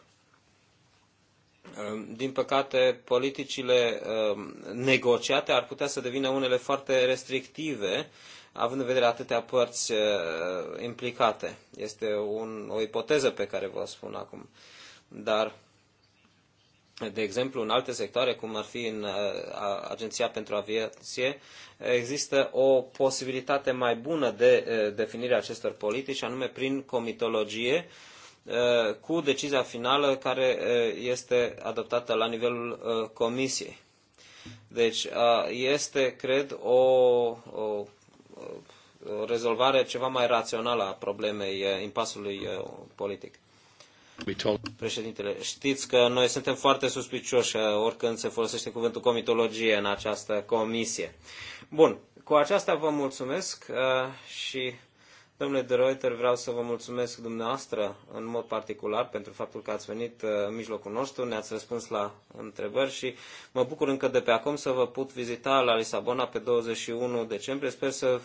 um, din păcate, politicile um, negociate ar putea să devină unele foarte restrictive, având în vedere atâtea părți implicate. Este un, o ipoteză pe care vă spun acum. Dar de exemplu, în alte sectoare, cum ar fi în uh, Agenția pentru Aviație, există o posibilitate mai bună de uh, definire a acestor politici, anume prin comitologie, uh, cu decizia finală care este adoptată la nivelul Comisiei. Deci este, cred, o, o, o rezolvare ceva mai rațională a problemei impasului politic. Președintele, știți că noi suntem foarte suspicioși oricând se folosește cuvântul comitologie în această comisie. Bun, cu aceasta vă mulțumesc uh, și, domnule de Reuter, vreau să vă mulțumesc dumneavoastră în mod particular pentru faptul că ați venit uh, în mijlocul nostru, ne-ați răspuns la întrebări și mă bucur încă de pe acum să vă pot vizita la Lisabona pe 21 decembrie. Sper să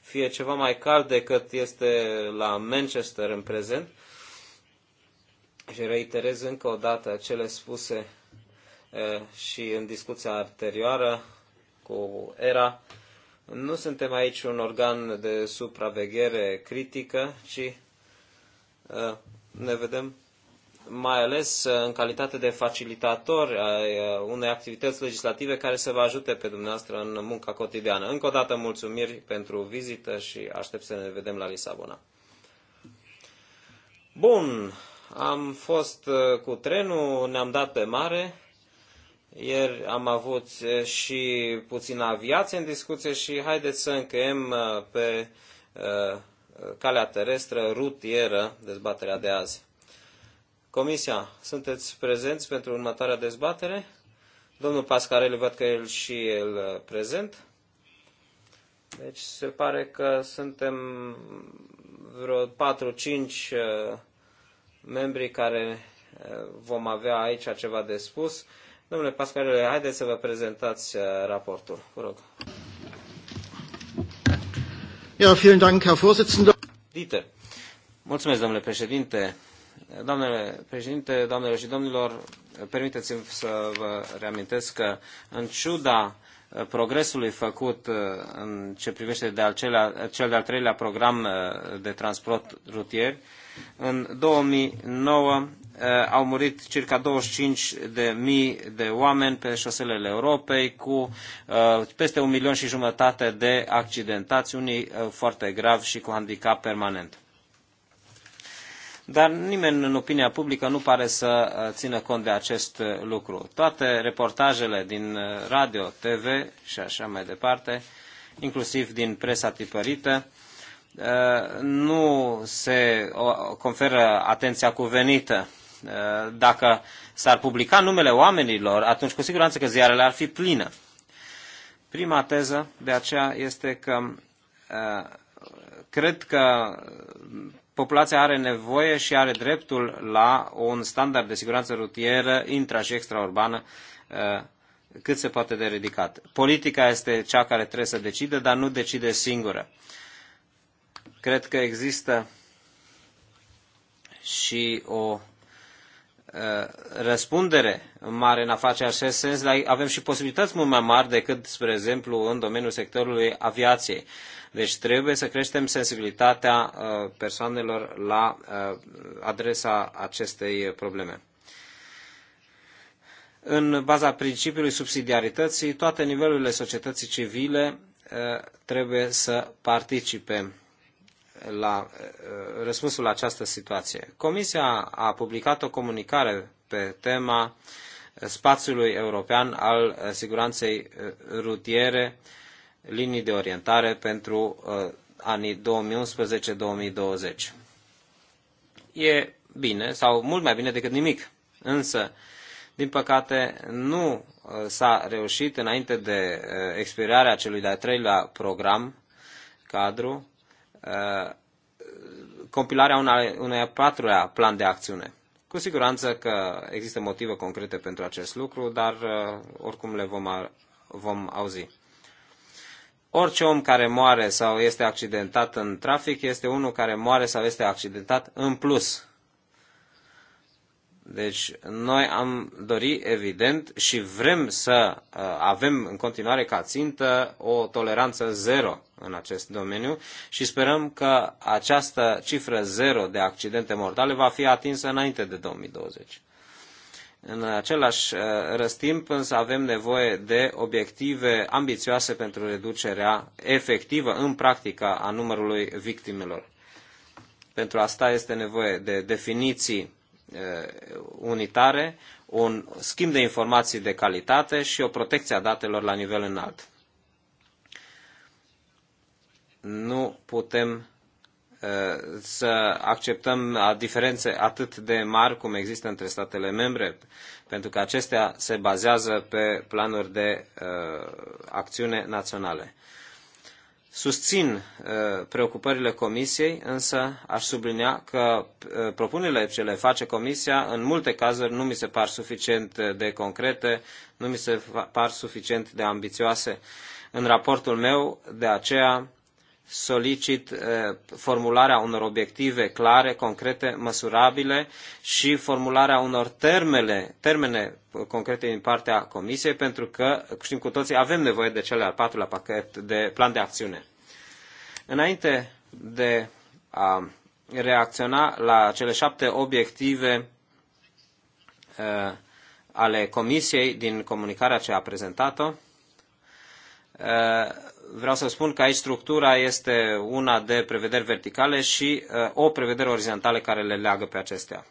fie ceva mai cald decât este la Manchester în prezent și reiterez încă o dată cele spuse e, și în discuția anterioară cu ERA, nu suntem aici un organ de supraveghere critică, ci e, ne vedem mai ales e, în calitate de facilitator ai unei activități legislative care să vă ajute pe dumneavoastră în munca cotidiană. Încă o dată mulțumiri pentru vizită și aștept să ne vedem la Lisabona. Bun, am fost uh, cu trenul, ne-am dat pe mare, ieri am avut uh, și puțină aviație în discuție și haideți să încheiem uh, pe calea terestră rutieră dezbaterea de azi. Comisia, sunteți prezenți pentru următoarea dezbatere? Domnul Pascarel, văd că el și el prezent. Deci se pare că suntem vreo 4-5 membrii care eh, vom avea aici ceva de spus. Domnule Pascale, haideți să vă prezentați eh, raportul. Vă rog. Ja, vielen Dank, Herr Vorsitzender. Dieter. Mulțumesc, domnule președinte. Doamnele președinte, doamnelor și domnilor, permiteți-mi să vă reamintesc că, în ciuda eh, progresului făcut în ce privește de al celea, cel de-al treilea program de transport rutier, În 2009 eh, au murit circa 25 de mii de oameni pe șoselele Europei cu eh, peste un milion și jumătate de accidentați, unii eh, foarte gravi și cu handicap permanent. Dar nimeni în opinia publică nu pare să țină cont de acest lucru. Toate reportajele din radio, TV și așa mai departe, inclusiv din presa tipărită, Eh, nu se conferă atenția cuvenită. Eh, dacă s-ar publica numele oamenilor, atunci cu siguranță că ziarele ar fi plină. Prima teză de aceea este că eh, cred că populația are nevoie și are dreptul la un standard de siguranță rutieră intra și extraurbană cât se poate de ridicat. Politica este cea care trebuie să decide, dar nu decide singură. Uh, Cred că există și o e, răspundere mare în a face acest sens, dar avem și posibilități mult mai mari decât, spre exemplu, în domeniul sectorului aviației. Deci trebuie să creștem sensibilitatea e, persoanelor la e, adresa acestei probleme. În baza principiului subsidiarității, toate nivelurile societății civile trebuie să participe la eh, răspunsul la această situație. Comisia a publicat o comunicare pe tema spațiului european al eh, siguranței eh, rutiere, linii de orientare pentru anii 2011-2020. E bine, sau mult mai bine decât nimic, însă, din păcate, nu s-a reușit înainte de expirarea celui de-al treilea program cadru Uh, compilarea unei, unei patrulea plan de acțiune. Cu siguranță că există motive concrete pentru acest lucru, dar uh, oricum le vom, vom auzi. Orice om care moare sau este accidentat în trafic este unul care moare sau este accidentat în plus. Deci noi am dori, evident, și vrem să uh, avem în continuare ca țintă o toleranță zero în acest domeniu și sperăm că această cifră zero de accidente mortale va fi atinsă înainte de 2020. În același uh, răstimp, însă, avem nevoie de obiective ambițioase pentru reducerea efectivă în practică a numărului victimelor. Pentru asta este nevoie de definiții Eh, unitare, un schimb de informații de calitate și o protecție a datelor la nivel înalt. Nu putem eh, să acceptăm diferențe atât de mari cum există între statele membre, pentru că acestea se bazează pe planuri de eh, acțiune naționale. Susțin e, preocupările Comisiei, însă aș sublinia că e, propunerile ce le face Comisia în multe cazuri nu mi se par suficient de concrete, nu mi se par suficient de ambițioase. În raportul meu, de aceea, solicit eh, formularea unor obiective clare, concrete, măsurabile și formularea unor termele, termene eh, concrete din partea Comisiei, pentru că știm cu toții avem nevoie de cel al patrulea pachet de plan de acțiune. Înainte de a reacționa la cele șapte obiective eh, ale Comisiei din comunicarea ce a prezentat-o, Eh, vreau să spun că aici structura este una de prevederi verticale și eh, o prevedere orizontală care le leagă pe acestea.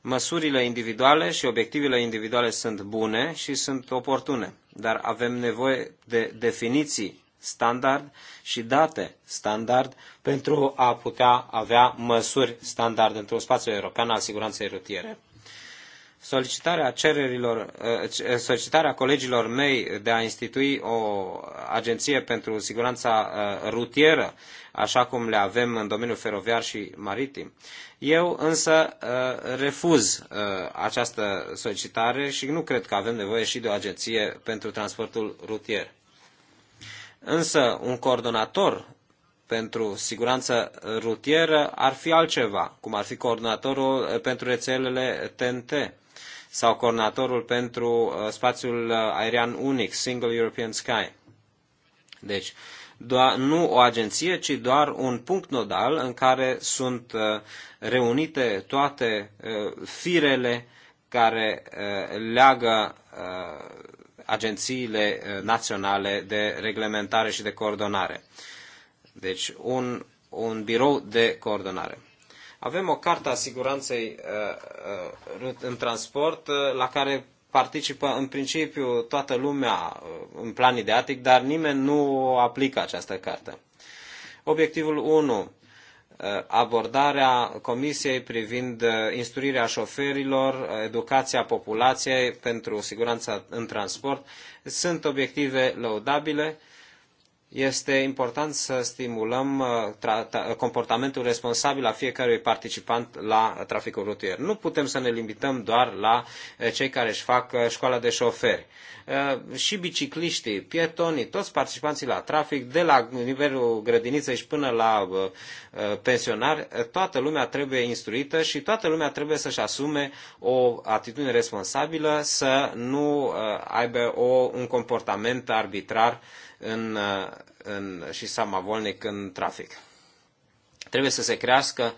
Măsurile individuale și obiectivele individuale sunt bune și sunt oportune, dar avem nevoie de definiții standard și date standard pentru a putea avea măsuri standard într-un spațiu european al siguranței rutiere solicitarea cererilor, eh, solicitarea colegilor mei de a institui o agenție pentru siguranța eh, rutieră, așa cum le avem în domeniul feroviar și maritim. Eu însă eh, refuz această solicitare și nu cred că avem nevoie și de o agenție pentru transportul rutier. Însă un coordonator pentru siguranță rutieră ar fi altceva, cum ar fi coordonatorul pentru rețelele TNT sau coordonatorul pentru uh, spațiul uh, aerian unic, Single European Sky. Deci, nu o agenție, ci doar un punct nodal în care sunt uh, reunite toate firele care leagă agențiile naționale de reglementare și de coordonare. Deci, un, un birou de coordonare. Avem o carte a siguranței uh, uh, în transport uh, la care participă în principiu toată lumea în plan ideatic, dar nimeni nu aplică această carte. Obiectivul 1 abordarea Comisiei privind instruirea șoferilor, educația populației pentru siguranța în transport sunt obiective lăudabile Este important să stimulăm uh, comportamentul responsabil a fiecărui participant la traficul rutier. Nu putem să ne limităm doar la uh, cei care își fac uh, școala de șoferi. Eh, și bicicliștii, pietonii, toți participanții la trafic, de la nivelul grădiniței și până la eh, eh, pensionari, toată lumea trebuie instruită și toată lumea trebuie să-și asume o atitudine responsabilă, să nu aibă o, un comportament arbitrar în, în, și samavolnic în trafic. Trebuie să se crească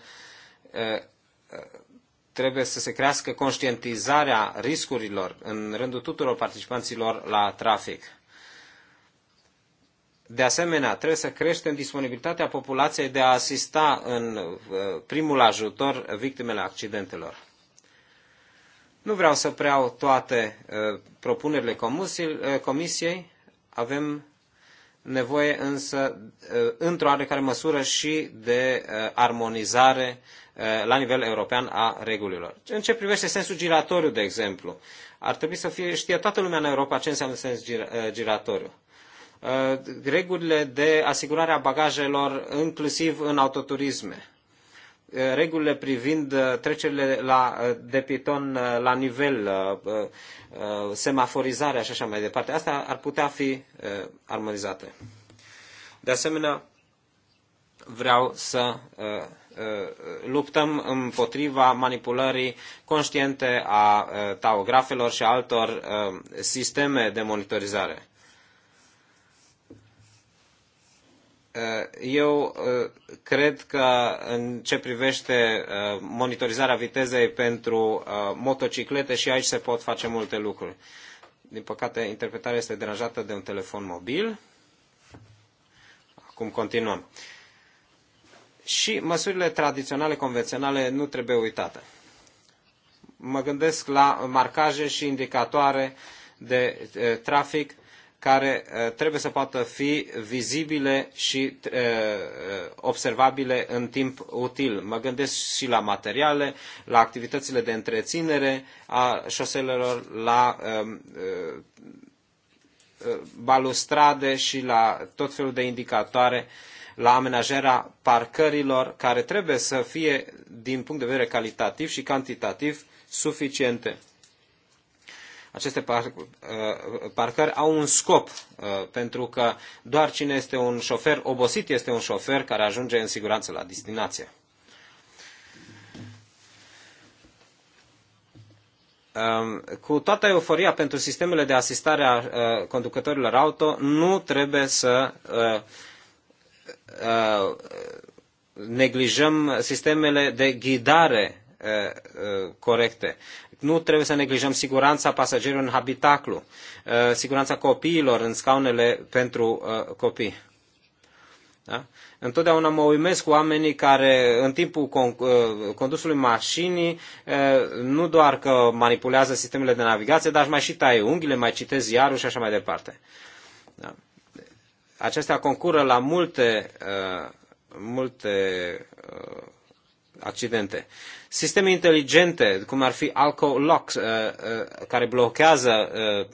Trebuie să se crească conștientizarea riscurilor în rândul tuturor participanților la trafic. De asemenea, trebuie să creștem disponibilitatea populației de a asista în uh, primul ajutor victimele accidentelor. Nu vreau să preau toate uh, propunerile uh, comisiei. Avem nevoie însă, eh, într-o oarecare măsură, și de eh, armonizare eh, la nivel european a regulilor. În ce privește sensul giratoriu, de exemplu, ar trebui să fie, știe toată lumea în Europa ce înseamnă sens giratoriu. Regulile de asigurare a bagajelor, inclusiv în autoturisme, Eh, regulile privind eh, trecerile la, eh, de pieton la nivel, semaforizarea și așa mai departe. Asta ar putea fi armonizate. De asemenea, vreau să luptăm împotriva manipulării conștiente a taografelor și altor sisteme de monitorizare. Eh, eu eh, cred că în ce privește eh, monitorizarea vitezei pentru motociclete și aici se pot face multe lucruri. Din păcate, interpretarea este deranjată de un telefon mobil. Acum continuăm. Și măsurile tradiționale, convenționale, nu trebuie uitate. Mă gândesc la marcaje și indicatoare de trafic care eh, trebuie să poată fi vizibile și eh, eh, observabile în timp util. Mă gândesc și la materiale, la activitățile de întreținere a șoselelor, la ehm, balustrade și la tot felul de indicatoare la amenajarea parcărilor care trebuie să fie din punct de vedere calitativ și cantitativ suficiente aceste par, uh, parcări au un scop, uh, pentru că doar cine este un șofer obosit este un șofer care ajunge în siguranță la destinație. Um, cu toată euforia pentru sistemele de asistare a uh, conducătorilor auto, nu trebuie să neglijăm sistemele de ghidare corecte. Nu trebuie să neglijăm siguranța pasagerilor în habitaclu, uh, siguranța copiilor în scaunele pentru uh, copii. Da? Întotdeauna mă uimesc cu oamenii care în timpul uh, condusului mașinii nu doar că manipulează sistemele de navigație, dar mai și taie unghiile, mai citesc ziarul și așa mai departe. Da? Acestea concură la multe, multe accidente. Sisteme inteligente, cum ar fi Alco-Lock, eh, eh, care blochează eh,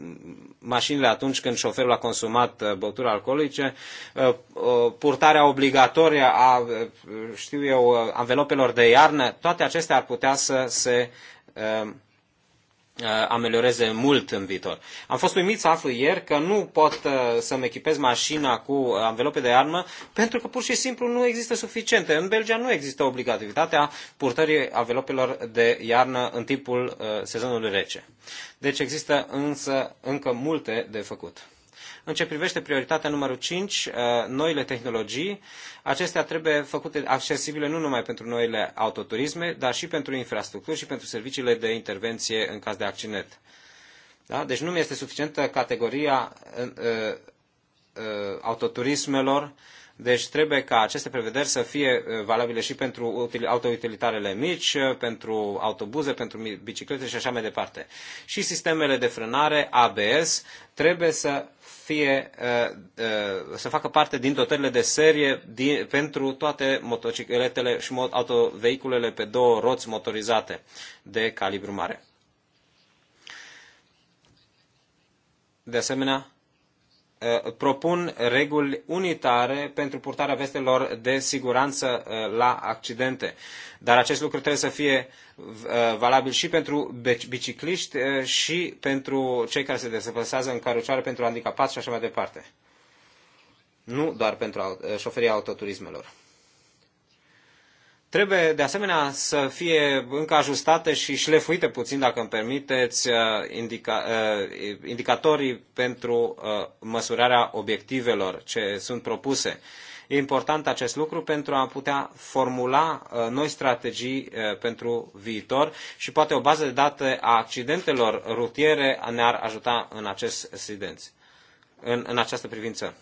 mașinile atunci când șoferul a consumat băuturi alcoolice, purtarea obligatorie a, știu eu, anvelopelor de iarnă, toate acestea ar putea să se Uh, amelioreze mult în viitor. Am fost uimit să aflu ieri că nu pot uh, să-mi echipez mașina cu uh, anvelope de armă pentru că pur și simplu nu există suficiente. În Belgia nu există obligativitatea purtării anvelopelor de iarnă în timpul sezonului rece. Deci există însă încă multe de făcut. În ce privește prioritatea numărul 5, uh, noile tehnologii, acestea trebuie făcute accesibile nu numai pentru noile autoturisme, dar și pentru infrastructuri și pentru serviciile de intervenție în caz de accident. Da? Deci nu mi este suficientă categoria uh, uh, autoturismelor, deci trebuie ca aceste prevederi să fie valabile și pentru autoutilitarele mici, pentru autobuze, pentru biciclete și așa mai departe. Și sistemele de frânare ABS trebuie să fie, să facă parte din dotările de serie din, pentru toate motocicletele și autovehiculele pe două roți motorizate de calibru mare. De asemenea, Eh, propun reguli unitare pentru purtarea vestelor de siguranță eh, la accidente. Dar acest lucru trebuie să fie eh, valabil și pentru bicicliști și pentru cei care se desfășoară în carucioare pentru handicapați și așa mai departe. Nu doar pentru șoferii autoturismelor. Trebuie de asemenea să fie încă ajustate și șlefuite puțin, dacă îmi permiteți, uh, indica, uh, indicatorii pentru uh, măsurarea obiectivelor ce sunt propuse. E important acest lucru pentru a putea formula noi strategii pentru viitor și poate o bază de date a accidentelor rutiere ne-ar ajuta în acest sidenț, în, în această privință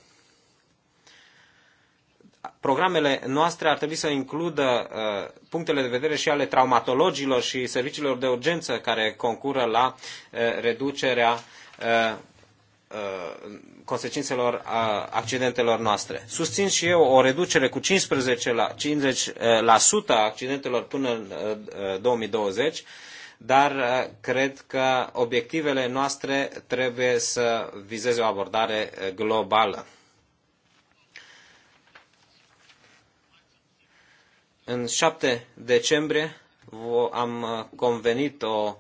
programele noastre ar trebui să includă uh, punctele de vedere și ale traumatologilor și serviciilor de urgență care concură la uh, reducerea uh, consecințelor a accidentelor noastre. Susțin și eu o reducere cu 15 la 50% a accidentelor până în 2020, dar cred că obiectivele noastre trebuie să vizeze o abordare globală. În 7 decembrie am convenit o,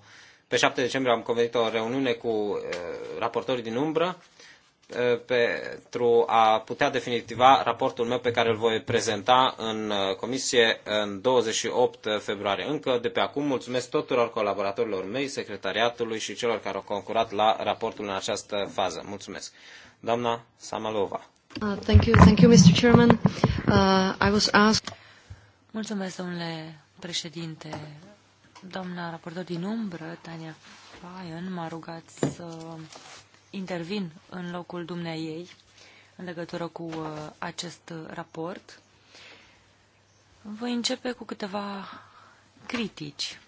pe 7 decembrie am convenit o reuniune cu eh, raportorii din umbră eh, pentru a putea definitiva raportul meu pe care îl voi prezenta în eh, comisie în 28 februarie. Încă de pe acum mulțumesc tuturor colaboratorilor mei, secretariatului și celor care au concurat la raportul în această fază. Mulțumesc. Doamna Samalova. Uh, thank you, thank you, Mr. Chairman. Uh, I was asked... Mulțumesc, domnule președinte. Doamna raportor din umbră, Tania Fayon, m-a rugat să intervin în locul dumneai în legătură cu uh, acest raport. Voi începe cu câteva critici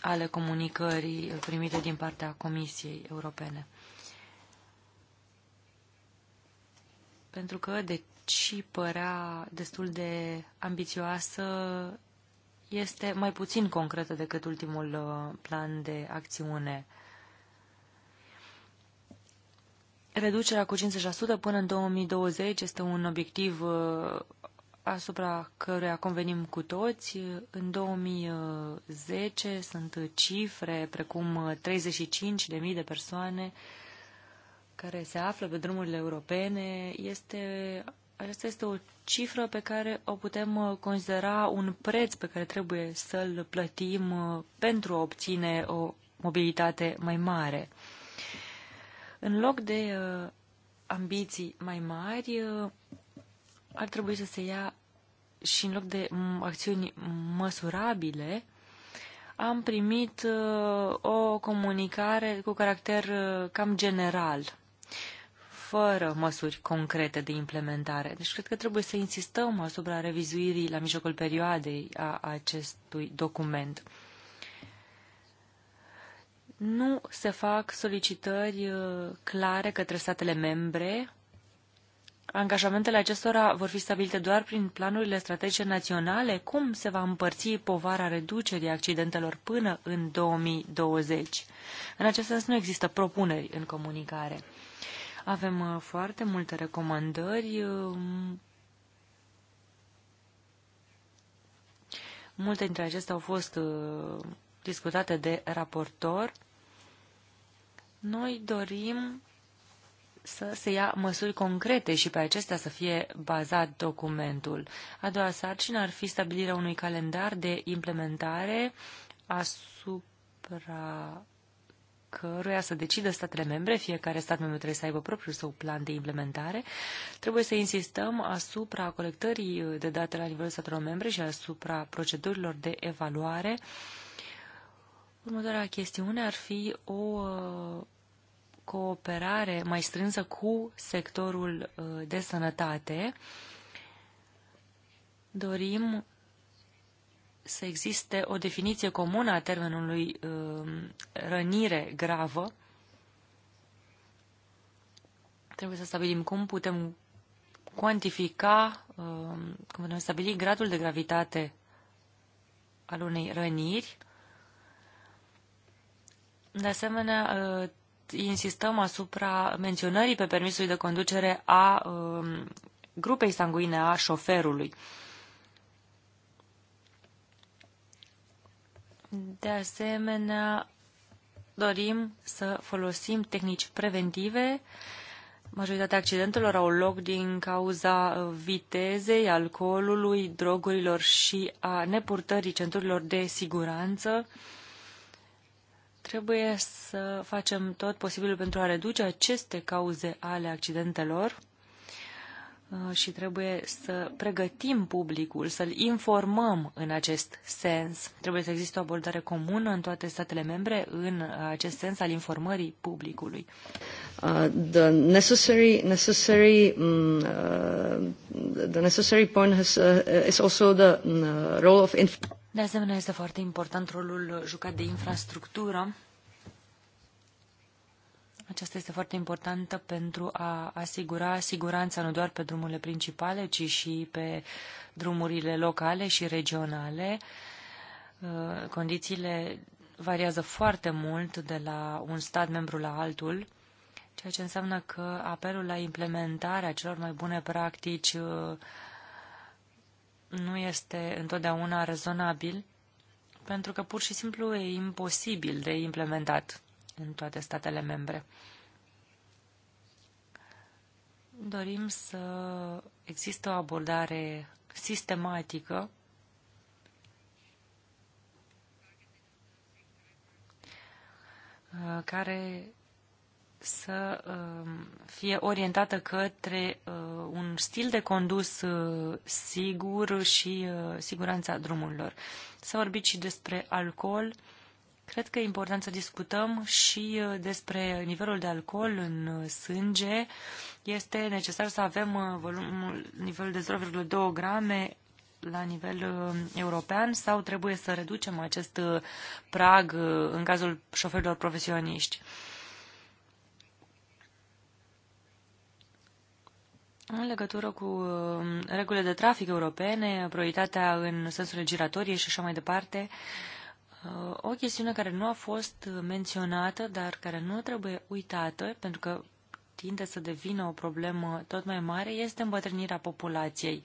ale comunicării primite din partea Comisiei Europene. Pentru că de și părea destul de ambițioasă, este mai puțin concretă decât ultimul uh, plan de acțiune. Reducerea cu 50% până în 2020 este un obiectiv uh, asupra căruia convenim cu toți. În 2010 sunt cifre precum 35.000 de persoane care se află pe drumurile europene. Este aceasta este o cifră pe care o putem uh, considera un preț pe care trebuie să-l plătim uh, pentru a obține o mobilitate mai mare. În loc de uh, ambiții mai mari, ar trebui să se ia și în loc de mm, acțiuni măsurabile, am primit o comunicare cu caracter cam general fără măsuri concrete de implementare. Deci cred că trebuie să insistăm asupra revizuirii la mijlocul perioadei a acestui document. Nu se fac solicitări uh, clare către statele membre. Angajamentele acestora vor fi stabilite doar prin planurile strategice naționale. Cum se va împărți povara reducerii accidentelor până în 2020? În acest sens nu există propuneri în comunicare. Avem uh, foarte multe recomandări, uh, multe dintre acestea au fost uh, discutate de raportor. Noi dorim să se ia măsuri concrete și pe acestea să fie bazat documentul. A doua sarcină ar fi stabilirea unui calendar de implementare asupra căruia să decidă statele membre, fiecare stat membru trebuie să aibă propriul său plan de implementare, trebuie să insistăm asupra colectării de date la nivelul statelor membre și asupra procedurilor de evaluare. Următoarea chestiune ar fi o uh, cooperare mai strânsă cu sectorul uh, de sănătate. Dorim să existe o definiție comună a termenului um, rănire gravă. Trebuie să stabilim cum putem cuantifica, um, cum putem stabili gradul de gravitate al unei răniri. De asemenea, uh, insistăm asupra menționării pe permisul de conducere a um, grupei sanguine a șoferului. De asemenea, dorim să folosim tehnici preventive. Majoritatea accidentelor au loc din cauza uh, vitezei, alcoolului, drogurilor și a nepurtării centurilor de siguranță. Trebuie să facem tot posibilul pentru a reduce aceste cauze ale accidentelor. Uh, și trebuie să pregătim publicul, să-l informăm în acest sens. Trebuie să existe o abordare comună în toate statele membre în acest sens al informării publicului. Uh, the necessary, necessary, um, uh, the necessary point has, uh, is also the mm, uh, role of de asemenea, este foarte important rolul jucat de infrastructură Aceasta este foarte importantă pentru a asigura siguranța nu doar pe drumurile principale, ci și pe drumurile locale și regionale. Uh, condițiile variază foarte mult de la un stat membru la altul, ceea ce înseamnă că apelul la implementarea celor mai bune practici uh, nu este întotdeauna rezonabil, pentru că pur și simplu e imposibil de implementat în toate statele membre. Dorim să există o abordare sistematică uh, care să uh, fie orientată către uh, un stil de condus sigur și siguranța drumurilor. S-a vorbit și despre alcool Cred că e important să discutăm și uh, despre nivelul de alcool în uh, sânge. Este necesar să avem uh, volumul, nivelul de 0,2 grame la nivel european sau trebuie să reducem acest prag în cazul șoferilor profesioniști? În legătură cu regulile de trafic europene, prioritatea în sensul giratorie și așa mai departe, uh, O chestiune care nu a fost uh, menționată, dar care nu trebuie uitată, pentru că tinde să devină o problemă tot mai mare, este îmbătrânirea populației.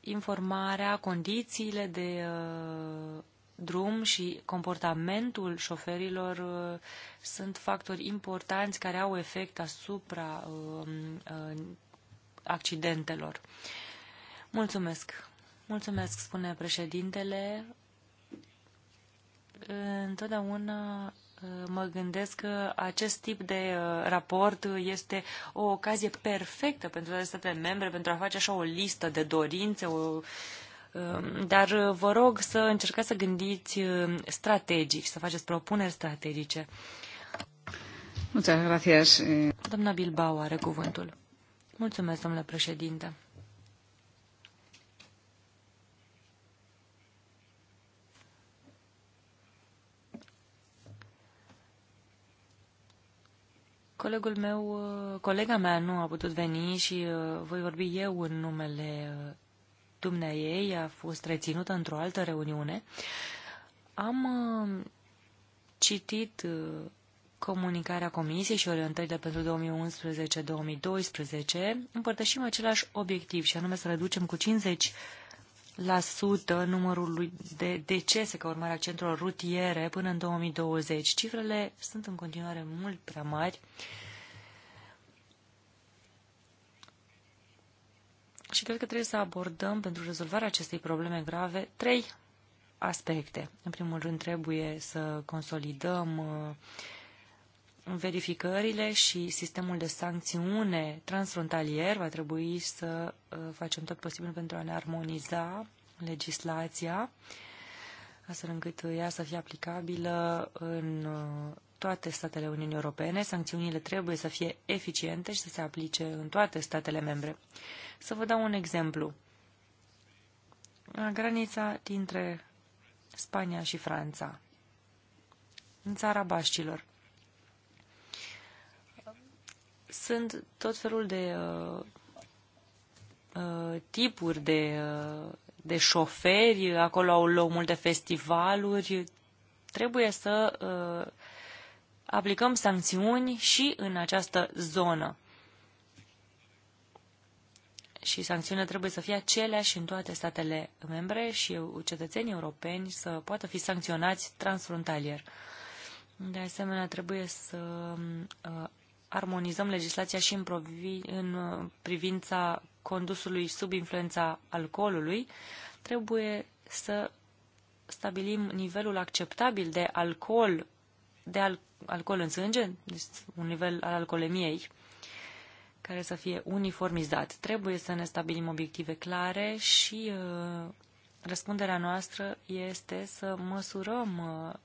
Informarea, condițiile de uh, drum și comportamentul șoferilor uh, sunt factori importanți care au efect asupra accidentelor. Mulțumesc! Mulțumesc, spune președintele. Întotdeauna uh, mă gândesc că acest tip de uh, raport este o ocazie perfectă pentru toate statele membre pentru a face așa o listă de dorințe, o, um, dar uh, vă rog să încercați să gândiți strategic, să faceți propuneri strategice. Muchas gracias. Eh. Doamna Bilbao are cuvântul. Mulțumesc, domnule președinte. Colegul meu, colega mea nu a putut veni și uh, voi vorbi eu în numele uh, dumneaei, a fost reținută într-o altă reuniune. Am uh, citit comunicarea Comisiei și orientările pentru 2011-2012, împărtășim același obiectiv și anume să reducem cu 50 numărului de decese ca urmare a centrelor rutiere până în 2020. Cifrele sunt în continuare mult prea mari. Și cred că trebuie să abordăm pentru rezolvarea acestei probleme grave trei aspecte. În primul rând trebuie să consolidăm uh, verificările și sistemul de sancțiune transfrontalier. Va trebui să uh, facem tot posibil pentru a ne armoniza legislația, astfel încât ea să fie aplicabilă în uh, toate statele Uniunii Europene. Sancțiunile trebuie să fie eficiente și să se aplice în toate statele membre. Să vă dau un exemplu. La granița dintre Spania și Franța, în țara Baștilor, sunt tot felul de uh, uh, tipuri de, uh, de șoferi, acolo au loc multe festivaluri. Trebuie să uh, aplicăm sancțiuni și în această zonă. Și sancțiunile trebuie să fie aceleași în toate statele membre și cetățenii europeni să poată fi sancționați transfrontalier. De asemenea, trebuie să uh, armonizăm legislația și în, în uh, privința condusului sub influența alcoolului, trebuie să stabilim nivelul acceptabil de alcool, de al, alcool în sânge, deci un nivel al alcoolemiei, care să fie uniformizat. Trebuie să ne stabilim obiective clare și uh, răspunderea noastră este să măsurăm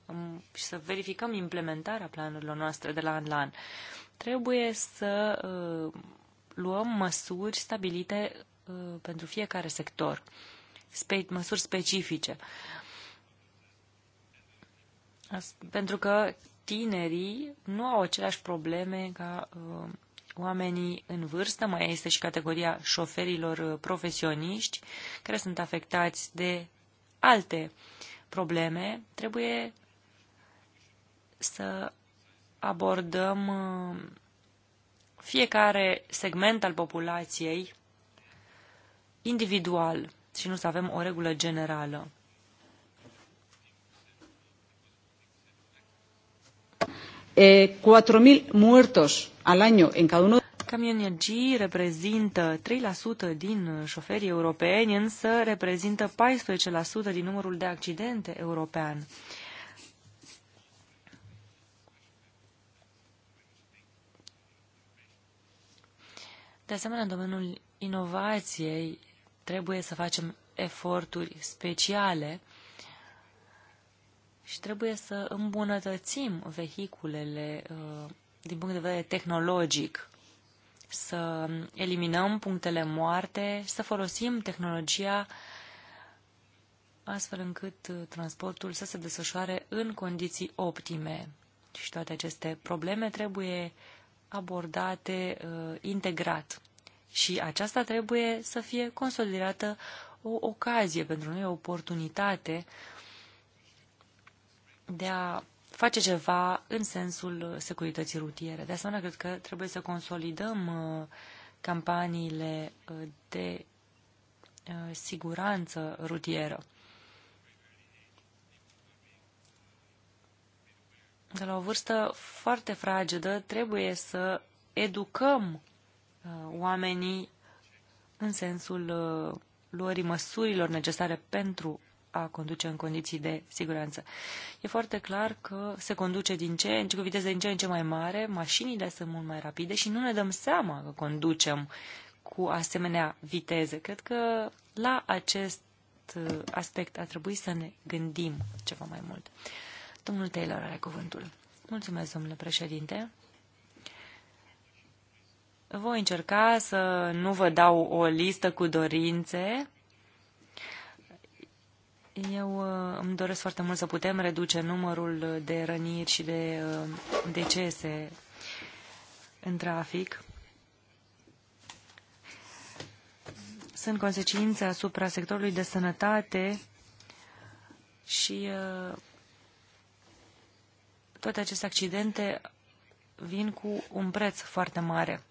uh, și să verificăm implementarea planurilor noastre de la an la an trebuie să uh, luăm măsuri stabilite uh, pentru fiecare sector, spe măsuri specifice. Pentru că tinerii nu au aceleași probleme ca uh, oamenii în vârstă, mai este și categoria șoferilor profesioniști care sunt afectați de alte probleme. Trebuie să abordăm uh, fiecare segment al populației individual și nu să avem o regulă generală. E, 4.000 muertos al año en cada uno Camionergii reprezintă 3% din șoferii europeni, însă reprezintă 14% din numărul de accidente european. De asemenea, în domeniul inovației trebuie să facem eforturi speciale și trebuie să îmbunătățim vehiculele uh, din punct de vedere tehnologic, să eliminăm punctele moarte și să folosim tehnologia astfel încât uh, transportul să se desfășoare în condiții optime. Și toate aceste probleme trebuie abordate uh, integrat. Și aceasta trebuie să fie consolidată o ocazie pentru noi, o oportunitate de a face ceva în sensul securității rutiere. De asemenea, cred că trebuie să consolidăm uh, campaniile uh, de uh, siguranță rutieră. de la o vârstă foarte fragedă, trebuie să educăm uh, oamenii în sensul uh, luării măsurilor necesare pentru a conduce în condiții de siguranță. E foarte clar că se conduce din ce, în ce, cu viteză din ce în ce mai mare, mașinile sunt mult mai rapide și nu ne dăm seama că conducem cu asemenea viteze. Cred că la acest uh, aspect ar trebui să ne gândim ceva mai mult. Domnul Taylor are cuvântul. Mulțumesc, domnule președinte. Voi încerca să nu vă dau o listă cu dorințe. Eu uh, îmi doresc foarte mult să putem reduce numărul de răniri și de uh, decese în trafic. Sunt consecințe asupra sectorului de sănătate și uh, toate aceste accidente vin cu un preț foarte mare.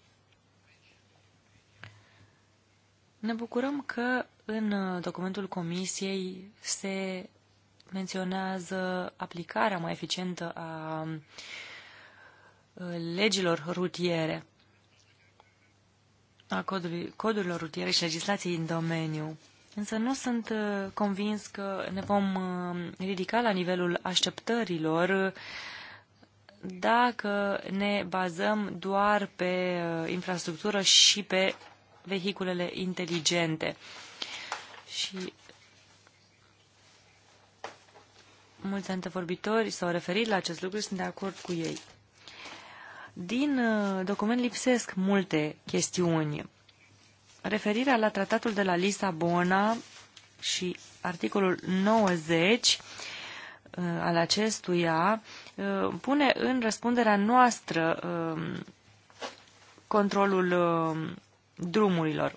Ne bucurăm că în documentul comisiei se menționează aplicarea mai eficientă a legilor rutiere, a codurilor rutiere și legislației în domeniu. Însă nu sunt uh, convins că ne vom uh, ridica la nivelul așteptărilor uh, dacă ne bazăm doar pe uh, infrastructură și pe vehiculele inteligente. Și mulți antevorbitori s-au referit la acest lucru, și sunt de acord cu ei. Din uh, document lipsesc multe chestiuni. Referirea la tratatul de la Lisabona și articolul 90 uh, al acestuia Uh, pune în răspunderea noastră um, controlul um, drumurilor.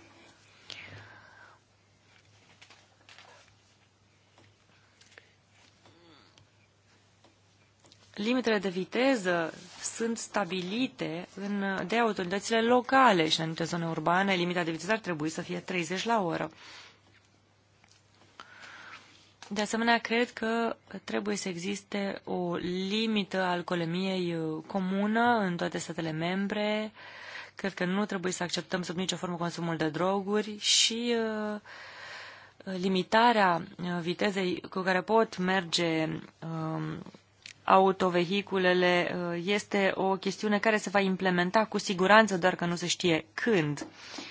Limitele de viteză sunt stabilite în, de autoritățile locale și în anumite zone urbane limita de viteză ar trebui să fie 30 la oră. Uh, De asemenea, cred că trebuie să existe o limită al colemiei uh, comună în toate statele membre. Cred că nu trebuie să acceptăm sub nicio formă consumul de droguri și uh, limitarea uh, vitezei cu care pot merge uh, autovehiculele uh, este o chestiune care se va implementa cu siguranță, doar că nu se știe când. Uh,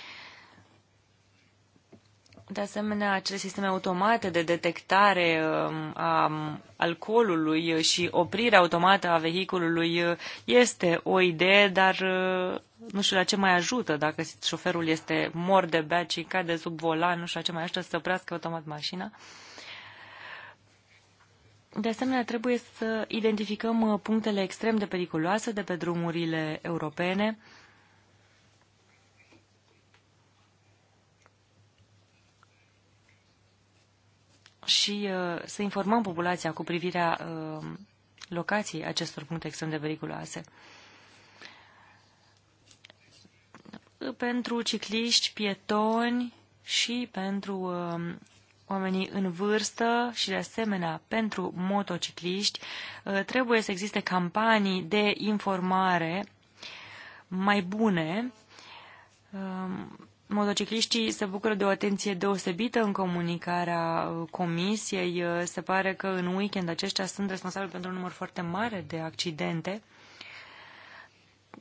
De asemenea, acele sisteme automate de detectare um, a um, alcoolului și oprirea automată a vehiculului este o idee, dar uh, nu știu la ce mai ajută dacă șoferul este mor de beat și cade sub volan, nu știu la ce mai ajută să oprească automat mașina. De asemenea, trebuie să identificăm uh, punctele extrem de periculoase de pe drumurile europene, și uh, să informăm populația cu privirea uh, locației acestor puncte extrem de periculoase. Pentru cicliști, pietoni și pentru uh, oamenii în vârstă și, de asemenea, pentru motocicliști, uh, trebuie să existe campanii de informare mai bune uh, motocicliștii se bucură de o atenție deosebită în comunicarea uh, comisiei. Uh, se pare că în weekend aceștia sunt responsabili pentru un număr foarte mare de accidente.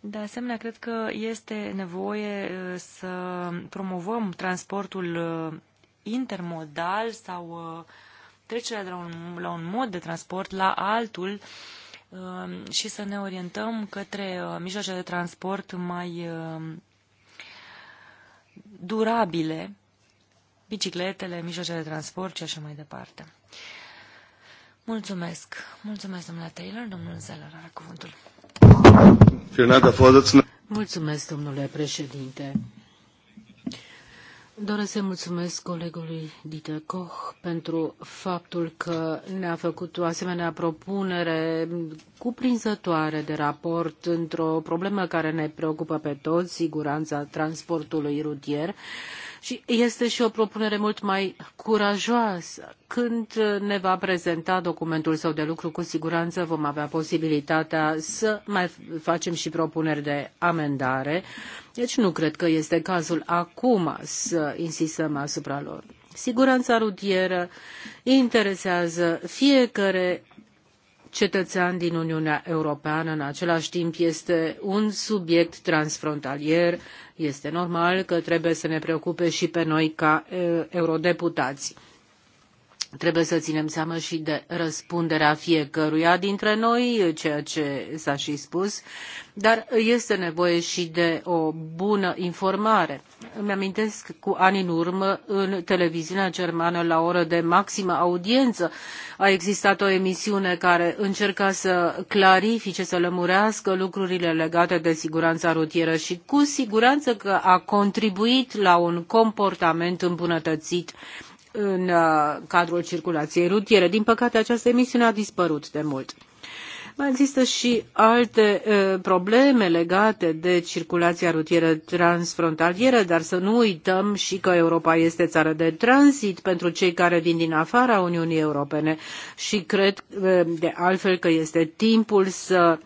De asemenea, cred că este nevoie uh, să promovăm transportul intermodal sau trecerea de la un, la un mod de transport la altul și să ne orientăm către mijloace de transport mai durabile, bicicletele, mijloacele de transport și așa mai departe. Mulțumesc. Mulțumesc, domnule Taylor. Domnul Zeller are cuvântul. Mulțumesc, domnule președinte. Doresc să mulțumesc colegului Dieter Koch pentru faptul că ne-a făcut o asemenea propunere cuprinzătoare de raport într-o problemă care ne preocupă pe toți, siguranța transportului rutier și este și o propunere mult mai curajoasă. Când ne va prezenta documentul său de lucru, cu siguranță vom avea posibilitatea să mai facem și propuneri de amendare. Deci nu cred că este cazul acum să insistăm asupra lor. Siguranța rutieră interesează fiecare cetățean din Uniunea Europeană. În același timp este un subiect transfrontalier. Este normal că trebuie să ne preocupe și pe noi ca e, eurodeputați. Trebuie să ținem seama și de răspunderea fiecăruia dintre noi, ceea ce s-a și spus, dar este nevoie și de o bună informare. Îmi amintesc cu ani în urmă, în televiziunea germană, la oră de maximă audiență, a existat o emisiune care încerca să clarifice, să lămurească lucrurile legate de siguranța rutieră și cu siguranță că a contribuit la un comportament îmbunătățit în uh, cadrul circulației rutiere. Din păcate, această emisiune a dispărut de mult. Mai există și alte uh, probleme legate de circulația rutieră transfrontalieră, dar să nu uităm și că Europa este țară de tranzit pentru cei care vin din afara Uniunii Europene și cred uh, de altfel că este timpul să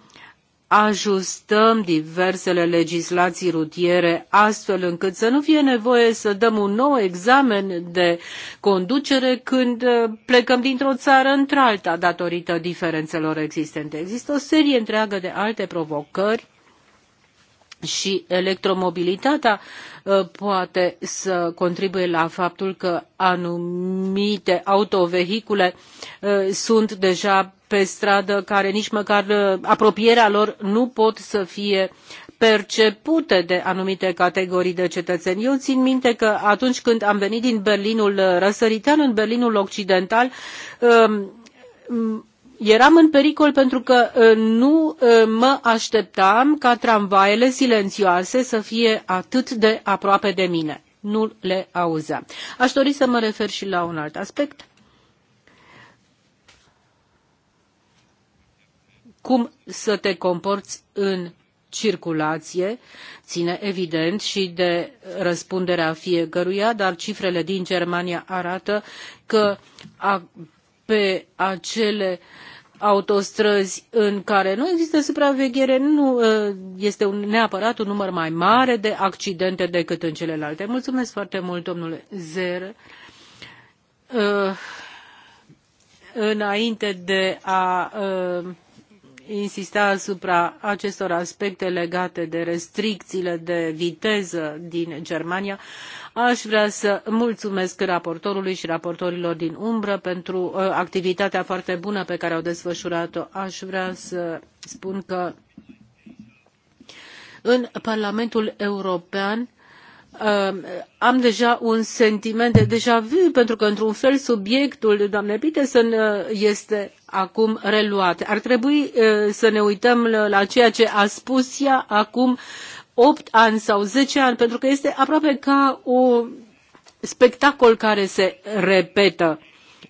ajustăm diversele legislații rutiere astfel încât să nu fie nevoie să dăm un nou examen de conducere când uh, plecăm dintr-o țară într-alta datorită diferențelor existente. Există o serie întreagă de alte provocări și electromobilitatea uh, poate să contribuie la faptul că anumite autovehicule uh, sunt deja pe stradă care nici măcar uh, apropierea lor nu pot să fie percepute de anumite categorii de cetățeni. Eu țin minte că atunci când am venit din Berlinul răsăritean în Berlinul Occidental, um, eram în pericol pentru că uh, nu uh, mă așteptam ca tramvaiele silențioase să fie atât de aproape de mine. Nu le auzeam. Aș dori să mă refer și la un alt aspect. Cum să te comporți în circulație ține evident și de răspunderea fiecăruia, dar cifrele din Germania arată că a, pe acele autostrăzi în care nu există supraveghere, nu este un, neapărat un număr mai mare de accidente decât în celelalte. Mulțumesc foarte mult, domnule Zer. Înainte de a insista asupra acestor aspecte legate de restricțiile de viteză din Germania, Aș vrea să mulțumesc raportorului și raportorilor din umbră pentru uh, activitatea foarte bună pe care au desfășurat-o. Aș vrea să spun că în Parlamentul European uh, am deja un sentiment de deja vu, pentru că, într-un fel, subiectul doamnei Peterson uh, este acum reluat. Ar trebui să ne uităm la ceea ce a spus ea acum 8 ani sau 10 ani, pentru că este aproape ca un spectacol care se repetă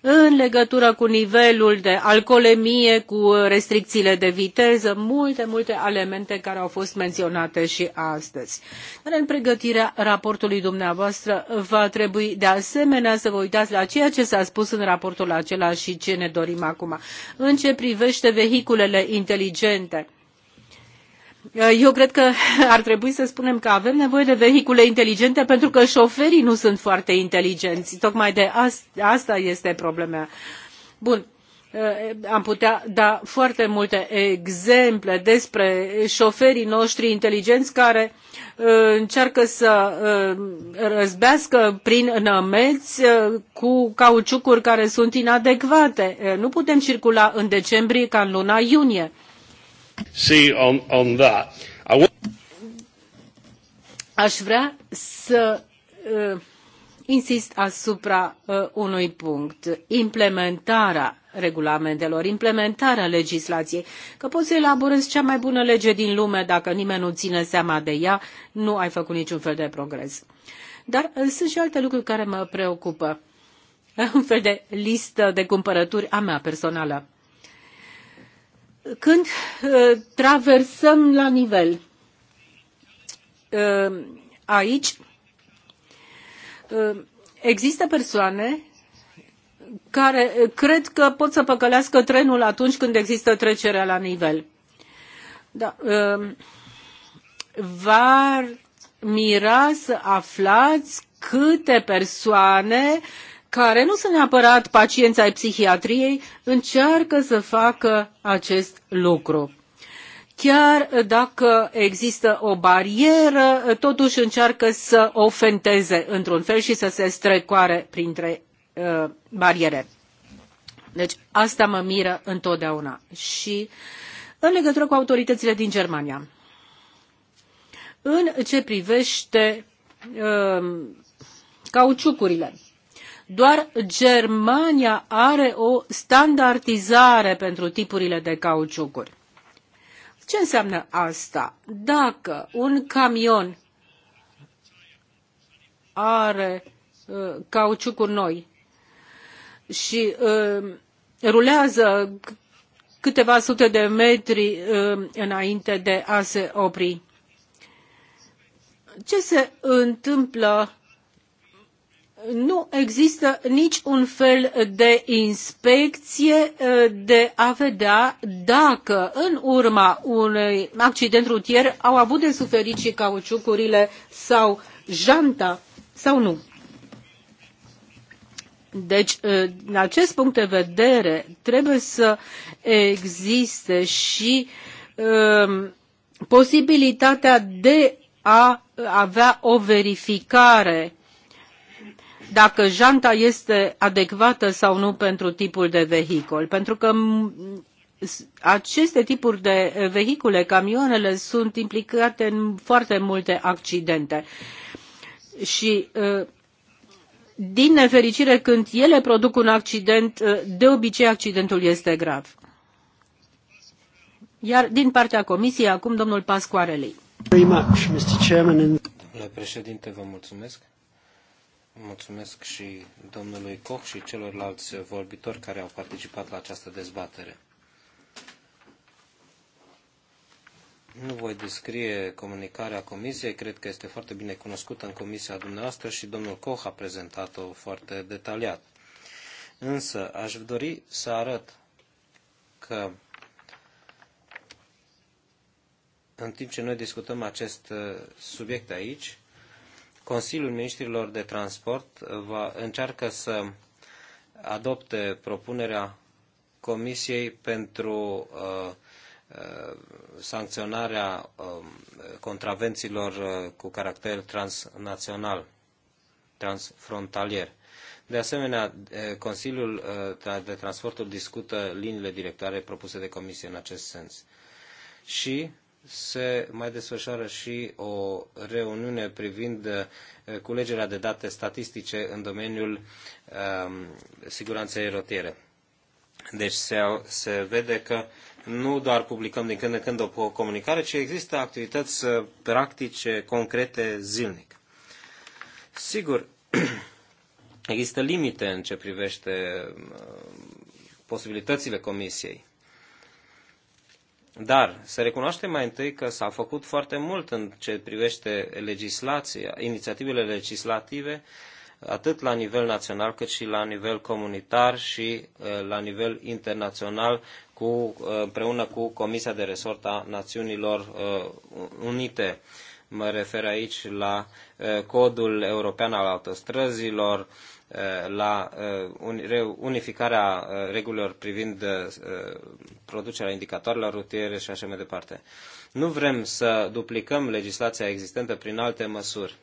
în legătură cu nivelul de alcoolemie, cu restricțiile de viteză, multe, multe elemente care au fost menționate și astăzi. Dar în pregătirea raportului dumneavoastră va trebui de asemenea să vă uitați la ceea ce s-a spus în raportul acela și ce ne dorim acum. În ce privește vehiculele inteligente, Eh, eu cred că [laughs] ar trebui să spunem că avem nevoie de vehicule inteligente pentru că șoferii nu sunt foarte inteligenți. Tocmai de asta este problema. Bun, eh, am putea da foarte multe exemple despre șoferii noștri inteligenți care eh, încearcă să răzbească prin nămeți cu cauciucuri care sunt inadecvate. Nu putem circula în decembrie ca în luna iunie See on, on that. I Aș vrea să uh, insist asupra uh, unui punct. Implementarea regulamentelor, implementarea legislației. Că poți să elaborezi cea mai bună lege din lume, dacă nimeni nu ține seama de ea, nu ai făcut niciun fel de progres. Dar uh, sunt și alte lucruri care mă preocupă. [laughs] Un fel de listă de cumpărături a mea personală când e, traversăm la nivel e, aici e, există persoane care cred că pot să păcălească trenul atunci când există trecerea la nivel. Da, v-ar mira să aflați câte persoane uh, care nu sunt neapărat pacienți ai psihiatriei, încearcă să facă acest lucru. Chiar dacă există o barieră, totuși încearcă să o fenteze într-un fel și să se strecoare printre uh, bariere. Deci asta mă miră întotdeauna. Și în legătură cu autoritățile din Germania, în ce privește uh, cauciucurile, Doar Germania are o standardizare pentru tipurile de cauciucuri. Ce înseamnă asta? Dacă un camion are uh, cauciucuri noi și uh, rulează câteva sute de metri uh, înainte de a se opri. Ce se întâmplă nu există nici un fel de inspecție uh, de a vedea dacă în urma unui accident rutier au avut de suferit și cauciucurile sau janta sau nu. Deci, uh, din acest punct de vedere, trebuie să existe și um, posibilitatea de a avea o verificare dacă janta este adecvată sau nu pentru tipul de vehicul. Pentru că aceste tipuri de vehicule, camioanele, sunt implicate în foarte multe accidente. Și e, din nefericire, când ele produc un accident, e, de obicei accidentul este grav. Iar din partea Comisiei, acum domnul Pascoarelei. Domnule președinte, vă mulțumesc. Mulțumesc și domnului Koch și celorlalți vorbitori care au participat la această dezbatere. Nu voi descrie comunicarea comisiei, cred că este foarte bine cunoscută în comisia dumneavoastră și domnul Koch a prezentat-o foarte detaliat. Însă aș dori să arăt că în timp ce noi discutăm acest subiect aici, Consiliul Ministrilor de Transport uh, va încearcă să adopte propunerea Comisiei pentru uh, uh, sancționarea um, uh, contravențiilor cu caracter transnațional, transfrontalier. De asemenea, uh, Consiliul uh, de Transporturi discută liniile directoare propuse de Comisie în acest sens. Și se mai desfășoară și o reuniune privind eh, culegerea de date statistice în domeniul um, siguranței rotiere. Deci se, se vede că nu doar publicăm din când în când o comunicare, ci există activități eh, practice, concrete, zilnic. Sigur, [clears throat] există limite în ce privește eh, posibilitățile comisiei Dar să recunoaștem mai întâi că s-a făcut foarte mult în ce privește legislația, inițiativele legislative, atât la nivel național cât și la nivel comunitar și uh, la nivel internațional cu, uh, împreună cu Comisia de Resort a Națiunilor uh, Unite. Mă refer aici la Codul European al Autostrăzilor, Eh, la eh, unificarea eh, regulilor privind producerea indicatoarelor rutiere și așa mai departe. Nu vrem să duplicăm legislația existentă prin alte măsuri.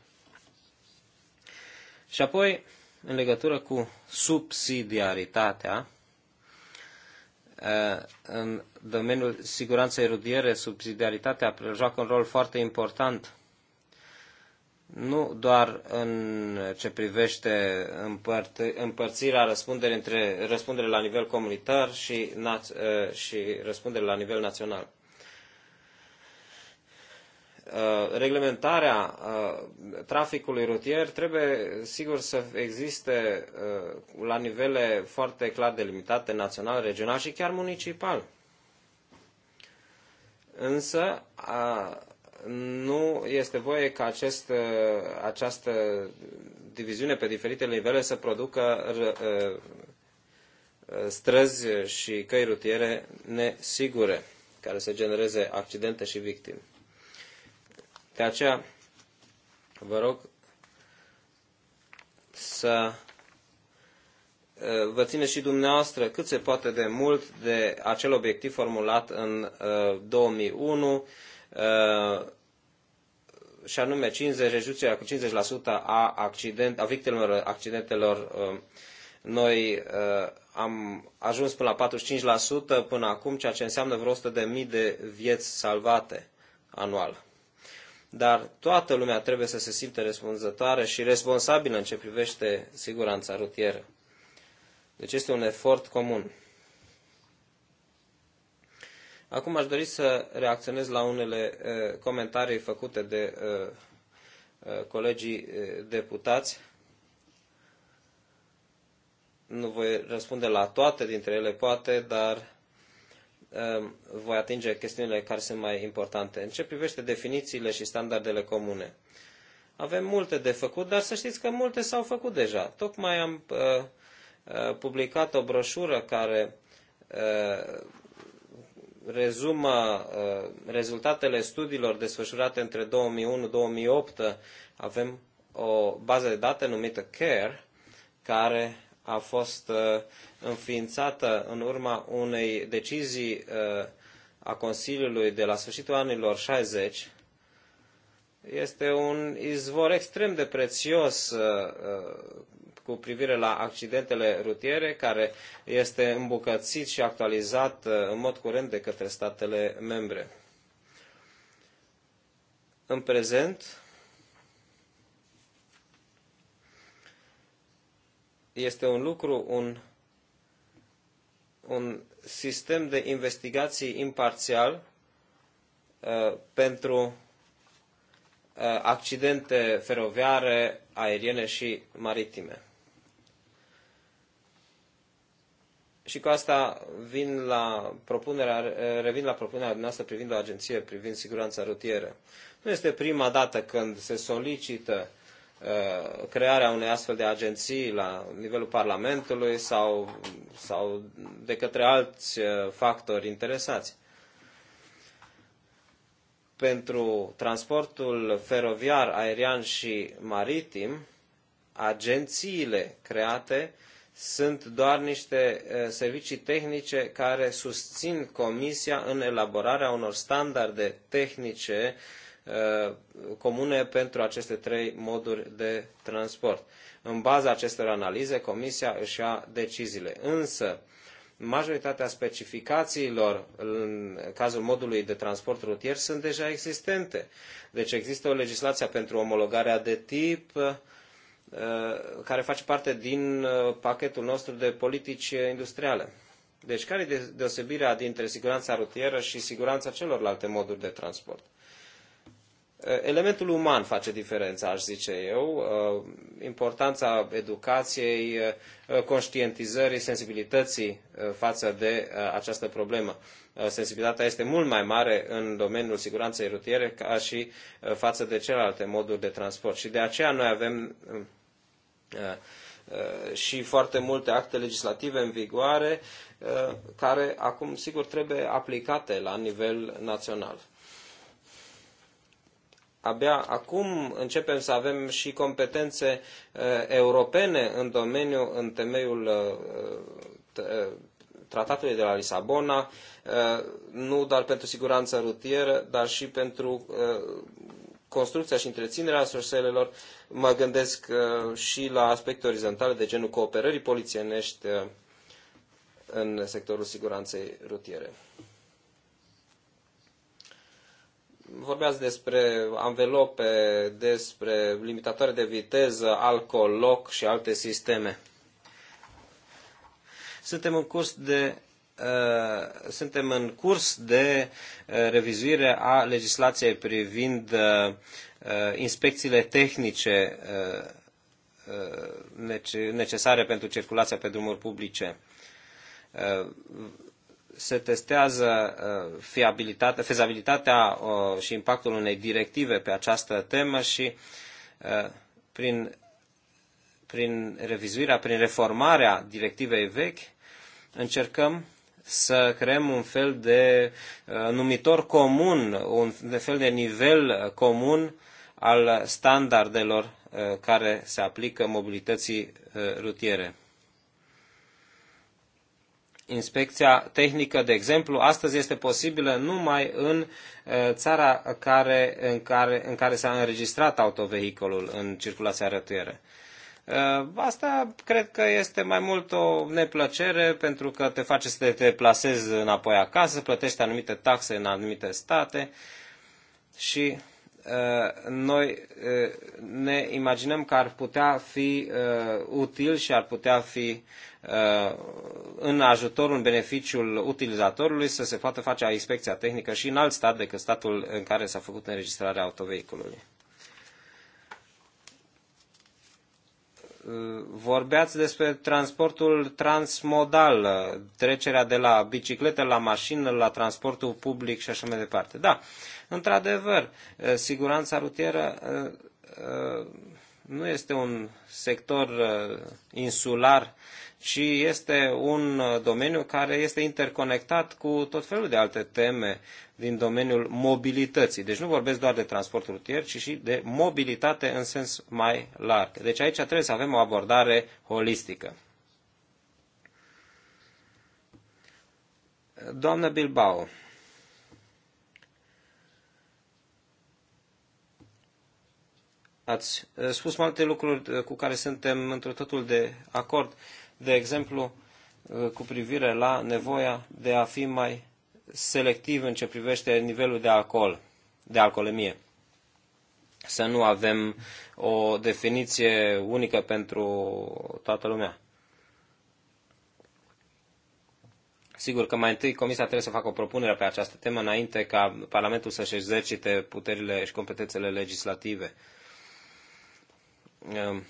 Și apoi, în legătură cu subsidiaritatea, în domeniul siguranței rutiere, subsidiaritatea joacă un rol foarte important nu doar în ce privește împărțirea răspunderii între răspundere la nivel comunitar și, e, și răspundere la nivel național. E, reglementarea e, traficului rutier trebuie, sigur, să existe la nivele foarte clar delimitate, național, regional și chiar municipal. Însă, nu este voie ca acest, uh, această diviziune pe diferite nivele să producă uh, uh, străzi și căi rutiere nesigure, care să genereze accidente și victime. De aceea, vă rog să vă țineți și dumneavoastră cât se poate de mult de acel obiectiv formulat în 2001, Uh, și anume 50, reducerea cu 50% a, accident, a victimelor accidentelor. Um, noi uh, am ajuns până la 45% până acum, ceea ce înseamnă vreo 100.000 de de vieți salvate anual. Dar toată lumea trebuie să se simte răspunzătoare și responsabilă în ce privește siguranța rutieră. Deci este un efort comun. Acum aș dori să reacționez la unele e, comentarii făcute de e, e, colegii deputați. Nu voi răspunde la toate dintre ele, poate, dar voi atinge chestiunile care sunt mai importante. În ce privește definițiile și standardele comune? Avem multe de făcut, dar să știți că multe s-au făcut deja. Tocmai am publicat o broșură care rezumă uh, rezultatele studiilor desfășurate între 2001-2008, avem o bază de date numită CARE, care a fost uh, înființată în urma unei decizii uh, a Consiliului de la sfârșitul anilor 60. Este un izvor extrem de prețios cu privire la accidentele rutiere, care este îmbucățit și actualizat uh, în mod curent de către statele membre. În prezent, este un lucru, un, un sistem de investigații imparțial uh, pentru uh, accidente feroviare, aeriene și maritime. și cu asta vin la propunerea, revin la propunerea noastră privind o agenție, privind siguranța rutieră. Nu este prima dată când se solicită uh, crearea unei astfel de agenții la nivelul Parlamentului sau, sau de către alți uh, factori interesați. Pentru transportul feroviar, aerian și maritim, agențiile create uh, sunt doar niște e, servicii tehnice care susțin Comisia în elaborarea unor standarde tehnice e, comune pentru aceste trei moduri de transport. În baza acestor analize, Comisia își ia deciziile. Însă, majoritatea specificațiilor în cazul modului de transport rutier sunt deja existente. Deci există o legislație pentru omologarea de tip, Uh, care face parte din uh, pachetul nostru de politici industriale. Deci, care e deosebirea dintre siguranța rutieră și siguranța celorlalte moduri de transport? Uh, elementul uman face diferența, aș zice eu, importanța educației, conștientizării, sensibilității față de această problemă. Sensibilitatea este mult mai mare în domeniul siguranței rutiere ca și față de celelalte moduri de transport. Și de aceea noi avem Eh, eh, și foarte multe acte legislative în vigoare eh, care acum sigur trebuie aplicate la nivel național. Abia acum începem să avem și competențe europene în domeniu, în temeiul tratatului de la Lisabona, nu doar pentru siguranță rutieră, dar și pentru construcția și întreținerea resurselor, mă gândesc uh, și la aspecte orizontale de genul cooperării polițienești uh, în sectorul siguranței rutiere. Vorbeați despre anvelope, despre limitatoare de viteză, alcool, loc și alte sisteme. Suntem în curs de Uh, suntem în curs de uh, revizuire a legislației privind uh, inspecțiile tehnice necesare pentru circulația pe drumuri publice. Se testează fiabilitatea, fezabilitatea și impactul unei directive pe această temă și prin, prin revizuirea, prin reformarea directivei vechi, încercăm să creăm un fel de uh, numitor comun, un fel de nivel uh, comun al standardelor uh, care se aplică mobilității rutiere. Inspecția tehnică, de exemplu, astăzi este posibilă numai în țara care, în, care, în care s-a înregistrat autovehicolul în circulația rutieră. Eh, asta cred că este mai mult o neplăcere pentru că te face să te plasezi înapoi acasă, plătești anumite taxe în anumite state și eh, noi eh, ne imaginăm că ar putea fi util și ar putea fi în ajutorul, în beneficiul utilizatorului să se poată face inspecția tehnică și în alt stat decât statul în care s-a făcut înregistrarea autovehiculului. Uh, vorbeați despre transportul transmodal, uh, trecerea de la bicicletă la mașină, la transportul public și așa mai departe. Da, într-adevăr, uh, siguranța rutieră nu este un sector insular și este un domeniu care este interconectat cu tot felul de alte teme din domeniul mobilității. Deci nu vorbesc doar de transport rutier, ci și de mobilitate în sens mai larg. Deci aici trebuie să avem o abordare holistică. Doamnă Bilbao, ați spus multe lucruri cu care suntem într o totul de acord. Uh, de exemplu, uh, cu privire la nevoia de a fi mai selectiv în ce privește nivelul de alcool, de alcoolemie. Să nu avem o definiție unică pentru toată lumea. Sigur că mai întâi Comisia trebuie să facă o propunere pe această temă înainte ca Parlamentul să-și exercite puterile și competențele legislative um,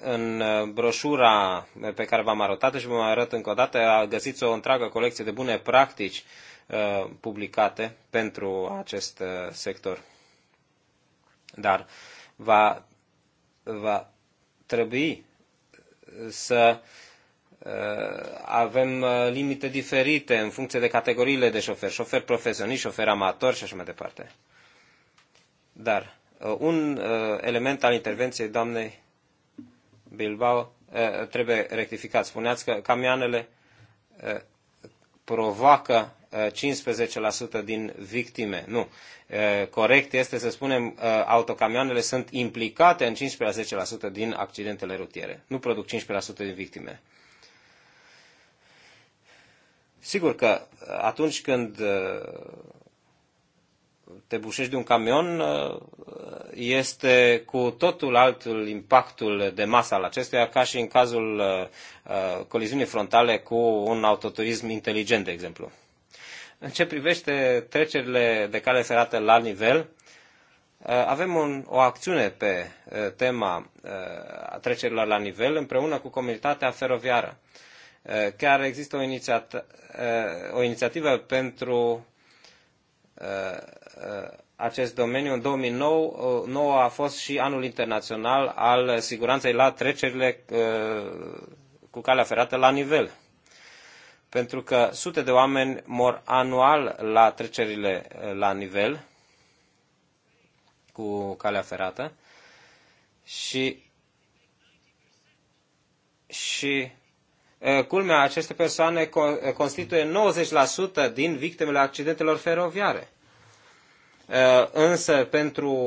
în uh, broșura pe care v-am arătat-o și vă mai arăt încă o dată, găsiți o întreagă colecție de bune practici uh, publicate pentru acest uh, sector. Dar va, va trebui să avem limite diferite în funcție de categoriile de șofer, șofer profesionist, șofer amator și așa mai departe. Dar un element al intervenției doamnei Bilbao, eh, trebuie rectificat. Spuneați că camioanele eh, provoacă 15% eh, din victime. Nu. Corect este să spunem autocamioanele sunt implicate în 15% din accidentele rutiere. Nu produc 15% din victime. Sigur că atunci când te bușești de un camion, uh, este cu totul altul impactul de masă al acestuia, ca și în cazul uh, uh, coliziunii frontale cu un autoturism inteligent, de exemplu. În ce privește trecerile de cale ferată la nivel, avem un, o acțiune pe tema trecerilor la nivel împreună cu comunitatea feroviară. Chiar există o, inițiat, o inițiativă pentru Uh, uh, acest domeniu. În 2009 uh, a fost și anul internațional al siguranței la trecerile cu calea ferată la nivel. Pentru că sute de oameni mor anual la trecerile la nivel cu calea ferată și și Eh, culmea, aceste persoane eh, constituie 90% din victimele accidentelor feroviare. Eh, însă pentru,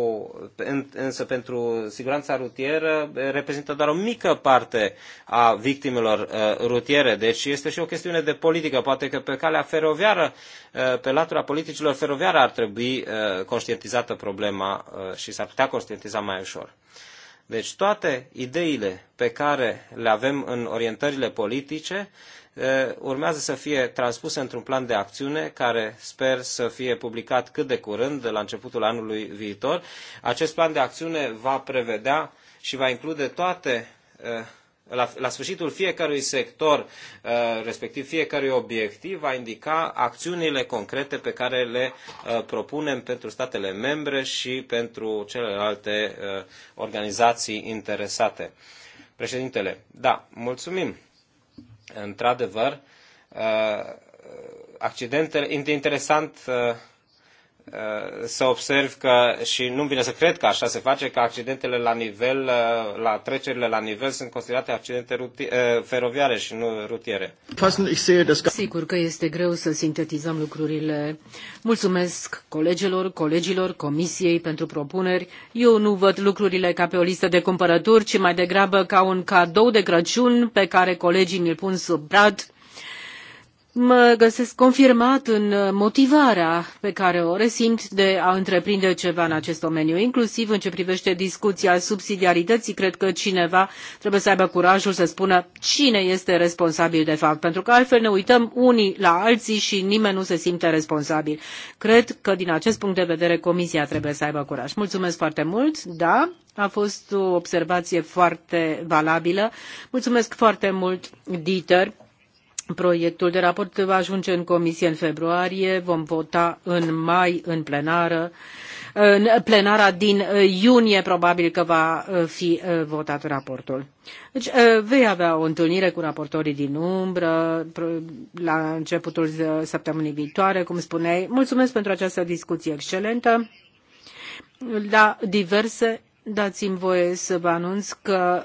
însă pentru siguranța rutieră reprezintă doar o mică parte a victimelor rutiere. Deci este și o chestiune de politică. Poate că pe calea feroviară, pe latura politicilor feroviare ar trebui conștientizată problema și s-ar putea conștientiza mai ușor. Deci toate ideile pe care le avem în orientările politice e, urmează să fie transpuse într-un plan de acțiune care sper să fie publicat cât de curând, de la începutul anului viitor. Acest plan de acțiune va prevedea și va include toate e, la, la sfârșitul fiecărui sector, uh, respectiv fiecărui obiectiv, va indica acțiunile concrete pe care le uh, propunem pentru statele membre și pentru celelalte uh, organizații interesate. Președintele, da, mulțumim. Într-adevăr, accidentele, interesant Eh, să observ că, și nu vine să cred că așa se face, că accidentele la nivel, eh, la trecerile la nivel sunt considerate accidente ruti- eh, feroviare și nu rutiere. Sigur că este greu să sintetizăm lucrurile. Mulțumesc colegilor, colegilor, comisiei pentru propuneri. Eu nu văd lucrurile ca pe o listă de cumpărături, ci mai degrabă ca un cadou de Crăciun pe care colegii mi-l pun sub brad mă găsesc confirmat în motivarea pe care o resimt de a întreprinde ceva în acest domeniu, inclusiv în ce privește discuția subsidiarității. Cred că cineva trebuie să aibă curajul să spună cine este responsabil de fapt, pentru că altfel ne uităm unii la alții și nimeni nu se simte responsabil. Cred că din acest punct de vedere Comisia trebuie să aibă curaj. Mulțumesc foarte mult, da, a fost o observație foarte valabilă. Mulțumesc foarte mult, Dieter Proiectul de raport va ajunge în comisie în februarie, vom vota în mai în plenară. În plenara din uh, iunie probabil că va uh, fi uh, votat raportul. Deci vei avea o întâlnire cu raportorii din umbră la începutul săptămânii viitoare, cum spuneai. Mulțumesc pentru această discuție excelentă. La diverse dați-mi voie să vă anunț că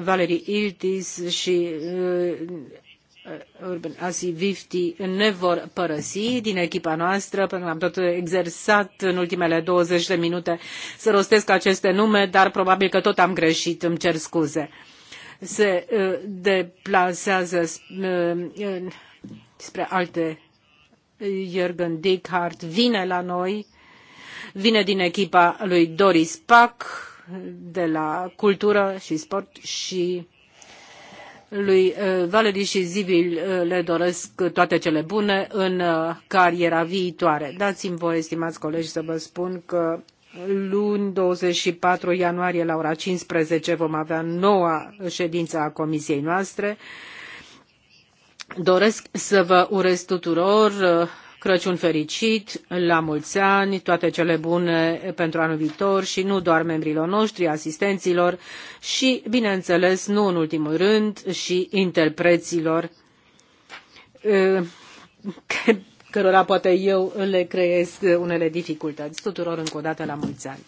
Valerie Iltis și Eh, Urban Asivifti eh, ne vor părăsi din echipa noastră, pentru că am tot exersat în ultimele 20 de minute să rostesc aceste nume, dar probabil că tot am greșit, îmi cer scuze. Se eh, deplasează spre alte Jürgen Dickhardt vine la noi, vine din echipa lui Doris Pack de la Cultură și Sport și lui eh, Valerii și Zivil eh, le doresc toate cele bune în eh, cariera viitoare. Dați-mi voie, estimați colegi, să vă spun că luni 24 ianuarie la ora 15 vom avea noua ședință a comisiei noastre. Doresc să vă urez tuturor Crăciun fericit, la mulți ani, toate cele bune pentru anul viitor și nu doar membrilor noștri, asistenților și, bineînțeles, nu în ultimul rând, și interpreților e, cărora poate eu le creez unele dificultăți. Tuturor încă o dată la mulți ani!